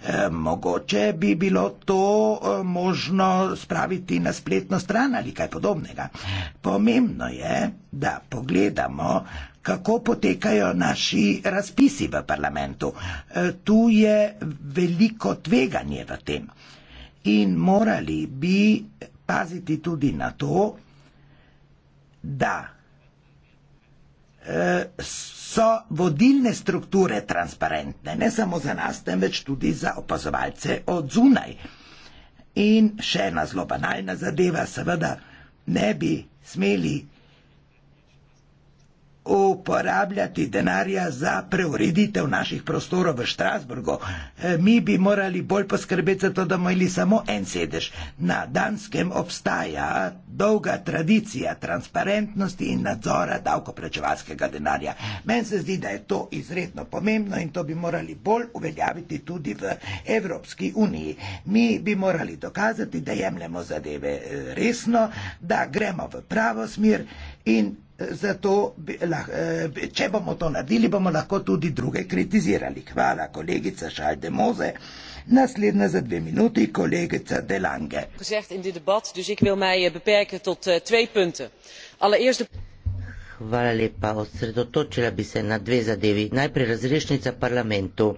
Eh, mogoče bi bilo to eh, možno spraviti na spletno stran ali kaj podobnega. Pomembno je, da pogledamo, kako potekajo naši razpisi v parlamentu. Tu je veliko tveganje v tem. In morali bi paziti tudi na to, da e, so vodilne strukture transparentne, ne samo za nas, temveč tudi za opazovalce od zunaj. In še ena zelo banalna zadeva, seveda ne bi smeli uporabljati denarja za preureditev naših prostorov v Štrasburgu. E, mi bi morali bolj poskrbeti za to, da bomo imeli samo en sedež. Na Danskem obstaja dolga tradicija transparentnosti in nadzora davkoplačevalskega denarja. Meni se zdi, da je to izredno pomembno in to bi morali bolj uveljaviti tudi v Evropski uniji. Mi bi morali dokazati, da jemljemo zadeve e, resno, da gremo v pravo smer in Zato, bi, lah, eh, če bomo to naredili, bomo lahko tudi druge kritizirali. Hvala, kolegica Šalde Moze. Naslednja za dve minuti, kolegica Delange. Eh, eh, Hvala lepa. Osredotočila bi se na dve zadevi. Najprej razrešnica parlamentu.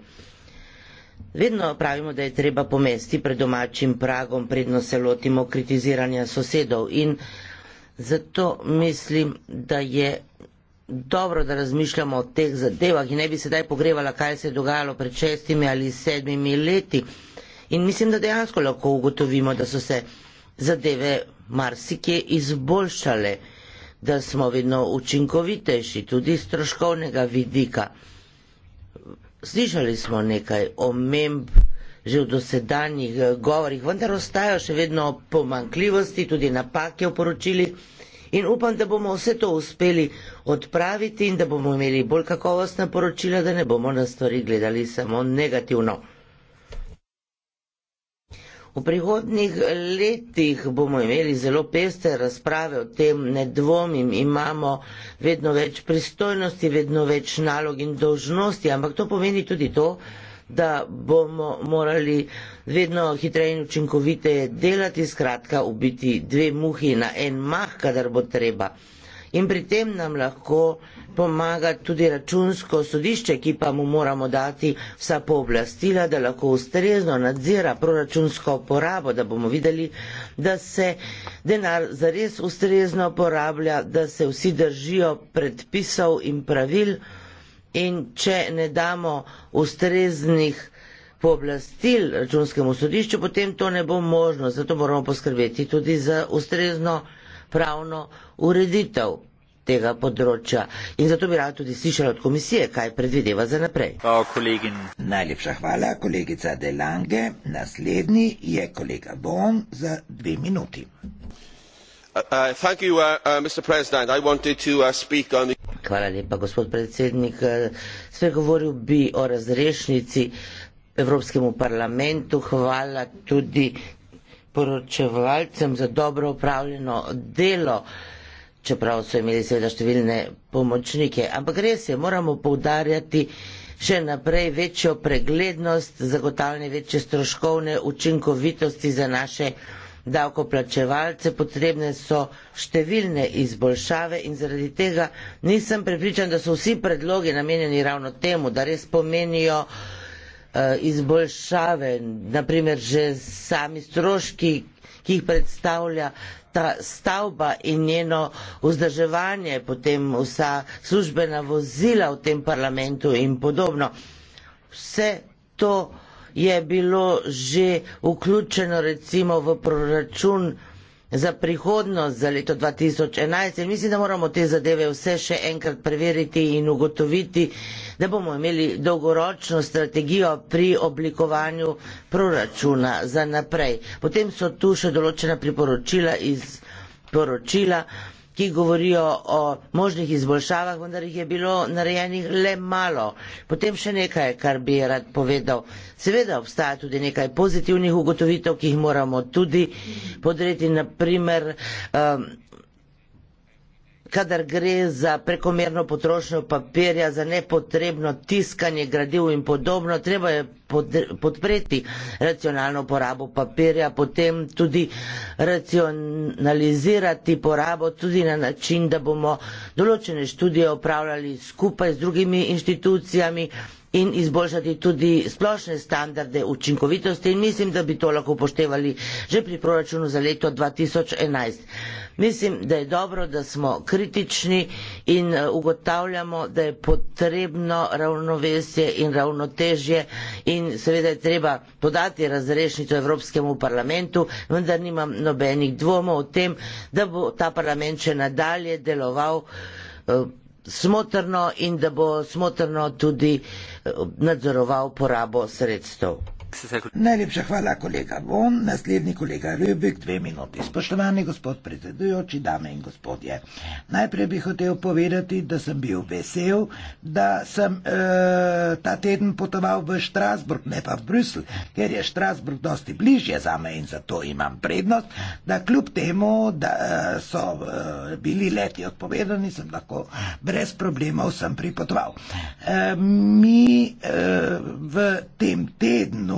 Vedno pravimo, da je treba pomesti pred domačim pragom, predno se lotimo kritiziranja sosedov in Zato mislim, da je dobro, da razmišljamo o teh zadevah in ne bi sedaj pogrevala, kaj se je dogajalo pred šestimi ali sedmimi leti. In mislim, da dejansko lahko ugotovimo, da so se zadeve marsikje izboljšale, da smo vedno učinkovitejši, tudi iz stroškovnega vidika. Slišali smo nekaj omemb že v dosedanjih eh, govorih, vendar ostajajo še vedno pomankljivosti, tudi napake v poročilih in upam, da bomo vse to uspeli odpraviti in da bomo imeli bolj kakovostna poročila, da ne bomo na stvari gledali samo negativno. V prihodnih letih bomo imeli zelo peste razprave o tem, ne dvomim, imamo vedno več pristojnosti, vedno več nalog in dožnosti, ampak to pomeni tudi to, da bomo morali vedno hitreje in učinkoviteje delati, skratka, ubiti dve muhi na en mah, kadar bo treba. In pri tem nam lahko pomaga tudi računsko sodišče, ki pa mu moramo dati vsa pooblastila, da lahko ustrezno nadzira proračunsko porabo, da bomo videli, da se denar zares ustrezno porablja, da se vsi držijo predpisov in pravil. In če ne damo ustreznih pooblastil računskemu sodišču, potem to ne bo možno. Zato moramo poskrbeti tudi za ustrezno pravno ureditev tega področja. In zato bi rada tudi slišala od komisije, kaj predvideva za naprej. Pa, Najlepša hvala, kolegica Delange. Naslednji je kolega Bon za dve minuti. Uh, uh, uh, Hvala lepa, gospod predsednik. Spregovoril bi o razrešnici Evropskemu parlamentu. Hvala tudi poročevalcem za dobro upravljeno delo, čeprav so imeli seveda številne pomočnike. Ampak res je, moramo poudarjati še naprej večjo preglednost, zagotavljanje večje stroškovne učinkovitosti za naše davkoplačevalce, potrebne so številne izboljšave in zaradi tega nisem prepričan, da so vsi predlogi namenjeni ravno temu, da res pomenijo eh, izboljšave, naprimer že sami stroški, ki jih predstavlja ta stavba in njeno vzdrževanje, potem vsa službena vozila v tem parlamentu in podobno. Vse to je bilo že vključeno recimo v proračun za prihodnost za leto 2011 in mislim, da moramo te zadeve vse še enkrat preveriti in ugotoviti, da bomo imeli dolgoročno strategijo pri oblikovanju proračuna za naprej. Potem so tu še določena priporočila iz poročila ki govorijo o možnih izboljšavah, vendar jih je bilo narejenih le malo. Potem še nekaj, kar bi rad povedal. Seveda obstaja tudi nekaj pozitivnih ugotovitev, ki jih moramo tudi podreti. Naprimer, um, ehm, kadar gre za prekomerno potrošnjo papirja, za nepotrebno tiskanje gradiv in podobno. Treba je podpreti racionalno porabo papirja, potem tudi racionalizirati porabo tudi na način, da bomo določene študije opravljali skupaj z drugimi inštitucijami in izboljšati tudi splošne standarde učinkovitosti in mislim, da bi to lahko upoštevali že pri proračunu za leto 2011. Mislim, da je dobro, da smo kritični in eh, ugotavljamo, da je potrebno ravnovesje in ravnotežje in seveda je treba podati razrešnico Evropskemu parlamentu, vendar nimam nobenih dvomov o tem, da bo ta parlament še nadalje deloval eh, smotrno in da bo smotrno tudi eh, nadzoroval porabo sredstev. Najlepša hvala, kolega Von, naslednji kolega Rubik, dve minuti. Spoštovani gospod predsedujoči, dame in gospodje. Najprej bi hotel povedati, da sem bil vesel, da sem e, ta teden potoval v Štrasburg, ne pa v Bruselj, ker je Štrasburg dosti bližje za me in zato imam prednost, da kljub temu, da eh, so e, bili leti odpovedani, sem lahko brez problemov sem pripotoval. E, mi e, v tem tednu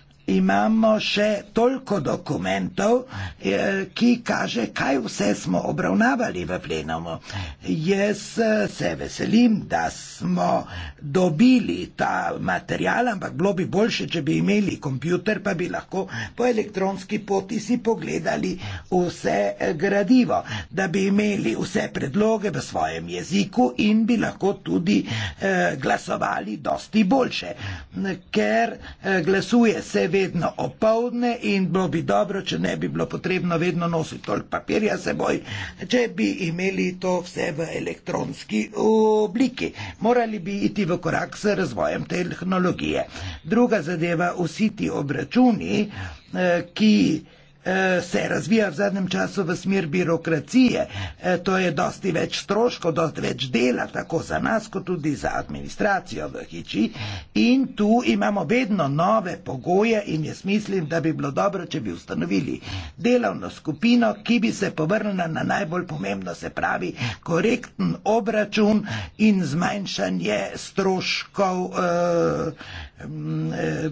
imamo še toliko dokumentov, eh, ki kaže, kaj vse smo obravnavali v plenumu. Jaz eh, se veselim, da smo dobili ta material, ampak bilo bi boljše, če bi imeli kompjuter, pa bi lahko po elektronski poti si pogledali vse eh, gradivo, da bi imeli vse predloge v svojem jeziku in bi lahko tudi glasovali dosti boljše, ker glasuje se veliko vedno opovdne in bilo bi dobro, če ne bi bilo potrebno vedno nositi tolk papirja seboj, če bi imeli to vse v elektronski obliki. Morali bi iti v korak s razvojem tehnologije. Druga zadeva, vsi ti obračuni, eh, ki Eh, se razvija v zadnjem času v smer birokracije. Eh, to je dosti več stroško, dosti več dela, tako za nas, kot tudi za administracijo v hiči. In tu imamo vedno nove pogoje in jaz mislim, da bi bilo dobro, če bi ustanovili delovno skupino, ki bi se povrnila na najbolj pomembno, se pravi, korekten obračun in zmanjšanje stroškov. Eh, eh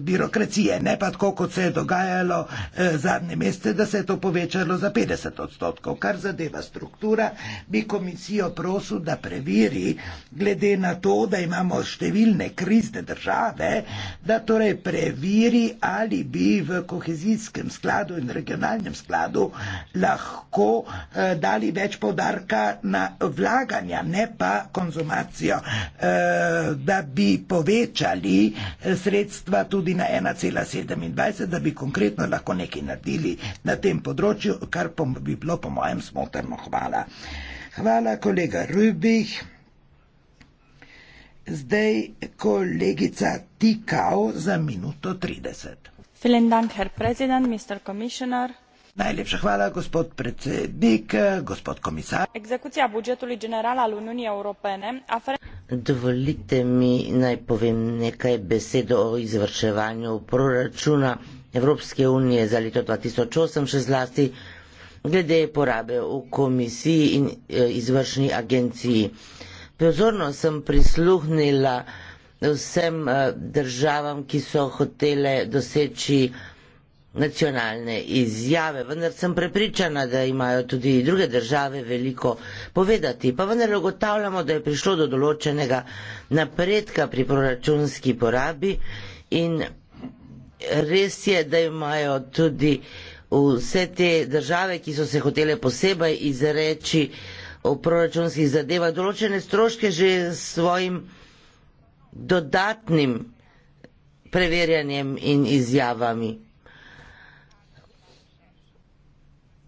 birokracije, ne pa tako, kot se je dogajalo eh, zadnje mesto veste, da se je to povečalo za 50 odstotkov. Kar zadeva struktura, bi komisijo prosil, da preveri, glede na to, da imamo številne krizne države, da torej preveri, ali bi v kohezijskem skladu in regionalnem skladu lahko eh, dali več povdarka na vlaganja, ne pa konzumacijo, eh, da bi povečali eh, sredstva tudi na 1,27, da bi konkretno lahko nekaj naredili na tem področju, kar po, bi bilo po mojem smotrno. Hvala. Hvala, kolega Rubih. Zdaj, kolegica Tikao za minuto 30. Vielen Dank, Herr Präsident, Mr. Commissioner. Najlepša hvala, gospod predsednik, gospod komisar. Exekucija budžetului general al Uniunii Europene. Afer... Dovolite mi naj povem nekaj besed o izvrševanju proračuna. Evropske unije za leto 2008, še zlasti glede porabe v komisiji in eh, izvršni agenciji. Pozorno sem prisluhnila vsem eh, državam, ki so hotele doseči nacionalne izjave, vendar sem prepričana, da imajo tudi druge države veliko povedati. Pa vendar ugotavljamo, da je prišlo do določenega napredka pri proračunski porabi in res je, da imajo tudi vse te države, ki so se hotele posebej izreči o proračunskih zadevah, določene stroške že s svojim dodatnim preverjanjem in izjavami.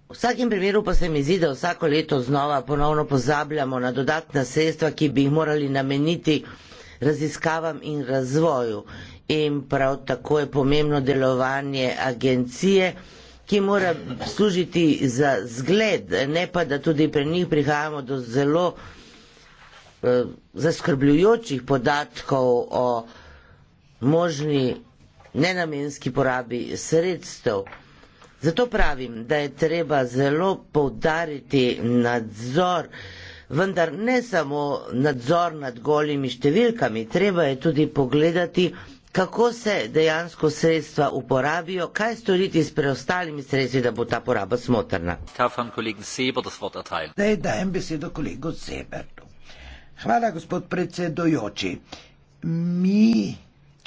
V vsakem primeru pa se mi zdi, da vsako leto znova ponovno pozabljamo na dodatna sredstva, ki bi jih morali nameniti raziskavam in razvoju in prav tako je pomembno delovanje agencije, ki mora služiti za zgled, ne pa da tudi pri njih prihajamo do zelo eh, zaskrbljujočih podatkov o možni nenamenski porabi sredstev. Zato pravim, da je treba zelo poudariti nadzor, vendar ne samo nadzor nad golimi številkami, treba je tudi pogledati kako se dejansko sredstva uporabijo, kaj storiti s preostalimi sredstvi, da bo ta poraba smotrna. Zdaj dajem besedo kolegu Sebertu. Hvala, gospod predsedojoči. Mi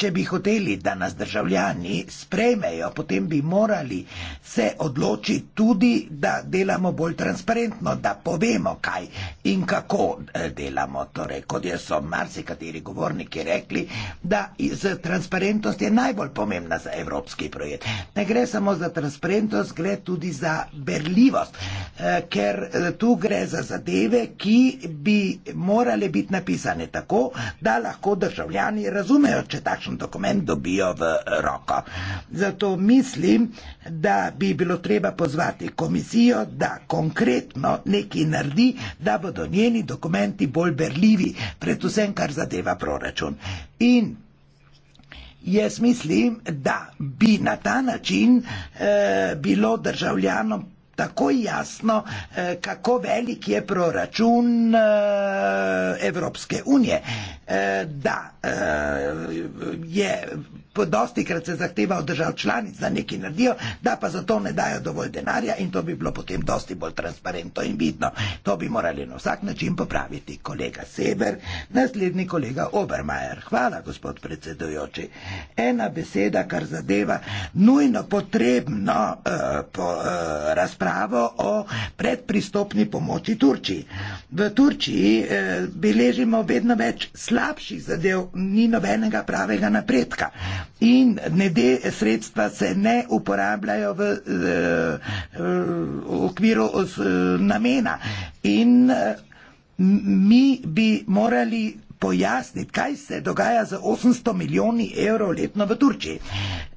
Če bi hoteli, da nas državljani sprejmejo, potem bi morali se odločiti tudi, da delamo bolj transparentno, da povemo, kaj in kako eh, delamo. Torej, kot je so marsikateri govorniki rekli, da z transparentnost je najbolj pomembna za evropski projekt. Ne gre samo za transparentnost, gre tudi za berljivost, eh, ker eh, tu gre za zadeve, ki bi morale biti napisane tako, da lahko državljani razumejo, če tako takšen dokument dobijo v roko. Zato mislim, da bi bilo treba pozvati komisijo, da konkretno nekaj naredi, da bodo njeni dokumenti bolj berljivi, predvsem kar zadeva proračun. In Jaz mislim, da bi na ta način eh, bilo državljanom tako jasno, eh, kako velik je proračun eh, Evropske unije, eh, da je po dosti krat se zahteva od držav članic, da nekaj naredijo, da pa za to ne dajo dovolj denarja in to bi bilo potem dosti bolj transparentno in vidno. To bi morali na vsak način popraviti kolega Seber, naslednji kolega Obermajer. Hvala, gospod predsedujoči. Ena beseda, kar zadeva nujno potrebno uh, po, uh, razpravo o predpristopni pomoči Turčiji. V Turčiji uh, beležimo vedno več slabših zadev, ni nobenega pravega napredka in nede, sredstva se ne uporabljajo v, v, eh, v okviru z, eh, namena. In eh, mi bi morali pojasniti, kaj se dogaja z 800 milijoni evrov letno v Turčiji.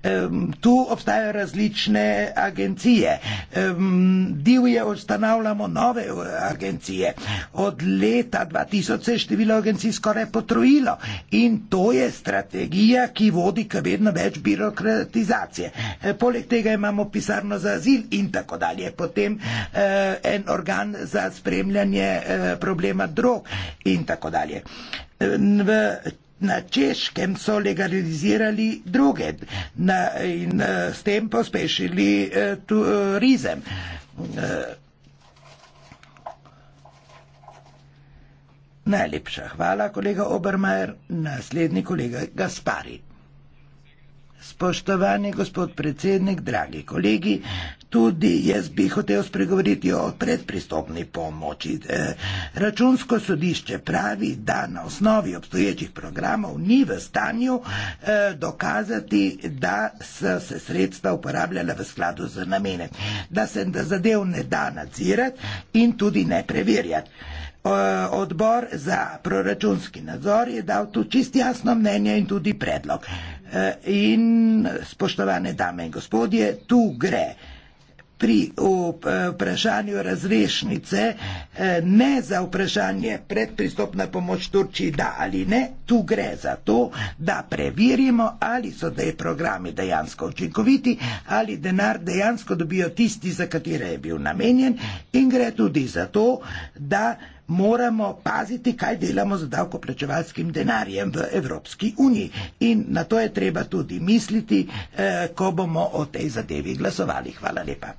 Um, tu obstajajo različne agencije. Um, divje ustanavljamo nove uh, agencije. Od leta 2000 se je število agencij skoraj potrojilo in to je strategija, ki vodi k vedno več birokratizacije. E, poleg tega imamo pisarno za azil in tako dalje. Potem e, en organ za spremljanje e, problema drog in tako dalje v, na češkem so legalizirali druge na, in eh, s tem pospešili eh, turizem. Eh, najlepša hvala, kolega Obermajer. Naslednji kolega Gaspari. Spoštovani gospod predsednik, dragi kolegi, tudi jaz bi hotel spregovoriti o predpristopni pomoči. Eh, računsko sodišče pravi, da na osnovi obstoječih programov ni v stanju eh, dokazati, da so se sredstva uporabljala v skladu z namenem, da se zadev ne da nadzirati in tudi ne preverjati. Odbor za proračunski nadzor je dal tu čist jasno mnenje in tudi predlog. Eh, in spoštovane dame in gospodje, tu gre pri eh, vprašanju razrešnice eh, ne za vprašanje predpristopna pomoč Turčiji da ali ne, tu gre za to, da preverimo, ali so te programi dejansko učinkoviti, ali denar dejansko dobijo tisti, za katere je bil namenjen in gre tudi za to, da moramo paziti, kaj delamo z davkoplačevalskim denarjem v Evropski uniji. In na to je treba tudi misliti, eh, ko bomo o tej zadevi glasovali. Hvala lepa.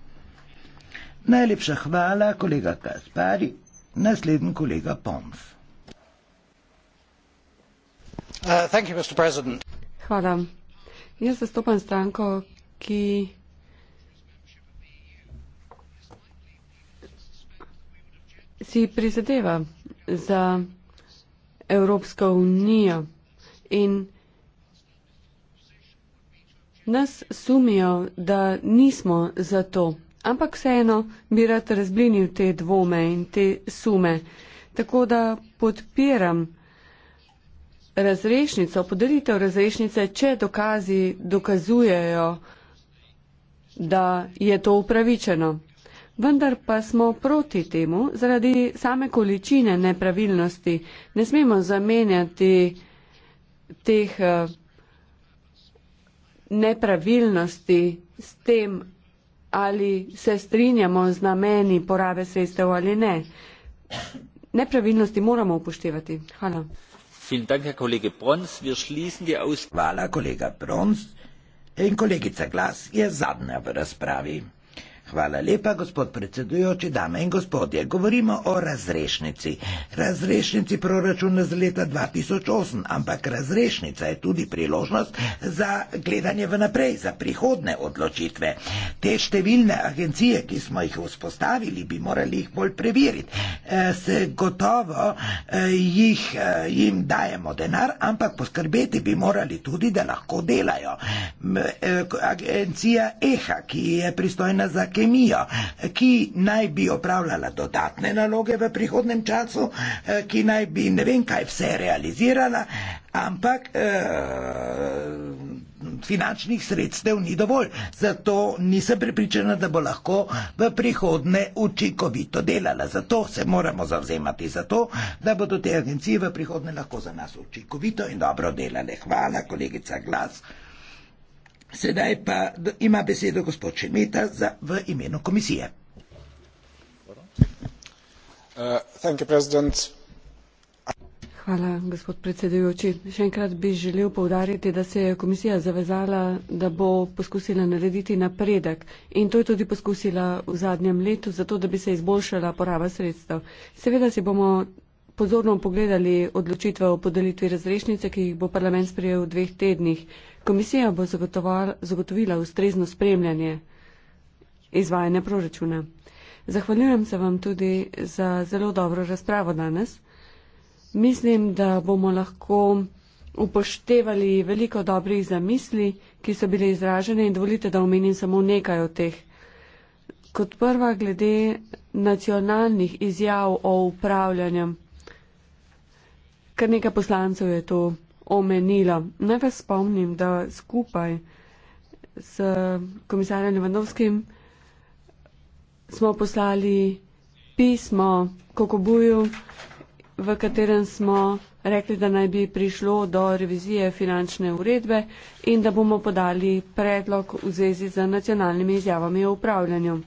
Najlepša hvala, kolega Kaspari. Naslednji kolega Pomf. Uh, you, Hvala. Jaz zastopam stranko, ki si prizadeva za Evropsko unijo in nas sumijo, da nismo za to. Ampak vseeno bi rad razblinil te dvome in te sume. Tako da podpiram razrešnico, podelitev razrešnice, če dokazi dokazujejo, da je to upravičeno. Vendar pa smo proti temu zaradi same količine nepravilnosti. Ne smemo zamenjati teh eh, nepravilnosti s tem, ali se strinjamo z nameni porabe sredstev ali ne. Nepravilnosti moramo upoštevati. Hvala. Hvala, kolega Brons. In kolegica Glas je zadnja v razpravi. Hvala lepa, gospod predsedujoči, dame in gospodje. Govorimo o razrešnici. Razrešnici proračuna z leta 2008, ampak razrešnica je tudi priložnost za gledanje vnaprej, za prihodne odločitve. Te številne agencije, ki smo jih vzpostavili, bi morali jih bolj preveriti. E, se gotovo e, jih, e, jim dajemo denar, ampak poskrbeti bi morali tudi, da lahko delajo. Agencija EHA, ki je pristojna za kemijo, alkemijo, ki naj bi opravljala dodatne naloge v prihodnem času, eh, ki naj bi ne vem kaj vse realizirala, ampak eh, finančnih sredstev ni dovolj. Zato nisem prepričana, da bo lahko v prihodne učinkovito delala. Zato se moramo zavzemati za to, da bodo te agencije v prihodne lahko za nas učinkovito in dobro delale. Hvala, kolegica Glas. Sedaj pa ima besedo gospod Šemeta za v imenu komisije. Uh, Hvala, gospod predsedujoči. Še enkrat bi želel povdariti, da se je komisija zavezala, da bo poskusila narediti napredek in to je tudi poskusila v zadnjem letu, zato da bi se izboljšala poraba sredstev. Seveda si bomo pozorno pogledali odločitve o podelitvi razrešnice, ki jih bo parlament sprejel v dveh tednih. Komisija bo zagotovila ustrezno spremljanje izvajanja proračuna. Zahvaljujem se vam tudi za zelo dobro razpravo danes. Mislim, da bomo lahko upoštevali veliko dobrih zamisli, ki so bile izražene in dovolite, da omenim samo nekaj od teh. Kot prva, glede nacionalnih izjav o upravljanju. Kar nekaj poslancev je to omenila. Naj vas spomnim, da skupaj s komisarjem Levandovskim smo poslali pismo Kokobuju, v katerem smo rekli, da naj bi prišlo do revizije finančne uredbe in da bomo podali predlog v zvezi z nacionalnimi izjavami o upravljanju.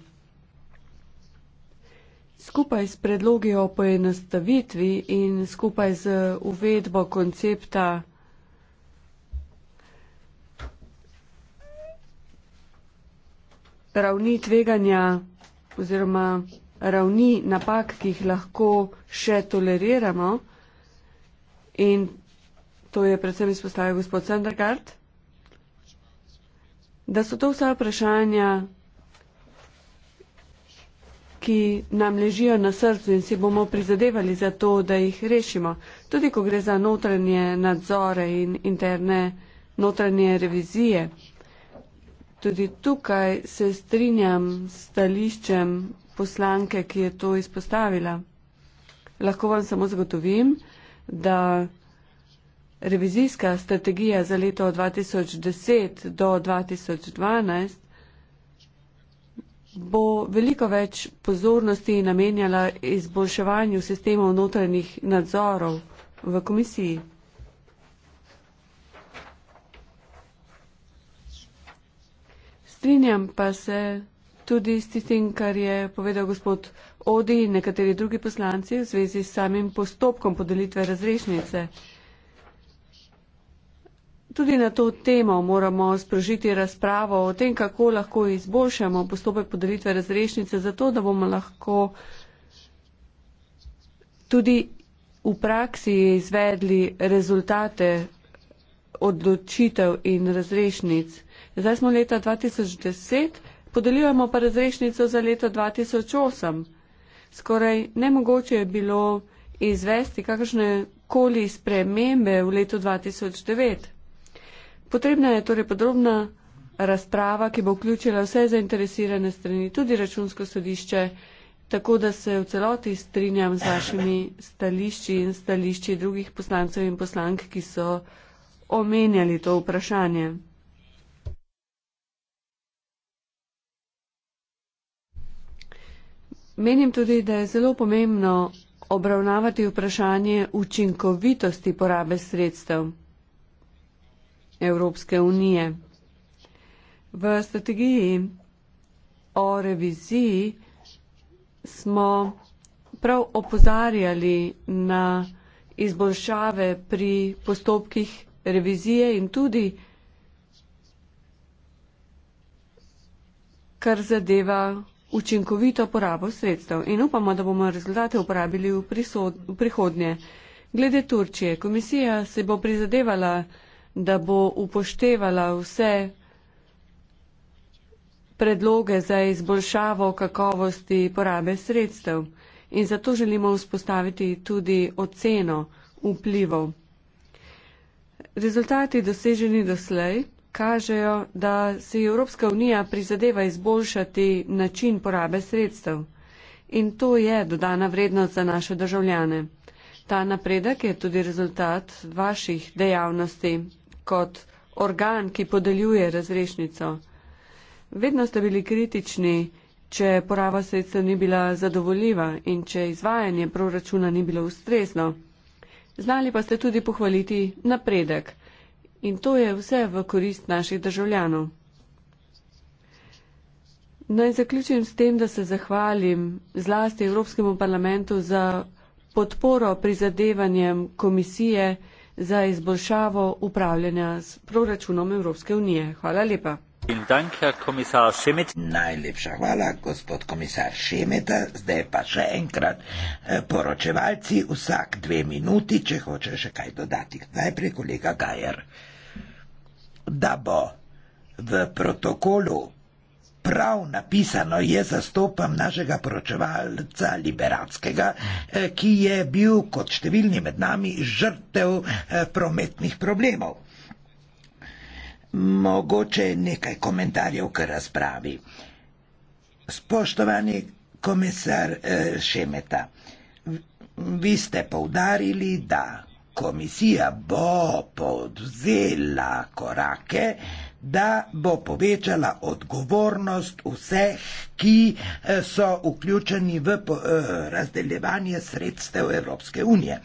Skupaj s predlogi o poenostavitvi in skupaj z uvedbo koncepta ravni tveganja oziroma ravni napak, ki jih lahko še toleriramo. In to je predvsem izpostavil gospod Sandergaard, da so to vsa vprašanja, ki nam ležijo na srcu in si bomo prizadevali za to, da jih rešimo. Tudi, ko gre za notranje nadzore in interne notranje revizije. Tudi tukaj se strinjam s stališčem poslanke, ki je to izpostavila. Lahko vam samo zagotovim, da revizijska strategija za leto 2010 do 2012 bo veliko več pozornosti namenjala izboljševanju sistemov notranjih nadzorov v komisiji. Strinjam pa se tudi s tistim, kar je povedal gospod Odi in nekateri drugi poslanci v zvezi s samim postopkom podelitve razrešnice. Tudi na to temo moramo sprožiti razpravo o tem, kako lahko izboljšamo postopek podelitve razrešnice, zato da bomo lahko tudi v praksi izvedli rezultate odločitev in razrešnic. Zdaj smo leta 2010, podeljujemo pa razrešnico za leto 2008. Skoraj nemogoče je bilo izvesti kakršne koli spremembe v letu 2009. Potrebna je torej podrobna razprava, ki bo vključila vse zainteresirane strani, tudi računsko sodišče, tako da se v celoti strinjam z vašimi stališči in stališči drugih poslancev in poslank, ki so omenjali to vprašanje. Menim tudi, da je zelo pomembno obravnavati vprašanje učinkovitosti porabe sredstev Evropske unije. V strategiji o reviziji smo prav opozarjali na izboljšave pri postopkih revizije in tudi kar zadeva učinkovito porabo sredstev in upamo, da bomo rezultate uporabili v, prisod, v prihodnje. Glede Turčije, komisija se bo prizadevala, da bo upoštevala vse predloge za izboljšavo kakovosti porabe sredstev in zato želimo vzpostaviti tudi oceno vplivov. Rezultati doseženi doslej kažejo, da si Evropska unija prizadeva izboljšati način porabe sredstev. In to je dodana vrednost za naše državljane. Ta napredek je tudi rezultat vaših dejavnosti kot organ, ki podeljuje razrešnico. Vedno ste bili kritični, če poraba sredstev ni bila zadovoljiva in če izvajanje proračuna ni bilo ustrezno. Znali pa ste tudi pohvaliti napredek in to je vse v korist naših državljanov. Naj zaključim s tem, da se zahvalim zlasti Evropskemu parlamentu za podporo prizadevanjem komisije za izboljšavo upravljanja s proračunom Evropske unije. Hvala lepa. Dank, Najlepša hvala, gospod komisar Šemeta. Zdaj pa še enkrat eh, poročevalci vsak dve minuti, če hoče še kaj dodati. Najprej kolega Gajer da bo v protokolu prav napisano, je zastopam našega poročevalca liberatskega, eh, ki je bil kot številni med nami žrtev eh, prometnih problemov. Mogoče nekaj komentarjev k razpravi. Spoštovani komisar eh, Šemeta, vi ste povdarili, da Komisija bo podzela korake, da bo povečala odgovornost vseh, ki eh, so vključeni v eh, razdeljevanje sredstev Evropske unije.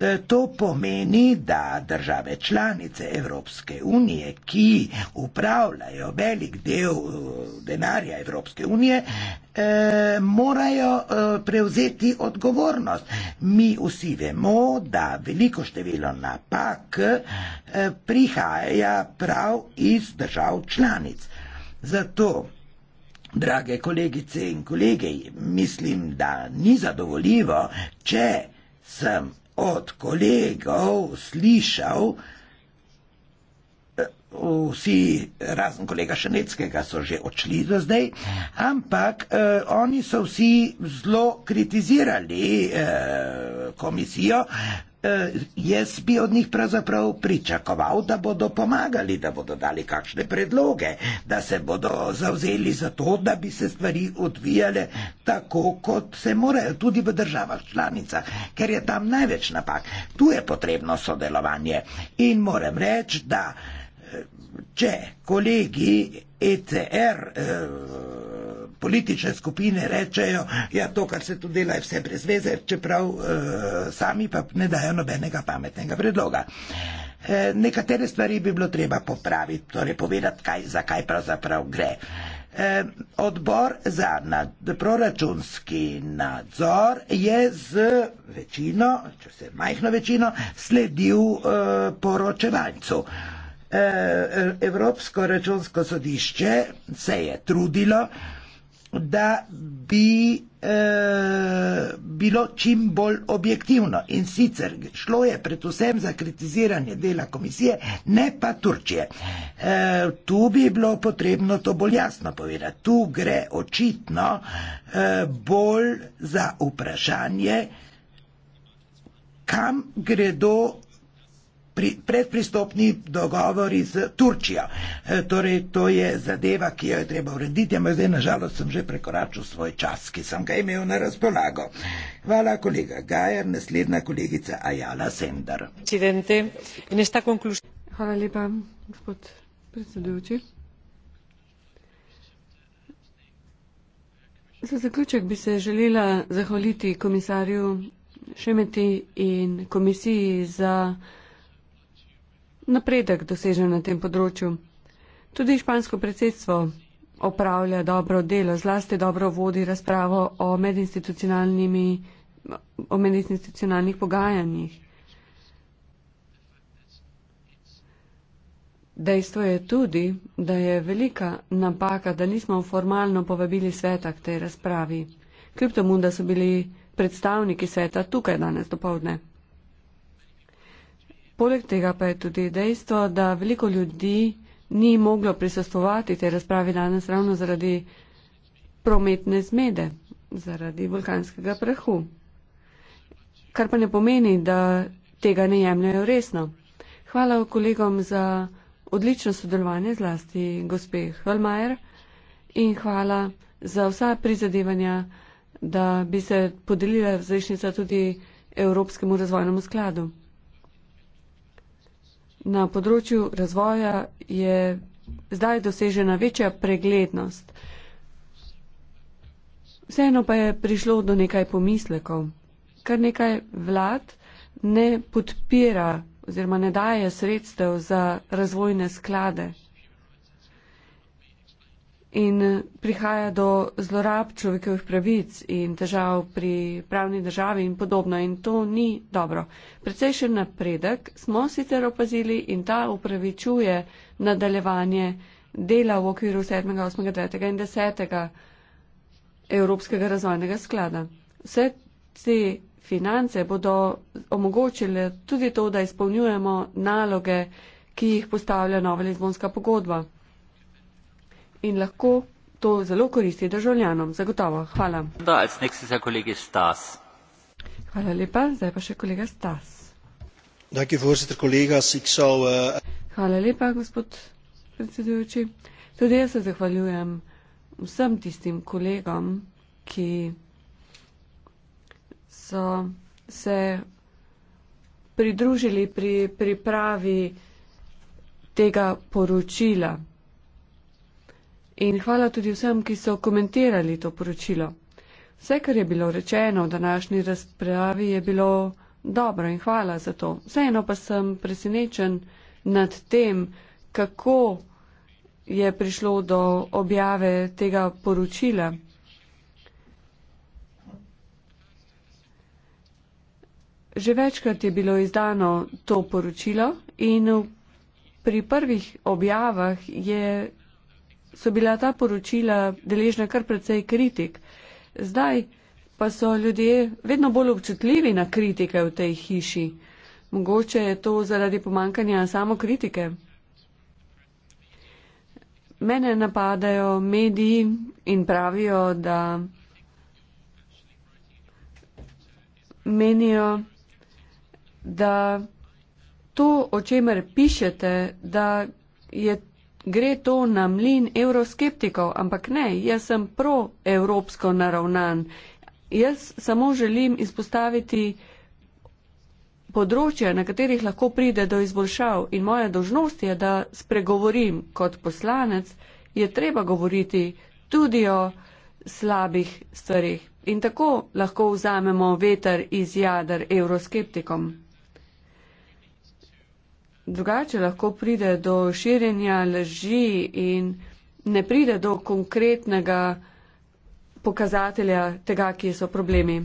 Eh, to pomeni, da države članice Evropske unije, ki upravljajo velik del eh, denarja Evropske unije, eh, morajo prevzeti odgovornost. Mi vsi vemo, da veliko število napak prihaja prav iz držav članic. Zato, drage kolegice in kolege, mislim, da ni zadovoljivo, če sem od kolegov slišal, vsi razen kolega Šeneckega so že odšli do zdaj, ampak eh, oni so vsi zelo kritizirali eh, komisijo, Eh, jaz bi od njih pravzaprav pričakoval, da bodo pomagali, da bodo dali kakšne predloge, da se bodo zauzeli za to, da bi se stvari odvijale tako, kot se morajo tudi v državah članicah, ker je tam največ napak. Tu je potrebno sodelovanje in moram reči, da eh, če kolegi ECR. Eh, politične skupine rečejo, da ja, je to, kar se tu dela, vse brez veze, čeprav e, sami pa ne dajo nobenega pametnega predloga. E, nekatere stvari bi bilo treba popraviti, torej povedati, kaj, zakaj pravzaprav gre. E, odbor za nad, proračunski nadzor je z večino, če se majhno večino, sledil e, poročevalcu. Evropsko računsko sodišče se je trudilo, da bi eh, bilo čim bolj objektivno. In sicer šlo je predvsem za kritiziranje dela komisije, ne pa Turčije. Eh, tu bi bilo potrebno to bolj jasno povedati. Tu gre očitno eh, bolj za vprašanje, kam gredo pri, predpristopni dogovori z Turčijo. E, torej, to je zadeva, ki jo je treba urediti, ampak zdaj nažalost sem že prekoračil svoj čas, ki sem ga imel na razpolago. Hvala, kolega Gajer, naslednja kolegica Ajala Sender. Hvala lepa, gospod predsedujoči. Za zaključek bi se želela zahvaliti komisarju Šemeti in komisiji za napredek dosežen na tem področju. Tudi špansko predsedstvo opravlja dobro delo, zlasti dobro vodi razpravo o medinstitucionalnimi, o medinstitucionalnih pogajanjih. Dejstvo je tudi, da je velika napaka, da nismo formalno povabili sveta k tej razpravi, kljub temu, da so bili predstavniki sveta tukaj danes do povdne. Poleg tega pa je tudi dejstvo, da veliko ljudi ni moglo prisostovati te razpravi danes ravno zaradi prometne zmede, zaradi vulkanskega prahu. Kar pa ne pomeni, da tega ne jemljajo resno. Hvala kolegom za odlično sodelovanje zlasti gospe Hvalmajer in hvala za vsa prizadevanja, da bi se podelila zvešnica tudi Evropskemu razvojnemu skladu. Na področju razvoja je zdaj dosežena večja preglednost. Vseeno pa je prišlo do nekaj pomislekov. Kar nekaj vlad ne podpira oziroma ne daje sredstev za razvojne sklade in prihaja do zlorab človekovih pravic in težav pri pravni državi in podobno. In to ni dobro. Precejšen napredek smo sicer opazili in ta upravičuje nadaljevanje dela v okviru 7., 8., 9. in 10. Evropskega razvojnega sklada. Vse te finance bodo omogočile tudi to, da izpolnjujemo naloge, ki jih postavlja nova Lizbonska pogodba in lahko to zelo koristi državljanom. Zagotovo. Hvala. Da, Hvala lepa. Zdaj pa še kolega Stas. Danke, vorsitr, kolega, sixal, uh... Eh, Hvala lepa, gospod predsedujoči. Tudi jaz se zahvaljujem vsem tistim kolegom, ki so se pridružili pri pripravi tega poročila in hvala tudi vsem, ki so komentirali to poročilo. Vse, kar je bilo rečeno v današnji razpravi, je bilo dobro in hvala za to. Vseeno pa sem presenečen nad tem, kako je prišlo do objave tega poročila. Že večkrat je bilo izdano to poročilo in pri prvih objavah je so bila ta poročila deležna kar precej kritik. Zdaj pa so ljudje vedno bolj občutljivi na kritike v tej hiši. Mogoče je to zaradi pomankanja samo kritike. Mene napadajo mediji in pravijo, da menijo, da to, o čemer pišete, da je gre to na mlin evroskeptikov, ampak ne, jaz sem proevropsko naravnan. Jaz samo želim izpostaviti področje, na katerih lahko pride do izboljšav in moja dožnost je, da spregovorim kot poslanec, je treba govoriti tudi o slabih stvarih. In tako lahko vzamemo veter iz jadr evroskeptikom drugače lahko pride do širjenja laži in ne pride do konkretnega pokazatelja tega, kje so problemi.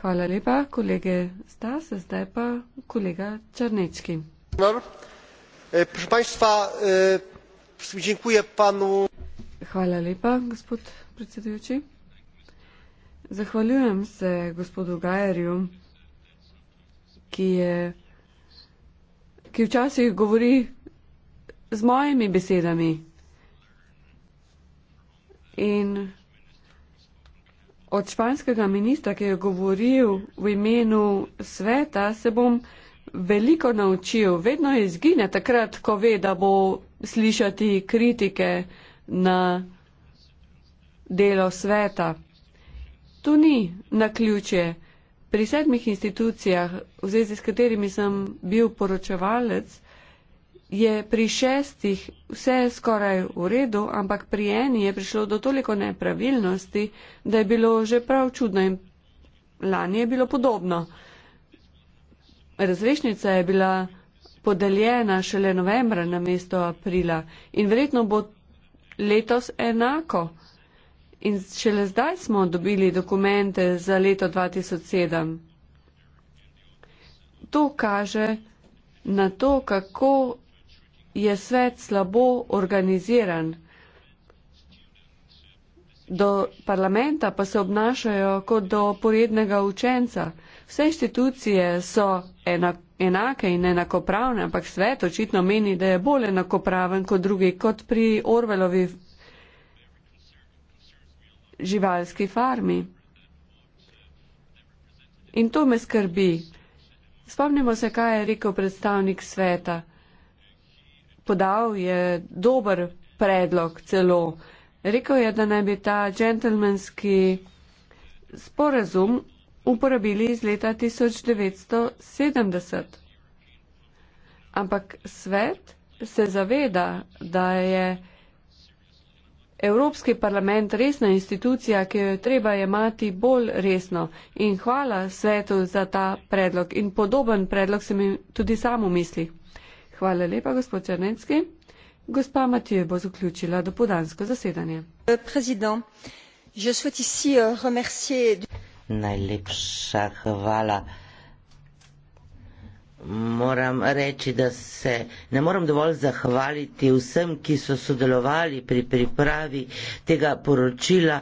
Hvala lepa, kolege Stas, zdaj pa kolega Črnečki. Eh, proszę Państwa, eh, dziękuję Panu. Hvala lepa, gospod predsedujoči. Zahvaljujem se gospodu Gajerju, ki je ki včasih govori z mojimi besedami. In od španskega ministra, ki je govoril v imenu sveta, se bom veliko naučil. Vedno izgine takrat, ko ve, da bo slišati kritike na delo sveta. To ni na ključje. Pri sedmih institucijah, v zvezi s katerimi sem bil poročevalec, je pri šestih vse skoraj v redu, ampak pri eni je prišlo do toliko nepravilnosti, da je bilo že prav čudno in lani je bilo podobno. Razrešnica je bila podeljena šele novembra na mesto aprila in verjetno bo letos enako in šele zdaj smo dobili dokumente za leto 2007. To kaže na to, kako je svet slabo organiziran. Do parlamenta pa se obnašajo kot do porednega učenca. Vse inštitucije so enake in enakopravne, ampak svet očitno meni, da je bolj enakopraven kot drugi, kot pri Orvelovi živalski farmi. In to me skrbi. Spomnimo se, kaj je rekel predstavnik sveta. Podal je dober predlog celo. Rekel je, da naj bi ta džentlmenski sporazum uporabili iz leta 1970. Ampak svet se zaveda, da je Evropski parlament resna institucija, ki jo je treba jemati bolj resno. In hvala svetu za ta predlog. In podoben predlog se mi tudi samo misli. Hvala lepa, gospod Črnecki. Gospa Matije bo zaključila dopodansko zasedanje. Euh, Najlepša hvala. Moram reči, da se ne moram dovolj zahvaliti vsem, ki so sodelovali pri pripravi tega poročila.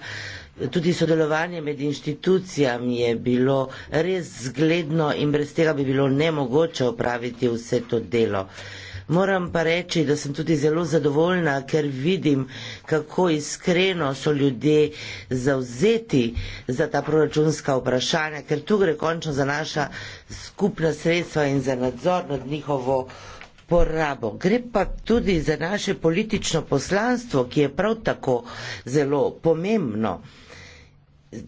Tudi sodelovanje med inštitucijami je bilo res zgledno in brez tega bi bilo nemogoče opraviti vse to delo. Moram pa reči, da sem tudi zelo zadovoljna, ker vidim, kako iskreno so ljudje zauzeti za ta proračunska vprašanja, ker tu gre končno za naša skupna sredstva in za nadzor nad njihovo. Porabo. Gre pa tudi za naše politično poslanstvo, ki je prav tako zelo pomembno.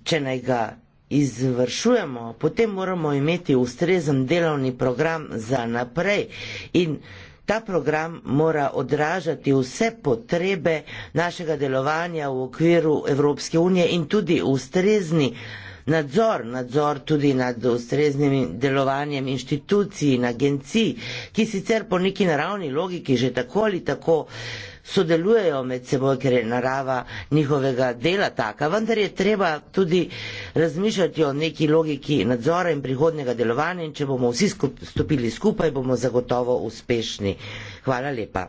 Če naj ga izvršujemo, potem moramo imeti ustrezen delovni program za naprej. In ta program mora odražati vse potrebe našega delovanja v okviru Evropske unije in tudi ustrezni nadzor, nadzor tudi nad ustreznim delovanjem inštitucij in agencij, ki sicer po neki naravni logiki že tako ali tako sodelujejo med seboj, ker je narava njihovega dela taka, vendar je treba tudi razmišljati o neki logiki nadzora in prihodnega delovanja in če bomo vsi skup, stopili skupaj, bomo zagotovo uspešni. Hvala lepa.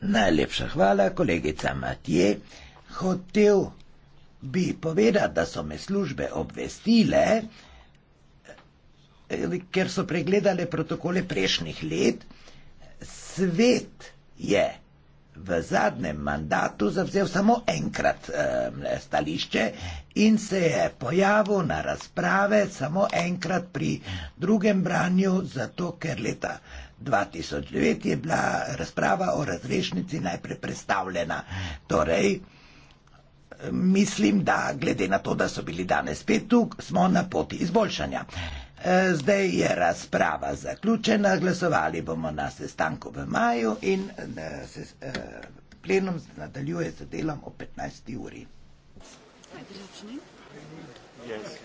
Najlepša hvala, kolegica Matije. Hotel bi povedati, da so me službe obvestile, eh, ker so pregledale protokole prejšnjih let, svet je v zadnjem mandatu zavzel samo enkrat e, stališče in se je pojavil na razprave samo enkrat pri drugem branju, zato ker leta 2009 je bila razprava o razrešnici najprej predstavljena. Torej, mislim, da glede na to, da so bili danes spet tu, smo na poti izboljšanja. E, zdaj je razprava zaključena, glasovali bomo na sestanku v maju in e, se, e, plenum nadaljuje z delom o 15. uri. Yes.